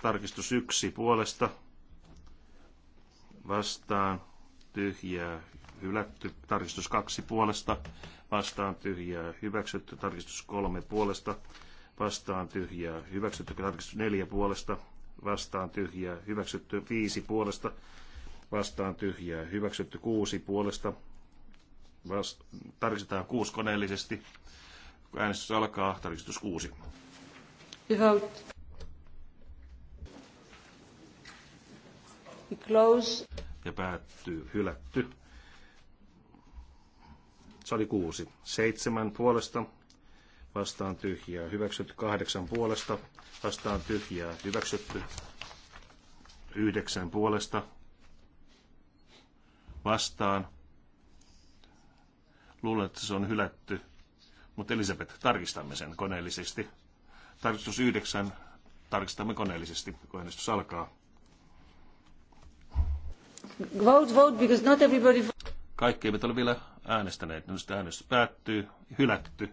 Tarkistus yksi puolesta. Vastaan tyhjää hylätty. Tarkistus kaksi puolesta. Vastaan tyhjää hyväksytty. Tarkistus kolme puolesta. Vastaan tyhjää hyväksytty. Tarkistus neljä puolesta vastaan tyhjää, hyväksytty viisi puolesta vastaan tyhjää, hyväksytty kuusi puolesta, vast- tarkistetaan kuusi koneellisesti, äänestys alkaa, tarkistus kuusi. Vote. Close. Ja päättyy, hylätty. Se oli kuusi. Seitsemän puolesta vastaan tyhjää hyväksytty, kahdeksan puolesta vastaan tyhjää hyväksytty, yhdeksän puolesta vastaan. Luulen, että se on hylätty, mutta Elisabeth, tarkistamme sen koneellisesti. Tarkistus yhdeksän, tarkistamme koneellisesti, kun alkaa. Vote, vote, because not everybody... Kaikki eivät ole vielä äänestäneet, nyt äänestys päättyy, hylätty.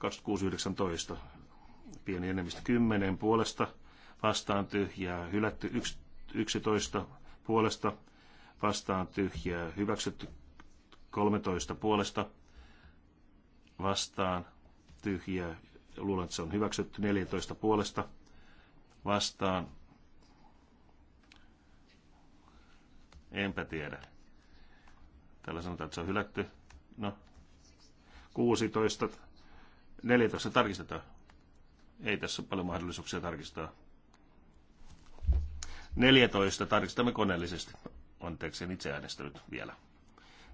2619 pieni enemmistö 10 puolesta vastaan tyhjää hylätty 11 puolesta vastaan tyhjää hyväksytty 13 puolesta vastaan tyhjää luulen, että se on hyväksytty 14 puolesta vastaan enpä tiedä täällä sanotaan, että se on hylätty no 16 14 tarkistetaan. Ei tässä ole paljon mahdollisuuksia tarkistaa. 14 tarkistamme koneellisesti. Anteeksi, en itse äänestänyt vielä.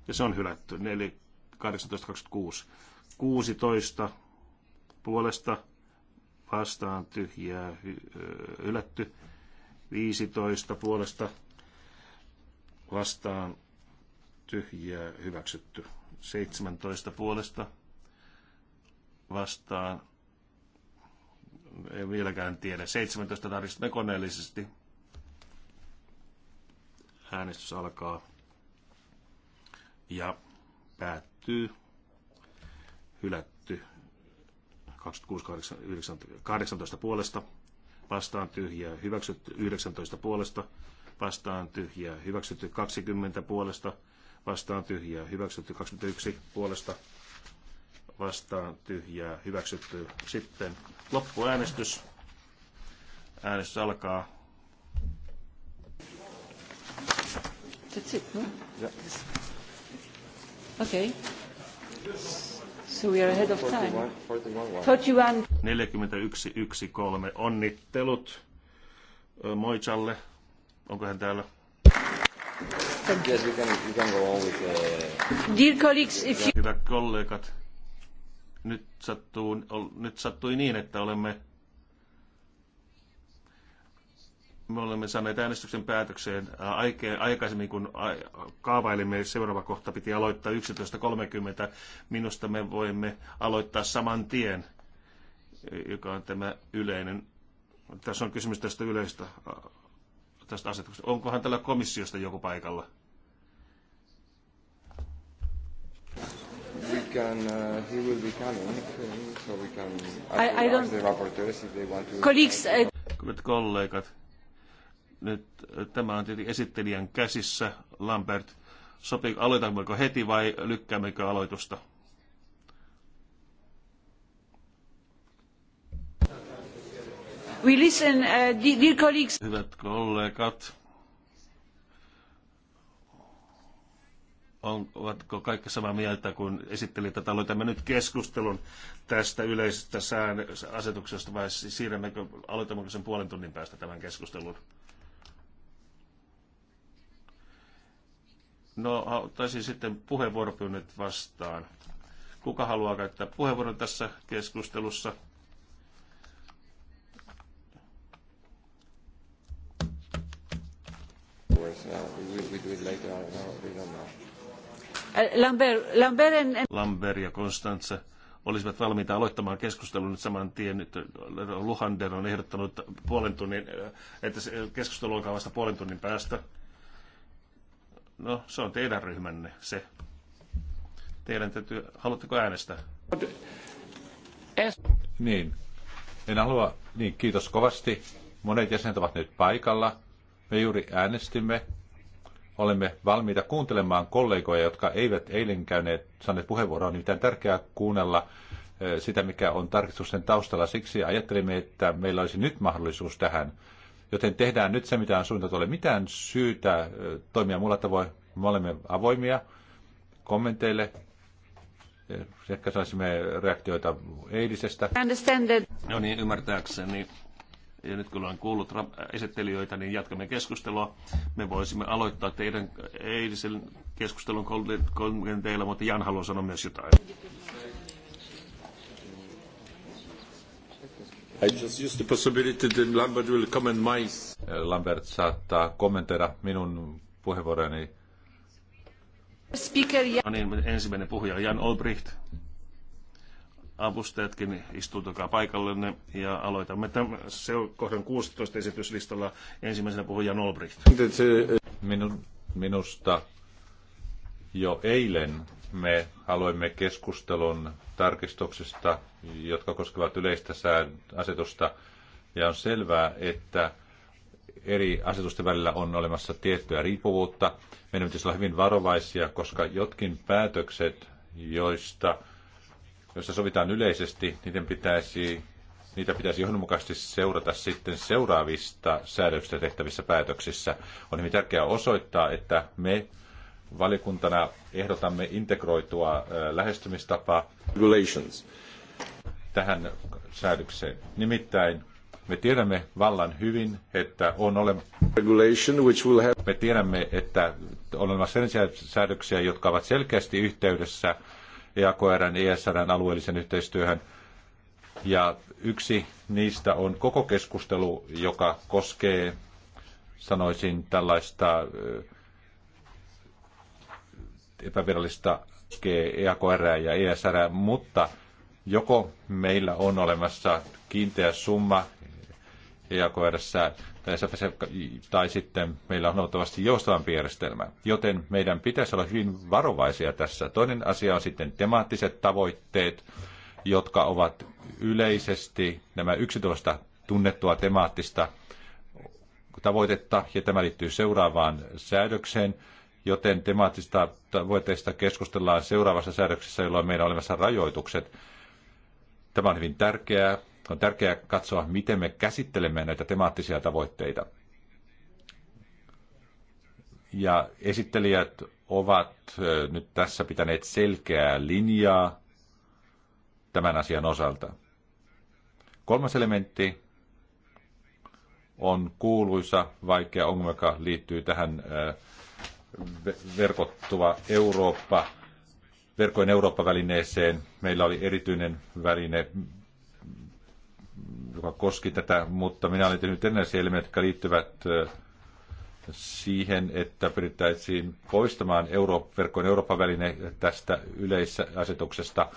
Ja se on hylätty. 4, 18, 26. 16 puolesta vastaan tyhjää hylätty. 15 puolesta vastaan tyhjää hyväksytty. 17 puolesta vastaan. Ei vieläkään tiedä. 17 tarkistamme koneellisesti. Äänestys alkaa ja päättyy. Hylätty 26, 18 puolesta vastaan tyhjää, hyväksytty 19 puolesta, vastaan tyhjää, hyväksytty 20 puolesta, vastaan tyhjää, hyväksytty 21 puolesta, vastaan tyhjää hyväksytty. Sitten loppuäänestys. Äänestys alkaa. That's it, no? Yeah. Okay. So we are ahead of time. 41, 41. 41.13. Onnittelut Moichalle. Onko hän täällä? Yes, we can, we can go on with, uh... Dear colleagues, if you... Hyvät kollegat, nyt, sattuu, nyt sattui niin, että olemme me olemme saaneet äänestyksen päätökseen aikaisemmin, kun kaavailimme, seuraava kohta piti aloittaa 11.30. Minusta me voimme aloittaa saman tien, joka on tämä yleinen. Tässä on kysymys tästä yleistä tästä asetuksesta. Onkohan tällä komissiosta joku paikalla? can, uh, he will be coming, uh, so we can I, I don't... the rapporteurs if they want to... Colleagues, I... Uh, Hyvät kollegat, nyt äh, tämä on tietenkin esittelijän käsissä, Lambert. Sopii, aloitammeko heti vai lykkäämmekö aloitusta? We listen, uh, dear colleagues. Hyvät kollegat, ovatko kaikki samaa mieltä, kun esittelin että aloitamme nyt keskustelun tästä yleisestä sään, asetuksesta, vai siirrämmekö, aloitammeko sen puolen tunnin päästä tämän keskustelun? No, ottaisin sitten puheenvuoropyynnöt vastaan. Kuka haluaa käyttää puheenvuoron tässä keskustelussa? we, we do it later. I no, don't know. Äh, Lambert, Lambert, en... Lambert ja Konstantse olisivat valmiita aloittamaan keskustelun nyt saman tien. Nyt äh, Luhander on ehdottanut puolen tunnin, äh, että keskustelu alkaa vasta puolen tunnin päästä. No, se on teidän ryhmänne, se. Teidän täytyy, haluatteko äänestää? Niin. En halua, niin kiitos kovasti. Monet jäsenet ovat nyt paikalla. Me juuri äänestimme olemme valmiita kuuntelemaan kollegoja, jotka eivät eilen käyneet saaneet puheenvuoroa, niin tärkeää kuunnella eh, sitä, mikä on tarkistusten taustalla. Siksi ajattelimme, että meillä olisi nyt mahdollisuus tähän. Joten tehdään nyt se, mitä on suunniteltu. Ole mitään syytä eh, toimia mulla tavoin. Me olemme avoimia kommenteille. Eh, ehkä saisimme reaktioita eilisestä. No niin, ymmärtääkseni ja nyt kun olen kuullut esittelijöitä, niin jatkamme keskustelua. Me voisimme aloittaa teidän eilisen keskustelun kommenteilla, mutta Jan haluaa sanoa myös jotain. I just use the possibility that Lambert will comment my... Lambert saattaa kommentoida minun puheenvuoroni. Speaker, ja... no niin, ensimmäinen puhuja Jan Olbricht avustajatkin, istuutukaa paikallenne ja aloitamme tämän se on kohdan 16 esityslistalla. Ensimmäisenä puhuja Nolbricht. Minu, minusta jo eilen me aloimme keskustelun tarkistuksista, jotka koskevat yleistä asetusta, ja on selvää, että eri asetusten välillä on olemassa tiettyä riippuvuutta. Meidän pitäisi olla hyvin varovaisia, koska jotkin päätökset, joista joissa sovitaan yleisesti, niiden pitäisi, niitä pitäisi johdonmukaisesti seurata sitten seuraavista säädöksistä tehtävissä päätöksissä. On hyvin tärkeää osoittaa, että me valikuntana ehdotamme integroitua lähestymistapaa Regulations. tähän säädökseen. Nimittäin me tiedämme vallan hyvin, että on olemassa. Me tiedämme, että on olemassa sellaisia säädöksiä, jotka ovat selkeästi yhteydessä EAKRn ja ESRn alueellisen yhteistyöhön. Ja yksi niistä on koko keskustelu, joka koskee, sanoisin, tällaista epävirallista EAKR ja ESR, mutta joko meillä on olemassa kiinteä summa EAKRssä se tai sitten meillä on huomattavasti joustavampi järjestelmä. Joten meidän pitäisi olla hyvin varovaisia tässä. Toinen asia on sitten temaattiset tavoitteet, jotka ovat yleisesti nämä 11 tunnettua temaattista tavoitetta, ja tämä liittyy seuraavaan säädökseen, joten temaattista tavoitteista keskustellaan seuraavassa säädöksessä, jolloin meillä on olemassa rajoitukset. Tämä on hyvin tärkeää, on tärkeää katsoa, miten me käsittelemme näitä temaattisia tavoitteita. Ja esittelijät ovat nyt tässä pitäneet selkeää linjaa tämän asian osalta. Kolmas elementti on kuuluisa vaikea ongelma, joka liittyy tähän verkottuva Eurooppa, verkojen Eurooppa-välineeseen. Meillä oli erityinen väline joka koski tätä, mutta minä olen tehnyt erilaisia elementtejä, jotka liittyvät siihen, että pyrittäisiin poistamaan Euro- verkkojen Euroopan väline tästä yleisasetuksesta,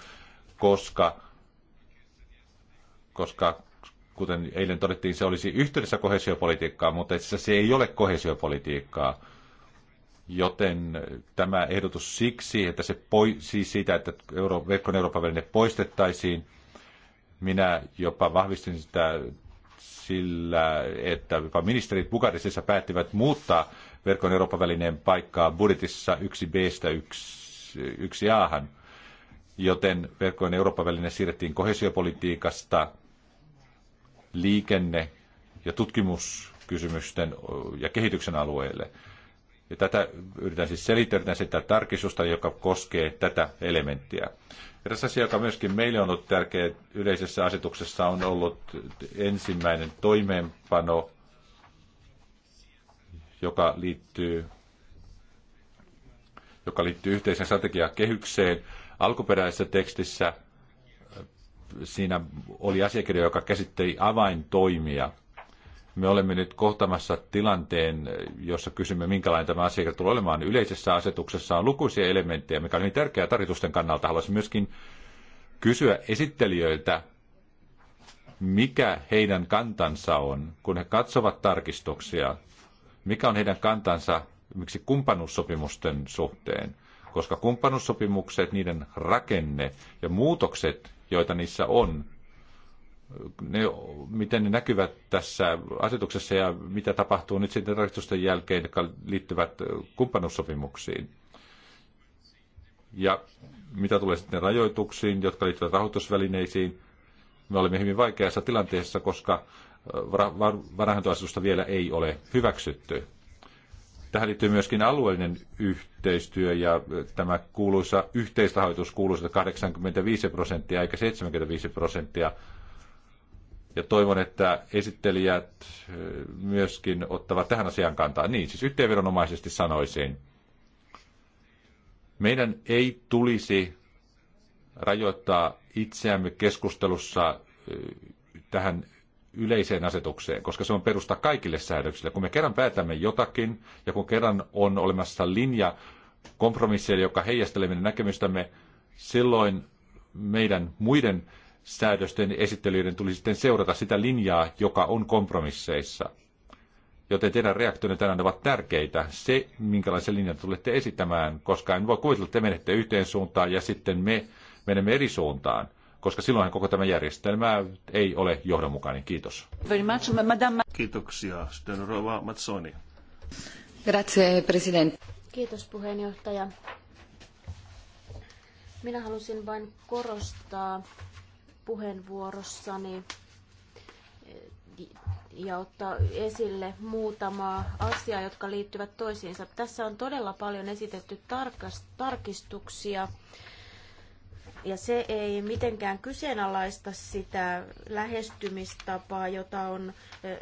koska, koska kuten eilen todettiin, se olisi yhteydessä kohesiopolitiikkaa, mutta itse asiassa se ei ole kohesiopolitiikkaa. Joten tämä ehdotus siksi, että se poi, siis siitä, että Euro, verkon Euroopan väline poistettaisiin – minä jopa vahvistin sitä sillä, että jopa ministerit Bukarestissa päättivät muuttaa verkon Euroopan välineen paikkaa budjetissa 1B-stä 1A, joten verkkojen Euroopan väline siirrettiin kohesiopolitiikasta liikenne- ja tutkimuskysymysten ja kehityksen alueelle. Ja tätä yritän siis selittää sitä tarkistusta, joka koskee tätä elementtiä. Eräs asia, joka myöskin meille on ollut tärkeä yleisessä asetuksessa, on ollut ensimmäinen toimeenpano, joka liittyy, joka liittyy yhteisen strategiakehykseen. Alkuperäisessä tekstissä äh, siinä oli asiakirja, joka käsitteli avaintoimia – me olemme nyt kohtamassa tilanteen, jossa kysymme, minkälainen tämä asia tulee olemaan. Yleisessä asetuksessa on lukuisia elementtejä, mikä on hyvin tärkeää tarjotusten kannalta. Haluaisin myöskin kysyä esittelijöiltä, mikä heidän kantansa on, kun he katsovat tarkistuksia. Mikä on heidän kantansa miksi kumppanuussopimusten suhteen, koska kumppanuussopimukset, niiden rakenne ja muutokset, joita niissä on, ne, miten ne näkyvät tässä asetuksessa ja mitä tapahtuu nyt sitten tarkistusten jälkeen, jotka liittyvät kumppanuussopimuksiin. Ja mitä tulee sitten rajoituksiin, jotka liittyvät rahoitusvälineisiin, me olemme hyvin vaikeassa tilanteessa, koska äh, varahantoasetusta vielä ei ole hyväksytty. Tähän liittyy myöskin alueellinen yhteistyö ja äh, tämä kuuluisa yhteisrahoitus kuuluisa 85 prosenttia eikä 75 prosenttia ja toivon, että esittelijät myöskin ottavat tähän asiaan kantaa. Niin, siis yhteenvedonomaisesti sanoisin, meidän ei tulisi rajoittaa itseämme keskustelussa tähän yleiseen asetukseen, koska se on perusta kaikille säädöksille. Kun me kerran päätämme jotakin ja kun kerran on olemassa linja kompromisseille, joka heijastelee meidän näkemystämme, silloin meidän muiden säädösten esittelijöiden tulisi sitten seurata sitä linjaa, joka on kompromisseissa. Joten teidän reaktionne tänään ovat tärkeitä. Se, minkälaisen linjan tulette esittämään, koska en voi kuvitella, että te menette yhteen suuntaan ja sitten me menemme eri suuntaan, koska silloinhan koko tämä järjestelmä ei ole johdonmukainen. Kiitos. Kiitoksia. Sitten Rova Mazzoni. Grazie, president. Kiitos puheenjohtaja. Minä halusin vain korostaa puheenvuorossani eh, ja ottaa esille muutamaa asiaa, jotka liittyvät toisiinsa. Tässä on todella paljon esitetty tarkistuksia ja se ei mitenkään kyseenalaista sitä lähestymistapaa, jota on eh,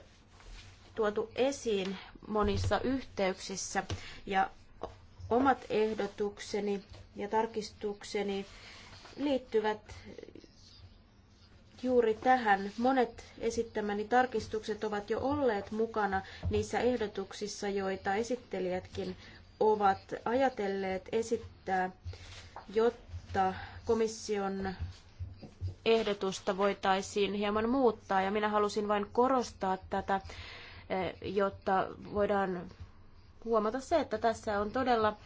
tuotu esiin monissa yhteyksissä. Ja omat ehdotukseni ja tarkistukseni liittyvät juuri tähän. Monet esittämäni tarkistukset ovat jo olleet mukana niissä ehdotuksissa, joita esittelijätkin ovat ajatelleet esittää, jotta komission ehdotusta voitaisiin hieman muuttaa. Ja minä halusin vain korostaa tätä, eh, jotta voidaan huomata se, että tässä on todella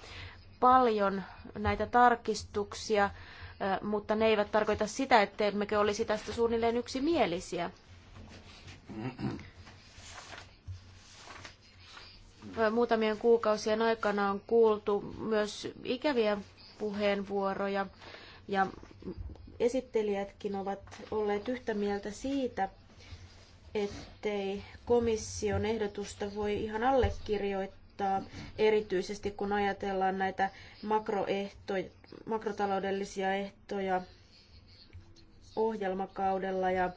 paljon näitä tarkistuksia, mutta ne eivät tarkoita sitä, ettemmekö olisi tästä suunnilleen yksimielisiä. Muutamien kuukausien aikana on kuultu myös ikäviä puheenvuoroja ja esittelijätkin ovat olleet yhtä mieltä siitä, ettei komission ehdotusta voi ihan allekirjoittaa ottaa, erityisesti kun ajatellaan näitä makroehtoja, makrotaloudellisia ehtoja ohjelmakaudella ja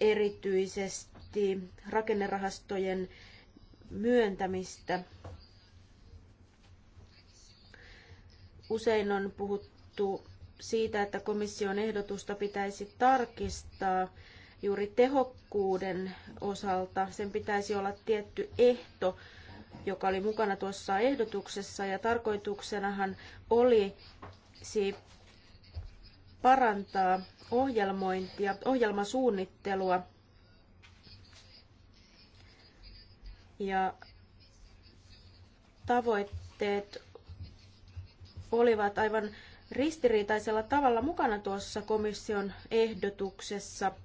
erityisesti rakennerahastojen myöntämistä. Usein on puhuttu siitä, että komission ehdotusta pitäisi tarkistaa juuri tehokkuuden osalta. Sen pitäisi olla tietty ehto joka oli mukana tuossa ehdotuksessa ja tarkoituksenahan oli parantaa ohjelmointia, ohjelmasuunnittelua ja tavoitteet olivat aivan ristiriitaisella tavalla mukana tuossa komission ehdotuksessa –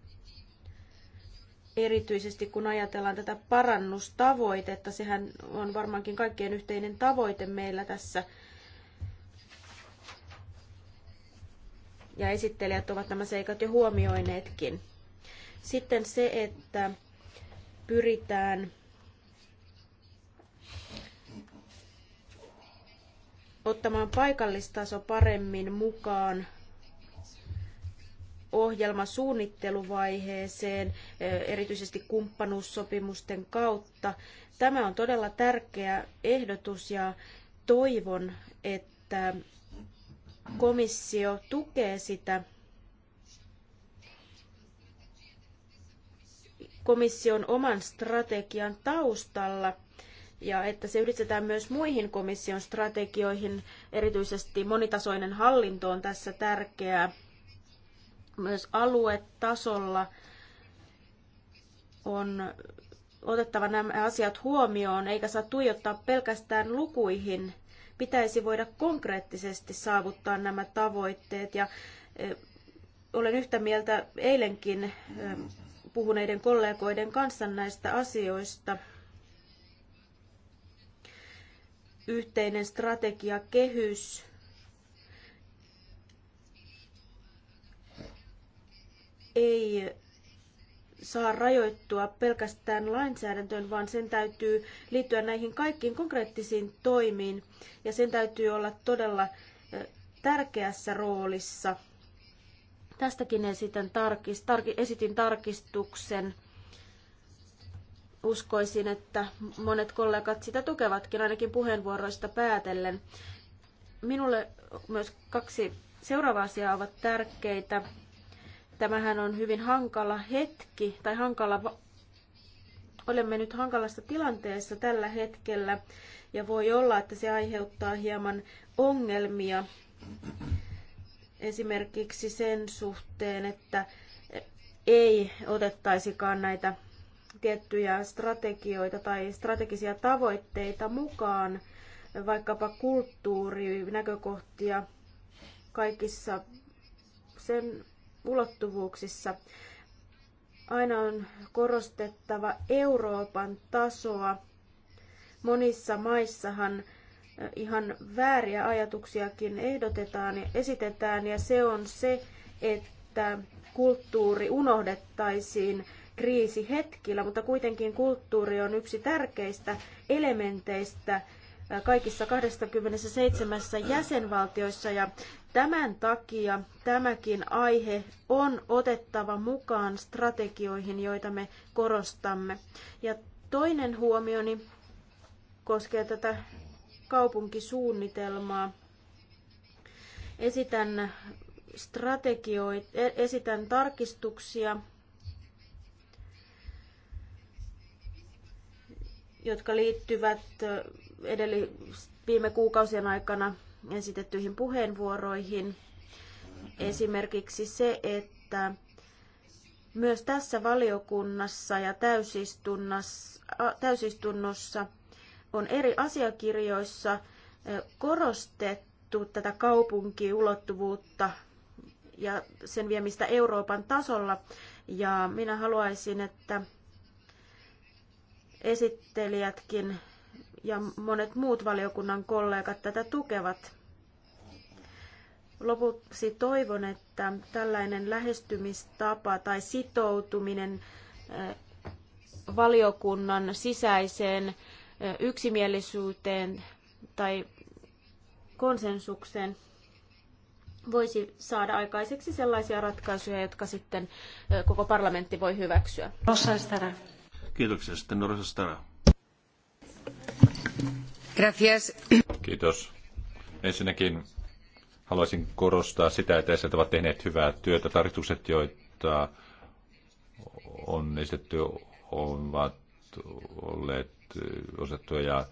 erityisesti kun ajatellaan tätä parannustavoitetta, sehän on varmaankin kaikkien yhteinen tavoite meillä tässä. Ja esittelijät ovat nämä seikat jo huomioineetkin. Sitten se, että pyritään ottamaan paikallistaso paremmin mukaan ohjelmasuunnitteluvaiheeseen, eh, erityisesti kumppanuussopimusten kautta. Tämä on todella tärkeä ehdotus ja toivon, että komissio tukee sitä komission oman strategian taustalla ja että se yhdistetään myös muihin komission strategioihin. Erityisesti monitasoinen hallinto on tässä tärkeää myös aluetasolla on otettava nämä asiat huomioon, eikä saa tuijottaa pelkästään lukuihin. Pitäisi voida konkreettisesti saavuttaa nämä tavoitteet. Ja e, olen yhtä mieltä eilenkin e, puhuneiden kollegoiden kanssa näistä asioista. Yhteinen strategiakehys ei saa rajoittua pelkästään lainsäädäntöön, vaan sen täytyy liittyä näihin kaikkiin konkreettisiin toimiin ja sen täytyy olla todella tärkeässä roolissa. Tästäkin esitän tarkist, tar, esitin tarkistuksen. Uskoisin, että monet kollegat sitä tukevatkin, ainakin puheenvuoroista päätellen. Minulle myös kaksi seuraavaa asiaa ovat tärkeitä. Tämähän on hyvin hankala hetki tai hankala olemme nyt hankalassa tilanteessa tällä hetkellä ja voi olla, että se aiheuttaa hieman ongelmia esimerkiksi sen suhteen, että ei otettaisikaan näitä tiettyjä strategioita tai strategisia tavoitteita mukaan, vaikkapa kulttuurinäkökohtia kaikissa sen ulottuvuuksissa. Aina on korostettava Euroopan tasoa. Monissa maissahan ihan vääriä ajatuksiakin ehdotetaan ja esitetään, ja se on se, että kulttuuri unohdettaisiin kriisihetkillä, mutta kuitenkin kulttuuri on yksi tärkeistä elementeistä kaikissa 27 jäsenvaltioissa ja tämän takia tämäkin aihe on otettava mukaan strategioihin, joita me korostamme. Ja toinen huomioni koskee tätä kaupunkisuunnitelmaa. Esitän strategioita, e-, esitän tarkistuksia, jotka liittyvät edelli, viime kuukausien aikana esitettyihin puheenvuoroihin. Esimerkiksi se, että myös tässä valiokunnassa ja täysistunnossa on eri asiakirjoissa korostettu tätä kaupunkiulottuvuutta ja sen viemistä Euroopan tasolla. Ja minä haluaisin, että esittelijätkin ja monet muut valiokunnan kollegat tätä tukevat. Lopuksi toivon, että tällainen lähestymistapa tai sitoutuminen eh, valiokunnan sisäiseen eh, yksimielisyyteen tai konsensukseen voisi saada aikaiseksi sellaisia ratkaisuja, jotka sitten eh, koko parlamentti voi hyväksyä. Kiitoksia sitten Norsa Stara. Kiitos. Ensinnäkin haluaisin korostaa sitä, että esität ovat tehneet hyvää työtä. Tarkistukset, joita on esitetty, ovat olleet osattuja ja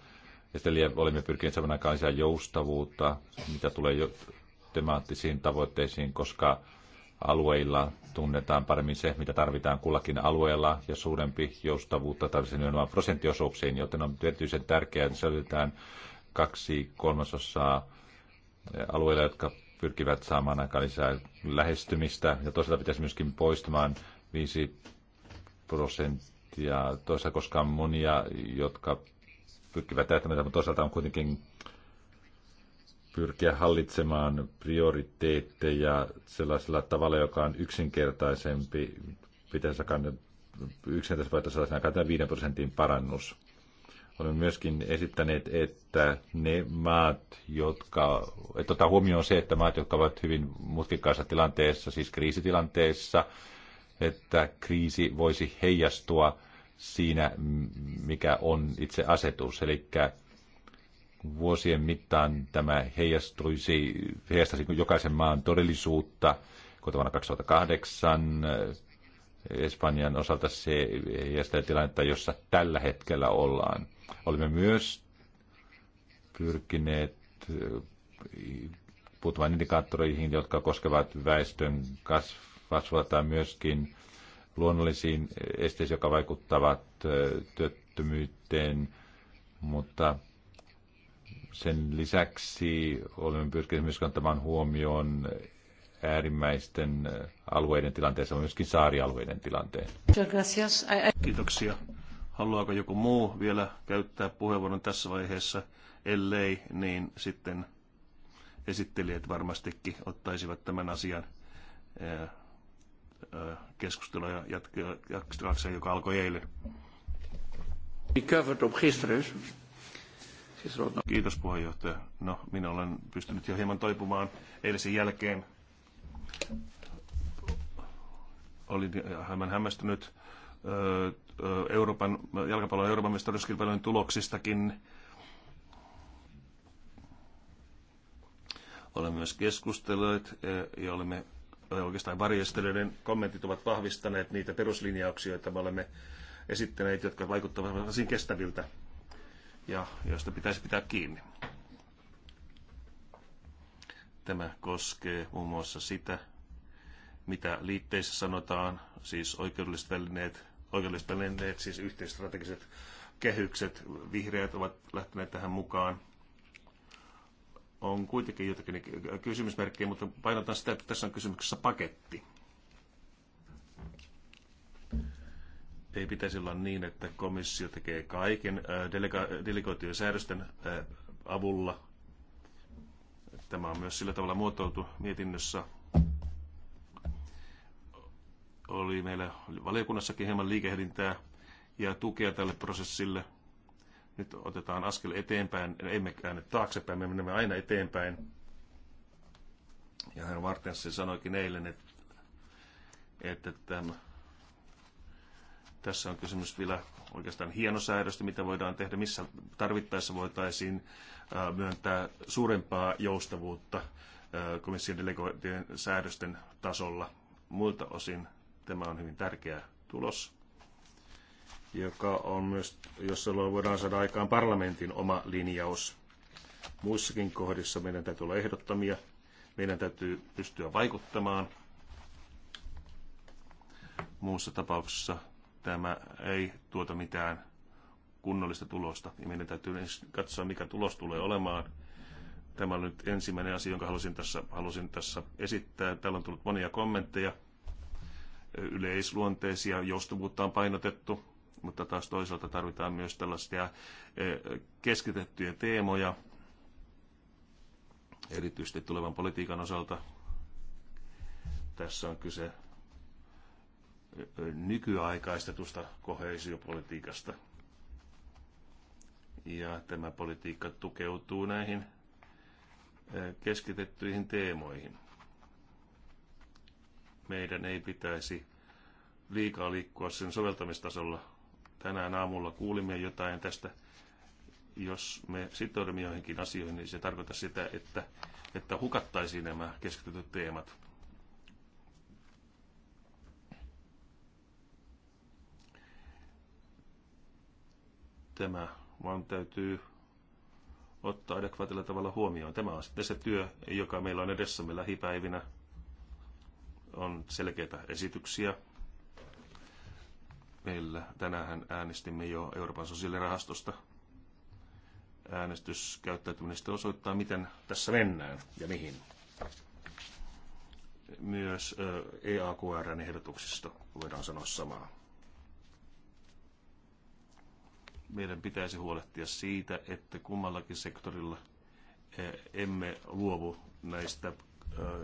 ja olemme pyrkineet saamaan aikaan joustavuutta, mitä tulee jo temaattisiin tavoitteisiin, koska alueilla tunnetaan paremmin se, mitä tarvitaan kullakin alueella, ja suurempi joustavuutta tarvitaan nimenomaan prosenttiosuuksiin, joten on erityisen tärkeää, että selvitetään kaksi kolmasosaa alueilla, jotka pyrkivät saamaan aika lisää lähestymistä, ja toisaalta pitäisi myöskin poistamaan 5 prosenttia, toisaalta koska on monia, jotka pyrkivät täyttämään, mutta toisaalta on kuitenkin pyrkiä hallitsemaan prioriteetteja sellaisella tavalla, joka on yksinkertaisempi, pitäisi yksinkertaisesti saada aikaan 5 prosentin parannus. Olemme myöskin esittäneet, että ne maat, jotka, että ottaa huomioon se, että maat, jotka ovat hyvin mutkikkaassa tilanteessa, siis kriisitilanteessa, että kriisi voisi heijastua siinä, mikä on itse asetus. Eli vuosien mittaan tämä heijastuisi, heijastaisi jokaisen maan todellisuutta. Kotona 2008 eh, Espanjan osalta se heijastaa tilannetta, jossa tällä hetkellä ollaan. Olimme myös pyrkineet eh, puuttumaan indikaattoreihin, jotka koskevat väestön kasvua tai myöskin luonnollisiin esteisiin, jotka vaikuttavat eh, työttömyyteen, mutta sen lisäksi olemme pyrkineet myös kantamaan huomioon äärimmäisten alueiden tilanteessa, myöskin saarialueiden tilanteen. Kiitoksia. Haluaako joku muu vielä käyttää puheenvuoron tässä vaiheessa? Ellei, niin sitten esittelijät varmastikin ottaisivat tämän asian eh, eh, keskustelua ja jatkaakseen, joka alkoi eilen. Siis Kiitos puheenjohtaja. No, minä olen pystynyt jo hieman toipumaan eilisen jälkeen. Olin hieman hämmästynyt Euroopan, jalkapallon Euroopan mestaruuskilpailujen tuloksistakin. Olemme myös keskustelleet e, ja olemme oikeastaan varjostelijoiden kommentit ovat vahvistaneet niitä peruslinjauksia, joita me olemme esittäneet, jotka vaikuttavat varsin kestäviltä ja josta pitäisi pitää kiinni. Tämä koskee muun muassa sitä, mitä liitteissä sanotaan, siis oikeudelliset välineet, oikeudelliset välineet siis yhteistrategiset kehykset, vihreät ovat lähteneet tähän mukaan. On kuitenkin jotakin kysymysmerkkejä, mutta painotan sitä, että tässä on kysymyksessä paketti. ei pitäisi olla niin, että komissio tekee kaiken delega- delegoitujen säädösten avulla. Tämä on myös sillä tavalla muotoiltu mietinnössä. Oli meillä valiokunnassakin hieman liikehdintää ja tukea tälle prosessille. Nyt otetaan askel eteenpäin, emme käänne taaksepäin, me menemme aina eteenpäin. Ja hän se sanoikin eilen, että, että tämä tässä on kysymys vielä oikeastaan hienosäädöstä, mitä voidaan tehdä, missä tarvittaessa voitaisiin myöntää suurempaa joustavuutta komission delegoitujen säädösten tasolla. Muilta osin tämä on hyvin tärkeä tulos, joka on myös, jossa voidaan saada aikaan parlamentin oma linjaus. Muissakin kohdissa meidän täytyy olla ehdottomia, meidän täytyy pystyä vaikuttamaan. Muussa tapauksessa tämä ei tuota mitään kunnollista tulosta. Ja meidän täytyy katsoa, mikä tulos tulee olemaan. Tämä on nyt ensimmäinen asia, jonka halusin tässä, halusin tässä esittää. Täällä on tullut monia kommentteja, yleisluonteisia, joustavuutta on painotettu, mutta taas toisaalta tarvitaan myös tällaisia eh, keskitettyjä teemoja, erityisesti tulevan politiikan osalta. Tässä on kyse nykyaikaistetusta kohesiopolitiikasta. Ja tämä politiikka tukeutuu näihin keskitettyihin teemoihin. Meidän ei pitäisi liikaa liikkua sen soveltamistasolla. Tänään aamulla kuulimme jotain tästä. Jos me sitoudumme joihinkin asioihin, niin se tarkoittaa sitä, että, että hukattaisiin nämä keskitetyt teemat tämä vaan täytyy ottaa adekvaatilla tavalla huomioon. Tämä on sitten se työ, joka meillä on edessämme lähipäivinä. On selkeitä esityksiä. Meillä tänään äänestimme jo Euroopan sosiaalirahastosta. Äänestyskäyttäytyminen sitten osoittaa, miten tässä mennään ja mihin. Myös EAKRn ehdotuksista voidaan sanoa samaa. meidän pitäisi huolehtia siitä, että kummallakin sektorilla emme luovu näistä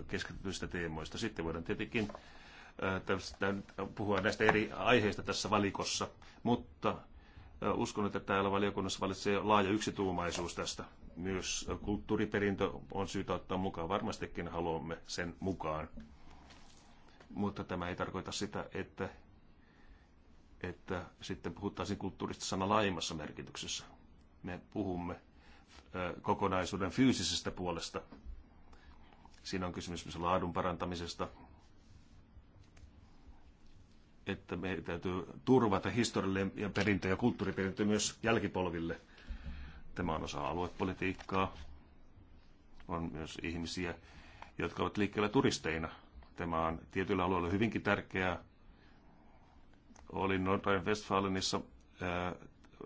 keskitytyistä teemoista. Sitten voidaan tietenkin puhua näistä eri aiheista tässä valikossa, mutta uskon, että täällä valiokunnassa valitsee laaja yksituumaisuus tästä. Myös kulttuuriperintö on syytä ottaa mukaan. Varmastikin haluamme sen mukaan. Mutta tämä ei tarkoita sitä, että että sitten puhuttaisiin kulttuurista sana laajemmassa merkityksessä. Me puhumme kokonaisuuden fyysisestä puolesta. Siinä on kysymys myös laadun parantamisesta, että me täytyy turvata historialle ja perintö ja kulttuuriperintö myös jälkipolville. Tämä on osa aluepolitiikkaa. On myös ihmisiä, jotka ovat liikkeellä turisteina. Tämä on tietyillä alueilla hyvinkin tärkeää Olin Nordrhein Westfalenissa äh,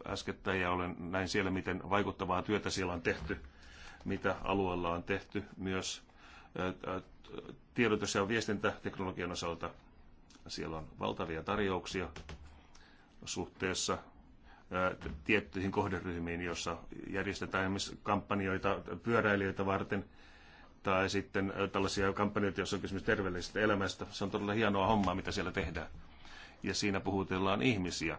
äskettäin ja olen näin siellä, miten vaikuttavaa työtä siellä on tehty, mitä alueella on tehty myös äh, tiedotus- ja viestintäteknologian osalta. Siellä on valtavia tarjouksia suhteessa äh, tiettyihin kohderyhmiin, jossa järjestetään esimerkiksi kampanjoita pyöräilijöitä varten tai sitten tällaisia kampanjoita, joissa on kysymys terveellisestä elämästä. Se on todella hienoa hommaa, mitä siellä tehdään ja siinä puhutellaan ihmisiä.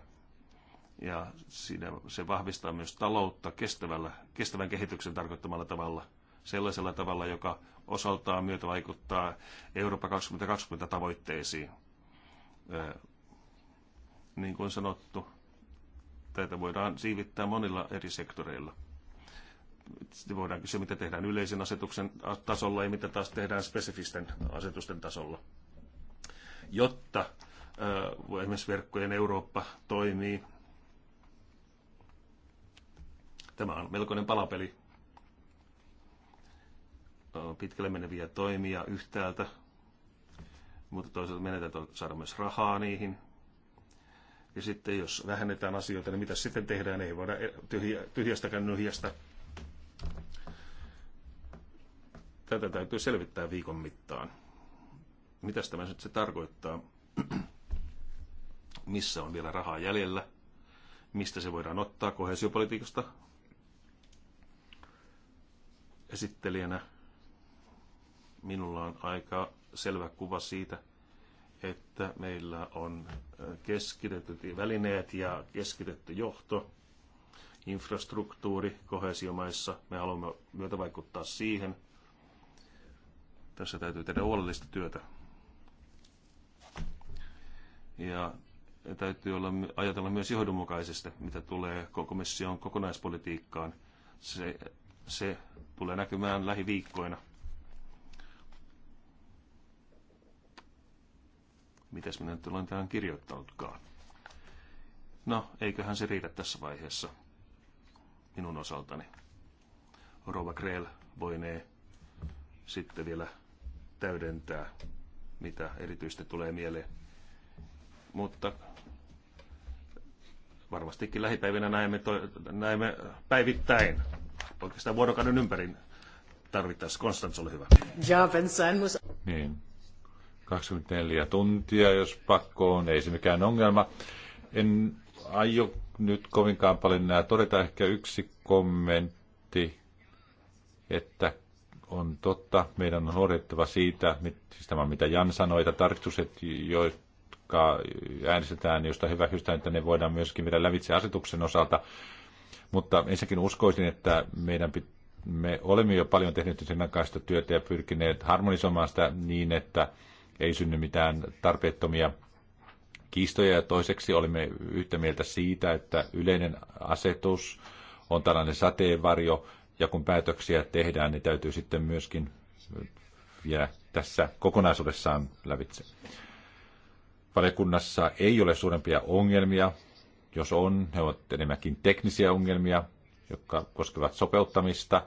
Ja siinä se vahvistaa myös taloutta kestävällä, kestävän kehityksen tarkoittamalla tavalla, sellaisella tavalla, joka osaltaan myötä vaikuttaa Eurooppa 2020 tavoitteisiin. Niin kuin sanottu, tätä voidaan siivittää monilla eri sektoreilla sitten voidaan kysyä, mitä tehdään yleisen asetuksen tasolla ja mitä taas tehdään spesifisten asetusten tasolla, jotta esimerkiksi verkkojen Eurooppa toimii. Tämä on melkoinen palapeli pitkälle meneviä toimia yhtäältä, mutta toisaalta menetään saada myös rahaa niihin. Ja sitten jos vähennetään asioita, niin mitä sitten tehdään? Ei voida tyhjä, tyhjästäkään nyhjästä. Tätä täytyy selvittää viikon mittaan. Mitäs tämä nyt se tarkoittaa? missä on vielä rahaa jäljellä, mistä se voidaan ottaa kohesiopolitiikasta esittelijänä. Minulla on aika selvä kuva siitä, että meillä on keskitetyt välineet ja keskitetty johto, infrastruktuuri kohesiomaissa. Me haluamme myötä vaikuttaa siihen. Tässä täytyy tehdä huolellista työtä. Ja täytyy olla, ajatella myös johdonmukaisesti, mitä tulee komission kokonaispolitiikkaan. Se, se tulee näkymään lähiviikkoina. Mitäs minä nyt olen tähän kirjoittanutkaan? No, eiköhän se riitä tässä vaiheessa minun osaltani. Rova Krell voinee sitten vielä täydentää, mitä erityisesti tulee mieleen. Mutta varmastikin lähipäivinä näemme, to, näemme päivittäin, oikeastaan vuorokauden ympärin tarvittaessa. Konstantz, ole hyvä. Ja, muss... Niin. 24 tuntia, jos pakko on, ei se mikään ongelma. En aio nyt kovinkaan paljon nämä todeta. Ehkä yksi kommentti, että on totta, meidän on huolehdittava siitä, mit, siis tämä mitä Jan sanoi, että että jo jotka äänestetään, josta hyväksytään, että ne voidaan myöskin viedä lävitse asetuksen osalta. Mutta ensinnäkin uskoisin, että meidän pit- me olemme jo paljon tehneet rinnakkaista työtä ja pyrkineet harmonisoimaan sitä niin, että ei synny mitään tarpeettomia kiistoja. Ja toiseksi olimme yhtä mieltä siitä, että yleinen asetus on tällainen sateenvarjo, ja kun päätöksiä tehdään, niin täytyy sitten myöskin vielä tässä kokonaisuudessaan lävitse. Valiokunnassa ei ole suurempia ongelmia. Jos on, ne ovat enemmänkin teknisiä ongelmia, jotka koskevat sopeuttamista.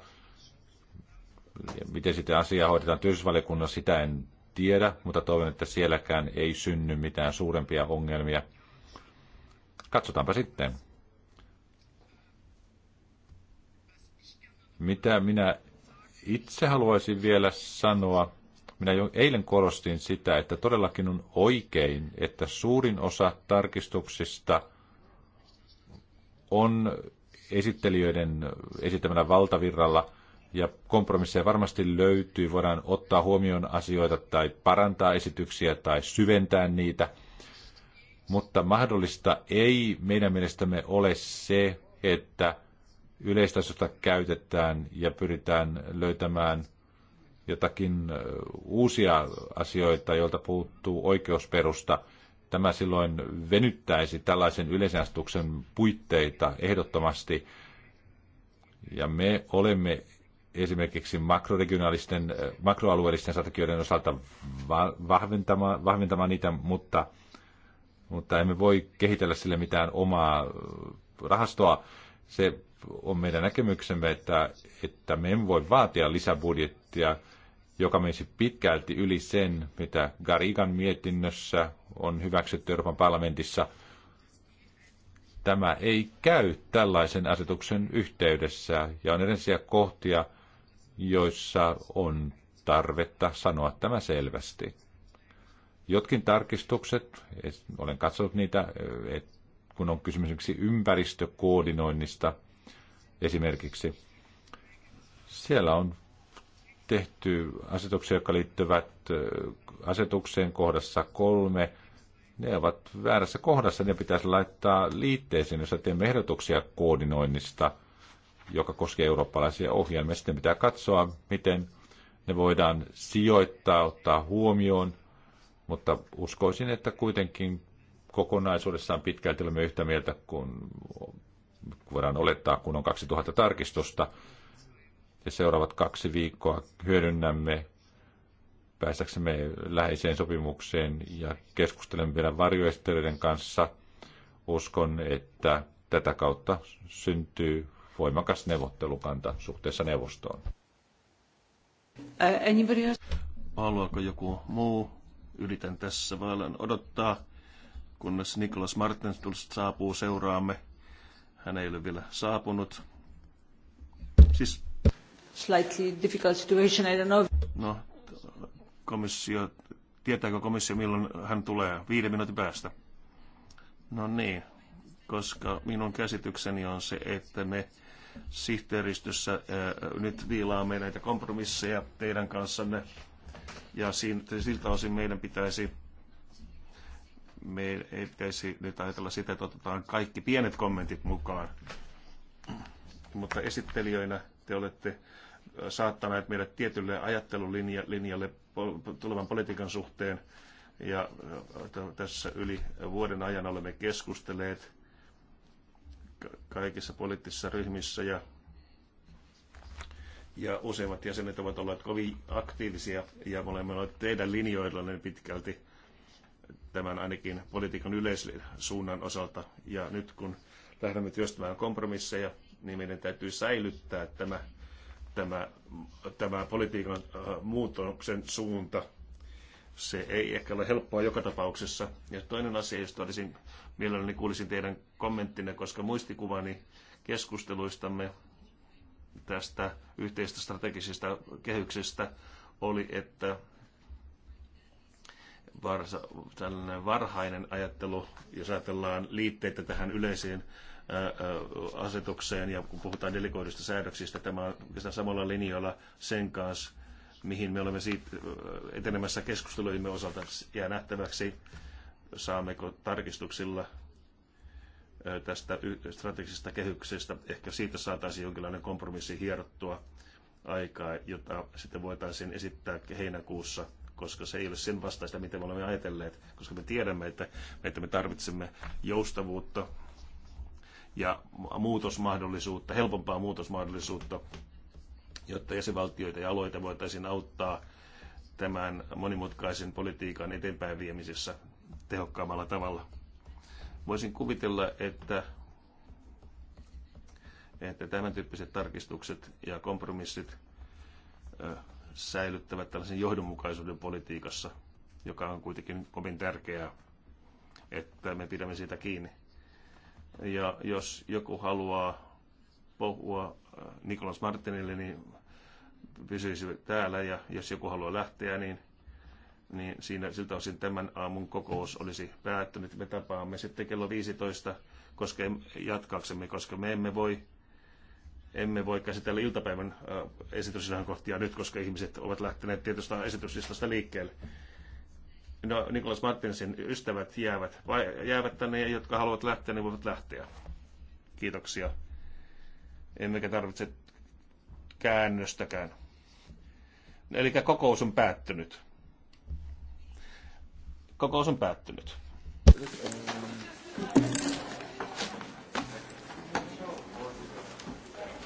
Miten sitten asiaa hoidetaan työllisyysvaliokunnassa, sitä en tiedä, mutta toivon, että sielläkään ei synny mitään suurempia ongelmia. Katsotaanpa sitten. Mitä minä itse haluaisin vielä sanoa minä jo eilen korostin sitä, että todellakin on oikein, että suurin osa tarkistuksista on esittelijöiden esittämällä valtavirralla ja kompromisseja varmasti löytyy. Voidaan ottaa huomioon asioita tai parantaa esityksiä tai syventää niitä. Mutta mahdollista ei meidän mielestämme ole se, että yleistasosta käytetään ja pyritään löytämään jotakin uusia asioita, joilta puuttuu oikeusperusta. Tämä silloin venyttäisi tällaisen yleisen puitteita ehdottomasti. Ja me olemme esimerkiksi makroregionaalisten, makroalueellisten strategioiden osalta vahventama, vahventamaan niitä, mutta, mutta emme voi kehitellä sille mitään omaa rahastoa. Se on meidän näkemyksemme, että, että me emme voi vaatia lisäbudjettia joka menisi pitkälti yli sen, mitä Garigan mietinnössä on hyväksytty Euroopan parlamentissa. Tämä ei käy tällaisen asetuksen yhteydessä ja on erilaisia kohtia, joissa on tarvetta sanoa tämä selvästi. Jotkin tarkistukset, olen katsonut niitä, kun on kysymys ympäristökoordinoinnista esimerkiksi, siellä on tehty asetuksia, jotka liittyvät asetukseen kohdassa kolme. Ne ovat väärässä kohdassa, ne pitäisi laittaa liitteeseen, jossa teemme ehdotuksia koordinoinnista, joka koskee eurooppalaisia ohjelmia. Sitten pitää katsoa, miten ne voidaan sijoittaa, ottaa huomioon, mutta uskoisin, että kuitenkin kokonaisuudessaan pitkälti olemme yhtä mieltä kuin voidaan olettaa, kun on 2000 tarkistusta ja seuraavat kaksi viikkoa hyödynnämme päästäksemme läheiseen sopimukseen ja keskustelemme vielä varjoesteiden kanssa. Uskon, että tätä kautta syntyy voimakas neuvottelukanta suhteessa neuvostoon. Haluaako joku muu? Yritän tässä vaan odottaa, kunnes Niklas Martens saapuu seuraamme. Hän ei ole vielä saapunut. Siis slightly difficult situation. I don't know. No, komissio, tietääkö komissio, milloin hän tulee? Viiden minuutin päästä. No niin, koska minun käsitykseni on se, että me sihteeristössä ää, nyt viilaamme näitä kompromisseja teidän kanssanne. Ja siinä, siltä osin meidän pitäisi, meidän ei pitäisi nyt ajatella sitä, että otetaan kaikki pienet kommentit mukaan. Mutta esittelijöinä te olette saattaneet meidät tietylle ajattelulinjalle tulevan politiikan suhteen. Ja tässä yli vuoden ajan olemme keskustelleet kaikissa poliittisissa ryhmissä ja, ja useimmat jäsenet ovat olleet kovin aktiivisia ja me olemme olleet teidän linjoillanne pitkälti tämän ainakin politiikan yleissuunnan osalta. Ja nyt kun lähdemme työstämään kompromisseja, niin meidän täytyy säilyttää tämä, tämä, tämä politiikan äh, muutoksen suunta. Se ei ehkä ole helppoa joka tapauksessa. Ja toinen asia, josta olisin mielelläni kuulisin teidän kommenttinne, koska muistikuvani keskusteluistamme tästä yhteistä strategisesta kehyksestä oli, että varsa, tällainen varhainen ajattelu, jos ajatellaan liitteitä tähän yleiseen asetukseen ja kun puhutaan delegoidusta säädöksistä, tämä on samalla linjalla sen kanssa, mihin me olemme siitä etenemässä keskustelujemme osalta. Jää nähtäväksi, saammeko tarkistuksilla tästä strategisesta kehyksestä. Ehkä siitä saataisiin jonkinlainen kompromissi hierottua aikaa, jota sitten voitaisiin esittää heinäkuussa, koska se ei ole sen vastaista, mitä me olemme ajatelleet, koska me tiedämme, että, että me tarvitsemme joustavuutta ja muutosmahdollisuutta, helpompaa muutosmahdollisuutta, jotta jäsenvaltioita ja aloita voitaisiin auttaa tämän monimutkaisen politiikan eteenpäin viemisessä tehokkaammalla tavalla. Voisin kuvitella, että, että tämän tyyppiset tarkistukset ja kompromissit säilyttävät tällaisen johdonmukaisuuden politiikassa, joka on kuitenkin kovin tärkeää, että me pidämme siitä kiinni. Ja jos joku haluaa puhua äh, Nikolas Martinille, niin pysyisi täällä. Ja jos joku haluaa lähteä, niin, niin siinä, siltä osin tämän aamun kokous olisi päättynyt. Me tapaamme sitten kello 15, koska jatkaaksemme, koska me emme voi emme voi käsitellä iltapäivän äh, esityslistan kohtia nyt, koska ihmiset ovat lähteneet tietystä esityslistasta liikkeelle no, Nikolas Martinsin ystävät jäävät, vai, jäävät tänne ja jotka haluavat lähteä, niin voivat lähteä. Kiitoksia. Emmekä tarvitse käännöstäkään. Eli kokous on päättynyt. Kokous on päättynyt.